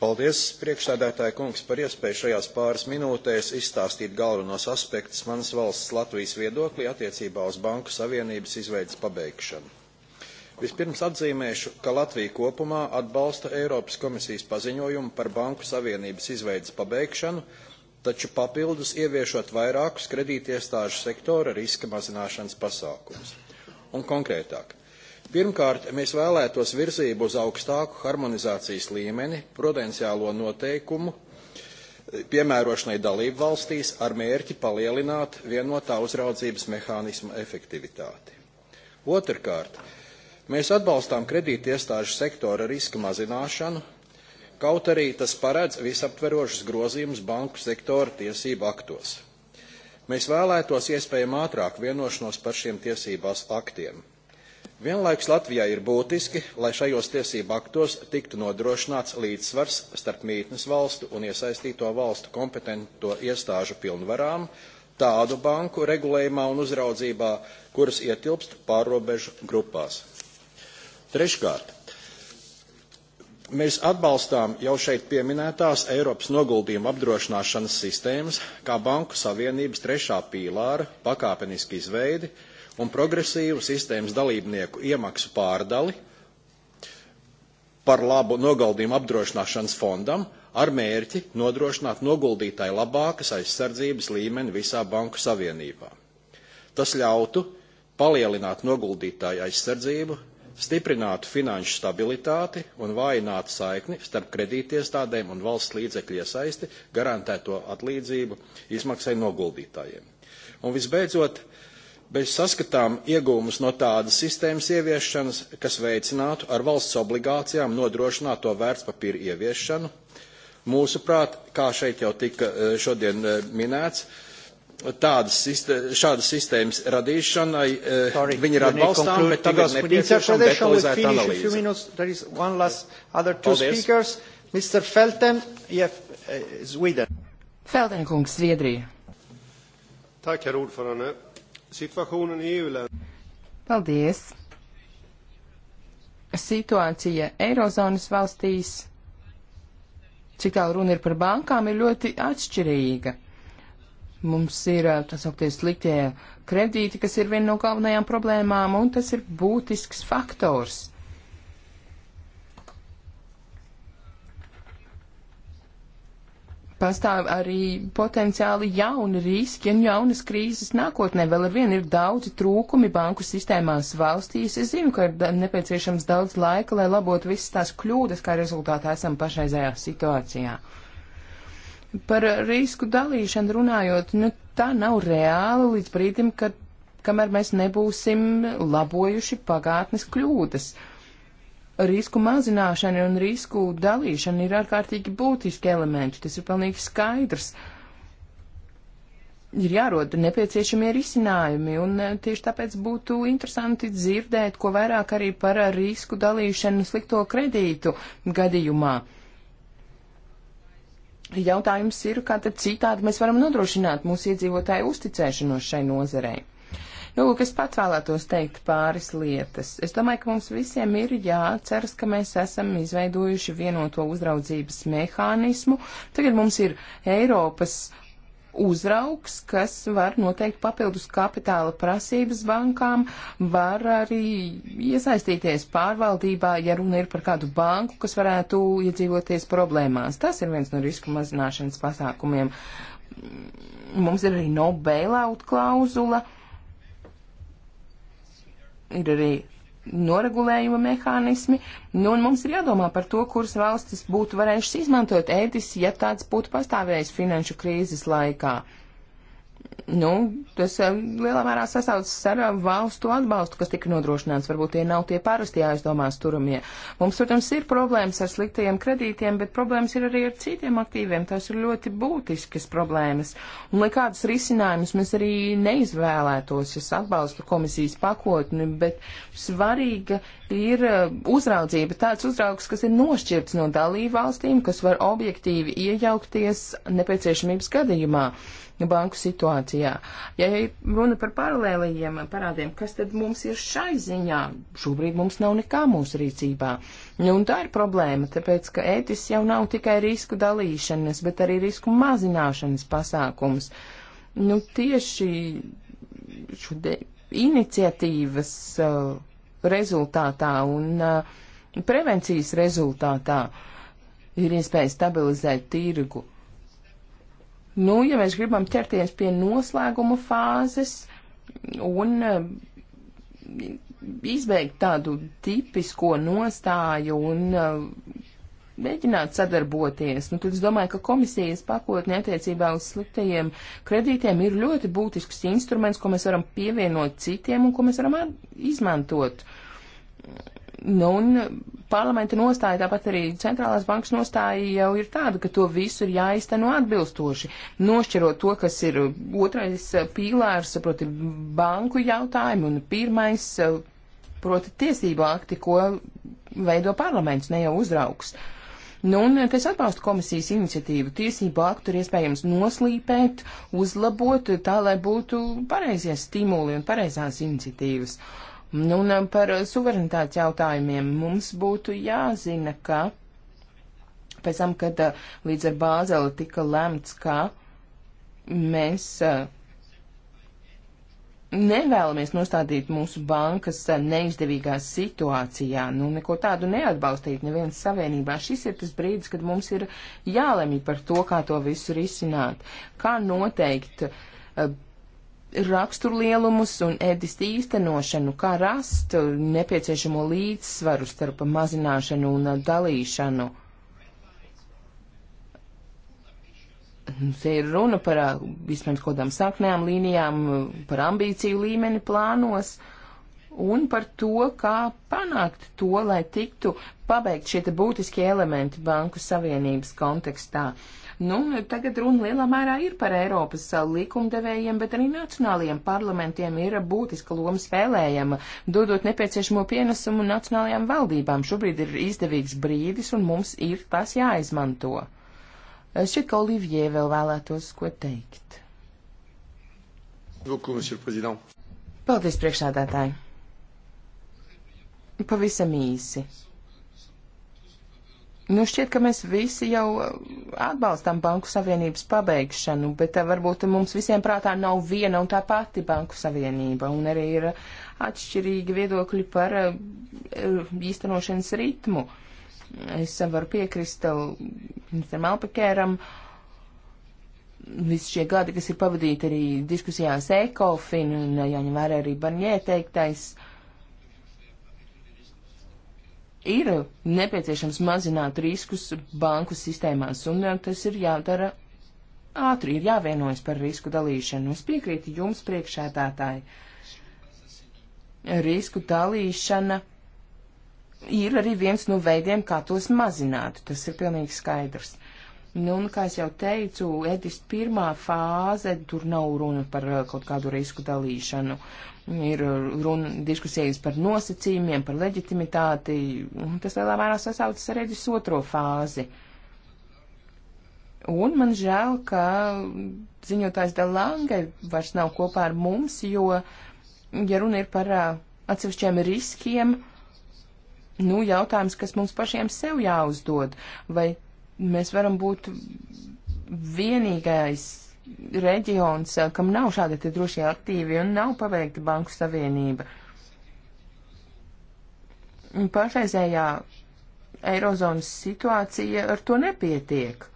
Paldies, priekšsēdētāja kungs, par iespēju šajās pāris minūtēs izstāstīt galvenos aspektus manas valsts Latvijas viedoklī attiecībā uz Banku Savienības izveidas pabeigšanu. Vispirms atzīmēšu, ka Latvija kopumā atbalsta Eiropas komisijas paziņojumu par Banku Savienības izveidas pabeigšanu, taču papildus ieviešot vairākus kredītiestāžu sektora riska mazināšanas pasākumus. Un konkrētāk, Pirmkārt, mēs vēlētos virzību uz augstāku harmonizācijas līmeni, prudenciālo noteikumu eh, piemērošanai dalību valstīs ar mērķi palielināt vienotā uzraudzības mehānisma efektivitāti. Otrkārt, mēs atbalstām kredītiestāžu sektora riska mazināšanu, kaut arī tas paredz visaptverošas grozījumus banku sektora tiesību aktos. Mēs vēlētos iespējami ātrāk vienošanos par šiem tiesībās aktiem. Vienlaikus Latvijai ir būtiski, lai šajos tiesību aktos tiktu nodrošināts līdzsvars starp mītnes valstu un iesaistīto valstu kompetento iestāžu pilnvarām tādu banku regulējumā un uzraudzībā, kuras ietilpst pārrobežu grupās. Treškārt, mēs atbalstām jau šeit pieminētās Eiropas noguldījuma apdrošināšanas sistēmas, kā Banku Savienības trešā pīlāra pakāpeniski izveidi, un progresīvu sistēmas dalībnieku iemaksu pārdali par labu noguldījumu apdrošināšanas fondam ar mērķi nodrošināt noguldītāju labākas aizsardzības līmeni visā banku savienībā. Tas ļautu palielināt noguldītāju aizsardzību, stiprinātu finanšu stabilitāti un vājinātu saikni starp kredītiestādēm un valsts līdzekļu iesaisti garantēto atlīdzību izmaksai noguldītājiem. Un visbeidzot, bez saskatām iegūmus no tādas sistēmas ieviešanas, kas veicinātu ar valsts obligācijām nodrošināto vērtspapīru ieviešanu. Mūsuprāt, kā šeit jau tika e, šodien e, minēts, tādas sistē, šādas sistēmas radīšanai e, Sorry, viņi ir atbalstām, bet tagad nepieciešama detalizēta analīze. Minutes, there is one last other two Paldies. speakers. Mr. Felten, EF, Sweden. Felten kungs, Zviedrija. Tak, herr ordförande. Situationen i EU-länderna. Paldies! Situācija Eirozonas valstīs, cik tālu runa ir par bankām, ir ļoti atšķirīga. Mums ir eh, tā sauktie sliktie kredīti, kas ir viena no galvenajām problēmām, un tas ir būtisks faktors. pastāv arī potenciāli jauni riski un jaunas krīzes nākotnē. Vēl ar vienu ir daudzi trūkumi banku sistēmās valstīs. Es zinu, ka ir nepieciešams daudz laika, lai labotu visas tās kļūdas, kā rezultātā esam pašreizējā situācijā. Par risku dalīšanu runājot, nu, tā nav reāla līdz brīdim, kad kamēr mēs nebūsim labojuši pagātnes kļūdas. Uh, risku mazināšana un risku dalīšana ir ārkārtīgi būtiski elementi. Tas ir pilnīgi skaidrs. Ir jārod nepieciešamie risinājumi, un e, tieši tāpēc būtu interesanti dzirdēt, ko vairāk arī par risku dalīšanu slikto kredītu gadījumā. Jautājums ir, kā tad citādi mēs varam nodrošināt mūsu iedzīvotāju uzticēšanos šai nozarei. Nu, lūk, es pats vēlētos teikt pāris lietas. Es domāju, ka mums visiem ir jāceras, ka mēs esam izveidojuši vienoto uzraudzības mehānismu. Tagad mums ir Eiropas uzraugs, kas var noteikt papildus kapitāla prasības bankām, var arī iesaistīties pārvaldībā, ja runa ir par kādu banku, kas varētu iedzīvoties problēmās. Tas ir viens no risku mazināšanas pasākumiem. Mums ir arī no bailout klauzula. Uh, ir arī noregulējuma mehānismi, nu, un mums ir jādomā par to, kuras valstis būtu varējušas izmantot ētis, ja tāds būtu pastāvējis finanšu krīzes laikā. Uh, nu, tas eh, lielā mērā sasaucas ar eh, valstu atbalstu, kas tika nodrošināts. Varbūt tie nav tie parastie aizdomās turamie. Mums, protams, ir problēmas ar sliktajiem kredītiem, bet problēmas ir arī ar citiem aktīviem. Tās ir ļoti būtiskas problēmas. Un lai kādas risinājumus mēs arī neizvēlētos, es atbalstu komisijas pakotni, bet svarīga ir eh, uzraudzība, tāds uzraugs, kas ir nošķirts no dalību valstīm, kas var objektīvi iejaukties nepieciešamības gadījumā banku situācijā. Ja runa par paralēlījiem parādiem, kas tad mums ir šai ziņā? Šobrīd mums nav nekā mūsu rīcībā. Nu, un tā ir problēma, tāpēc, ka ētis jau nav tikai risku dalīšanas, bet arī risku mazināšanas pasākums. Nu, tieši šo iniciatīvas uh, rezultātā un uh, prevencijas rezultātā ir iespēja stabilizēt tirgu Nu, ja mēs gribam ķerties pie noslēguma fāzes un eh, izbeigt tādu tipisko nostāju un eh, mēģināt sadarboties, nu, tad es domāju, ka komisijas pakotne attiecībā uz sliktajiem kredītiem ir ļoti būtisks instruments, ko mēs varam pievienot citiem un ko mēs varam izmantot Nu, un parlamenta nostāja, tāpat arī centrālās bankas nostāja jau ir tāda, ka to visu ir jāizteno atbilstoši. Nošķirot to, kas ir otrais pīlārs, proti banku jautājumi, un pirmais, proti tiesību akti, ko veido parlaments, ne jau uzraugs. Nu, un es atbalstu komisijas iniciatīvu. Tiesību aktu ir iespējams noslīpēt, uzlabot tā, lai būtu pareizie stimuli un pareizās iniciatīvas. Uh, Nu, un um, par uh, suverenitātes jautājumiem mums būtu jāzina, ka pēc tam, kad uh, līdz ar Bāzeli tika lemts, ka mēs uh, nevēlamies nostādīt mūsu bankas neizdevīgā situācijā, nu, neko tādu neatbalstīt neviens savienībā. Šis ir tas brīdis, kad mums ir jālemj par to, kā to visu risināt, kā noteikt raksturlielumus un ēdis īstenošanu, kā rast nepieciešamo līdzsvaru starp mazināšanu un dalīšanu. Nu, te ir runa par vismaz kaut kādām sāknējām līnijām, par ambīciju līmeni plānos un par to, kā panākt to, lai tiktu pabeigt šie būtiskie elementi Banku Savienības kontekstā. Uh, Nu, tagad runa lielā mērā ir par Eiropas likumdevējiem, bet arī nacionālajiem parlamentiem ir būtiska loma spēlējama, dodot nepieciešamo pienesumu nacionālajām valdībām. Šobrīd ir izdevīgs brīdis un mums ir tas jāizmanto. Šķiet, ka Olivie vēl vēlētos ko teikt. Beaucoup, monsieur le président. Paldies, priekšādātāji! Pavisam īsi. Nu, šķiet, ka mēs visi jau uh, atbalstam Banku Savienības pabeigšanu, bet uh, varbūt mums visiem prātā nav viena un tā pati Banku Savienība, un arī ir atšķirīgi viedokļi par uh, īstenošanas ritmu. Es varu piekrist ministram Alpekēram. Visi šie gadi, kas ir pavadīti arī diskusijās ECOFIN, un jāņem vērā arī Barņē teiktais. Uh, ir nepieciešams mazināt riskus banku sistēmās, un uh, tas ir jādara ātri, ir jāvienojas par risku dalīšanu. Es piekrītu jums, priekšētātāji. Risku dalīšana ir arī viens no veidiem, kā tos mazināt. Tas ir pilnīgi skaidrs. Nu, un, kā jau teicu, Edis pirmā fāze, tur nav runa par uh, kaut kādu risku dalīšanu. Uh, ir runa diskusijas par nosacījumiem, par leģitimitāti, un tas lielā mērā sasaucas ar reģis otro fāzi. Un man žēl, ka ziņotājs Delange vairs nav kopā ar mums, jo, ja runa ir par atsevišķiem riskiem, nu, jautājums, kas mums pašiem sev jāuzdod, vai mēs varam būt vienīgais reģions, kam nav šādi te drošie aktīvi un nav paveikta banku savienība. Pašreizējā eirozonas situācija ar to nepietiek.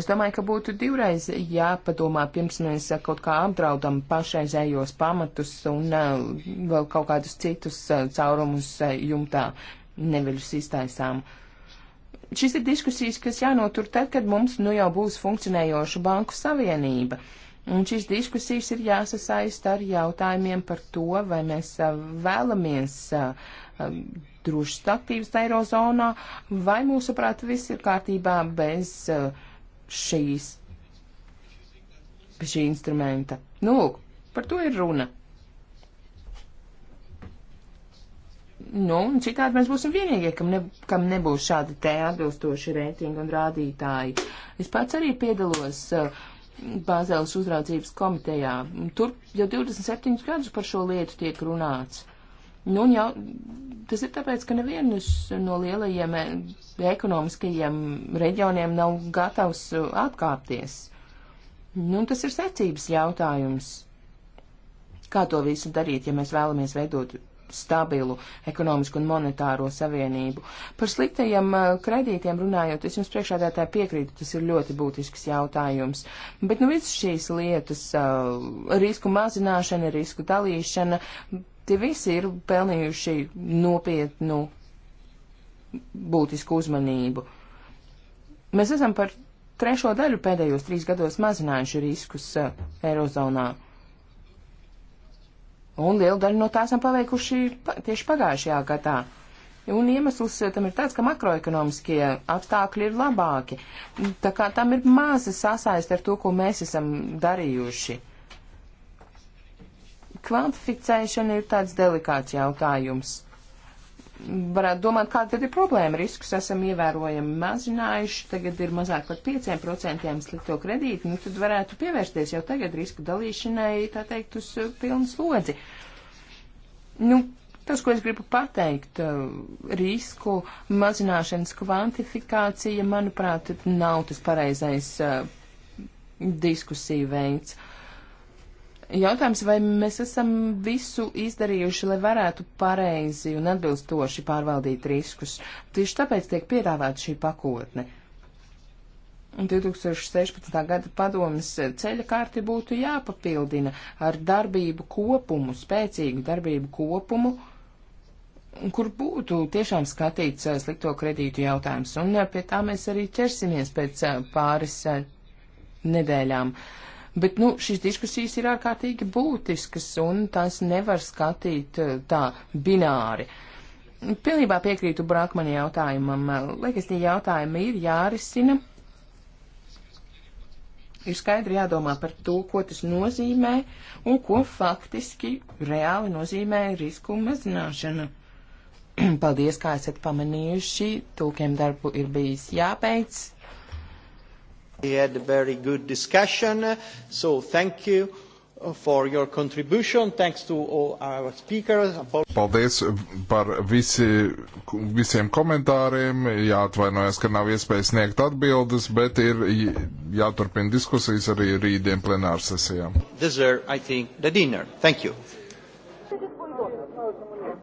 Es domāju, ka būtu divreiz jāpadomā, pirms mēs kaut kā apdraudam pašreizējos pamatus un uh, vēl kaut kādus citus uh, caurumus uh, jumtā neveļus iztaisām. Uh, šis ir diskusijas, kas jānotur tad, kad mums nu jau būs funkcionējoša banku savienība. Un šīs diskusijas ir jāsasaista ar jautājumiem par to, vai mēs vēlamies drošas aktīvas eirozonā, vai mūsuprāt viss ir kārtībā bez šīs, bez šī instrumenta. Nu, lūk, par to ir runa. Nu, un citādi mēs būsim vienīgie, kam, ne, kam nebūs šādi te atbilstoši reitingi un rādītāji. Es pats arī piedalos uh, Bāzēlas uzraudzības komitejā. Tur jau 27 gadus par šo lietu tiek runāts. Nu, un jau tas ir tāpēc, ka nevienas no lielajiem eh, ekonomiskajiem reģioniem nav gatavs uh, atkāpties. Nu, tas ir secības jautājums. Kā to visu darīt, ja mēs vēlamies veidot stabilu ekonomisku un monetāro savienību. Par sliktajiem eh, kredītiem runājot, es jums priekšādātāji piekrītu, tas ir ļoti būtisks jautājums. Bet nu visas šīs lietas, eh, risku mazināšana, risku dalīšana, tie visi ir pelnījuši nopietnu būtisku uzmanību. Mēs esam par trešo daļu pēdējos trīs gados mazinājuši riskus eh, Eirozonā. Uh, Un lielu daļu no tā esam paveikuši tieši pagājušajā gadā. Un iemesls eh, tam ir tāds, ka makroekonomiskie apstākļi ir labāki. Tā kā tam ir maza sasaist ar to, ko mēs esam darījuši. Kvantificēšana ir tāds delikāts jautājums varētu domāt, kāda tad ir problēma. Riskus esam ievērojami mazinājuši, tagad ir mazāk par 5% slikto kredītu, nu tad varētu pievērsties jau tagad risku dalīšanai, tā teikt, uz uh, pilnu slodzi. Nu, tas, ko es gribu pateikt, uh, risku mazināšanas kvantifikācija, manuprāt, nav tas pareizais uh, diskusiju veids. Jautājums, vai mēs esam visu izdarījuši, lai varētu pareizi un atbilstoši pārvaldīt riskus. Tieši tāpēc tiek piedāvāta šī pakotne. 2016. gada padomas ceļa kārti būtu jāpapildina ar darbību kopumu, spēcīgu darbību kopumu, kur būtu tiešām skatīts slikto kredītu jautājums. Un pie tā mēs arī ķersimies pēc pāris nedēļām. Uh, Bet nu, šīs diskusijas ir ārkārtīgi būtiskas, un tās nevar skatīt eh, tā bināri. Pilnībā piekrītu Brākmanu jautājumam. Liekas, tie jautājumi ir jārisina. Ir skaidri jādomā par to, ko tas nozīmē un ko faktiski reāli nozīmē risku mazināšana. Paldies, kā esat pamanījuši. Tūkiem darbu ir bijis jābeidz. We had a very good discussion, so thank you for your contribution. Thanks to all our speakers. Paldies par visi, visiem komentāriem. Jāatvainojas, ka nav iespējas sniegt atbildes, bet ir jāturpina diskusijas arī rītdien plenārsesijām. Deserve, I think, the dinner. Thank you.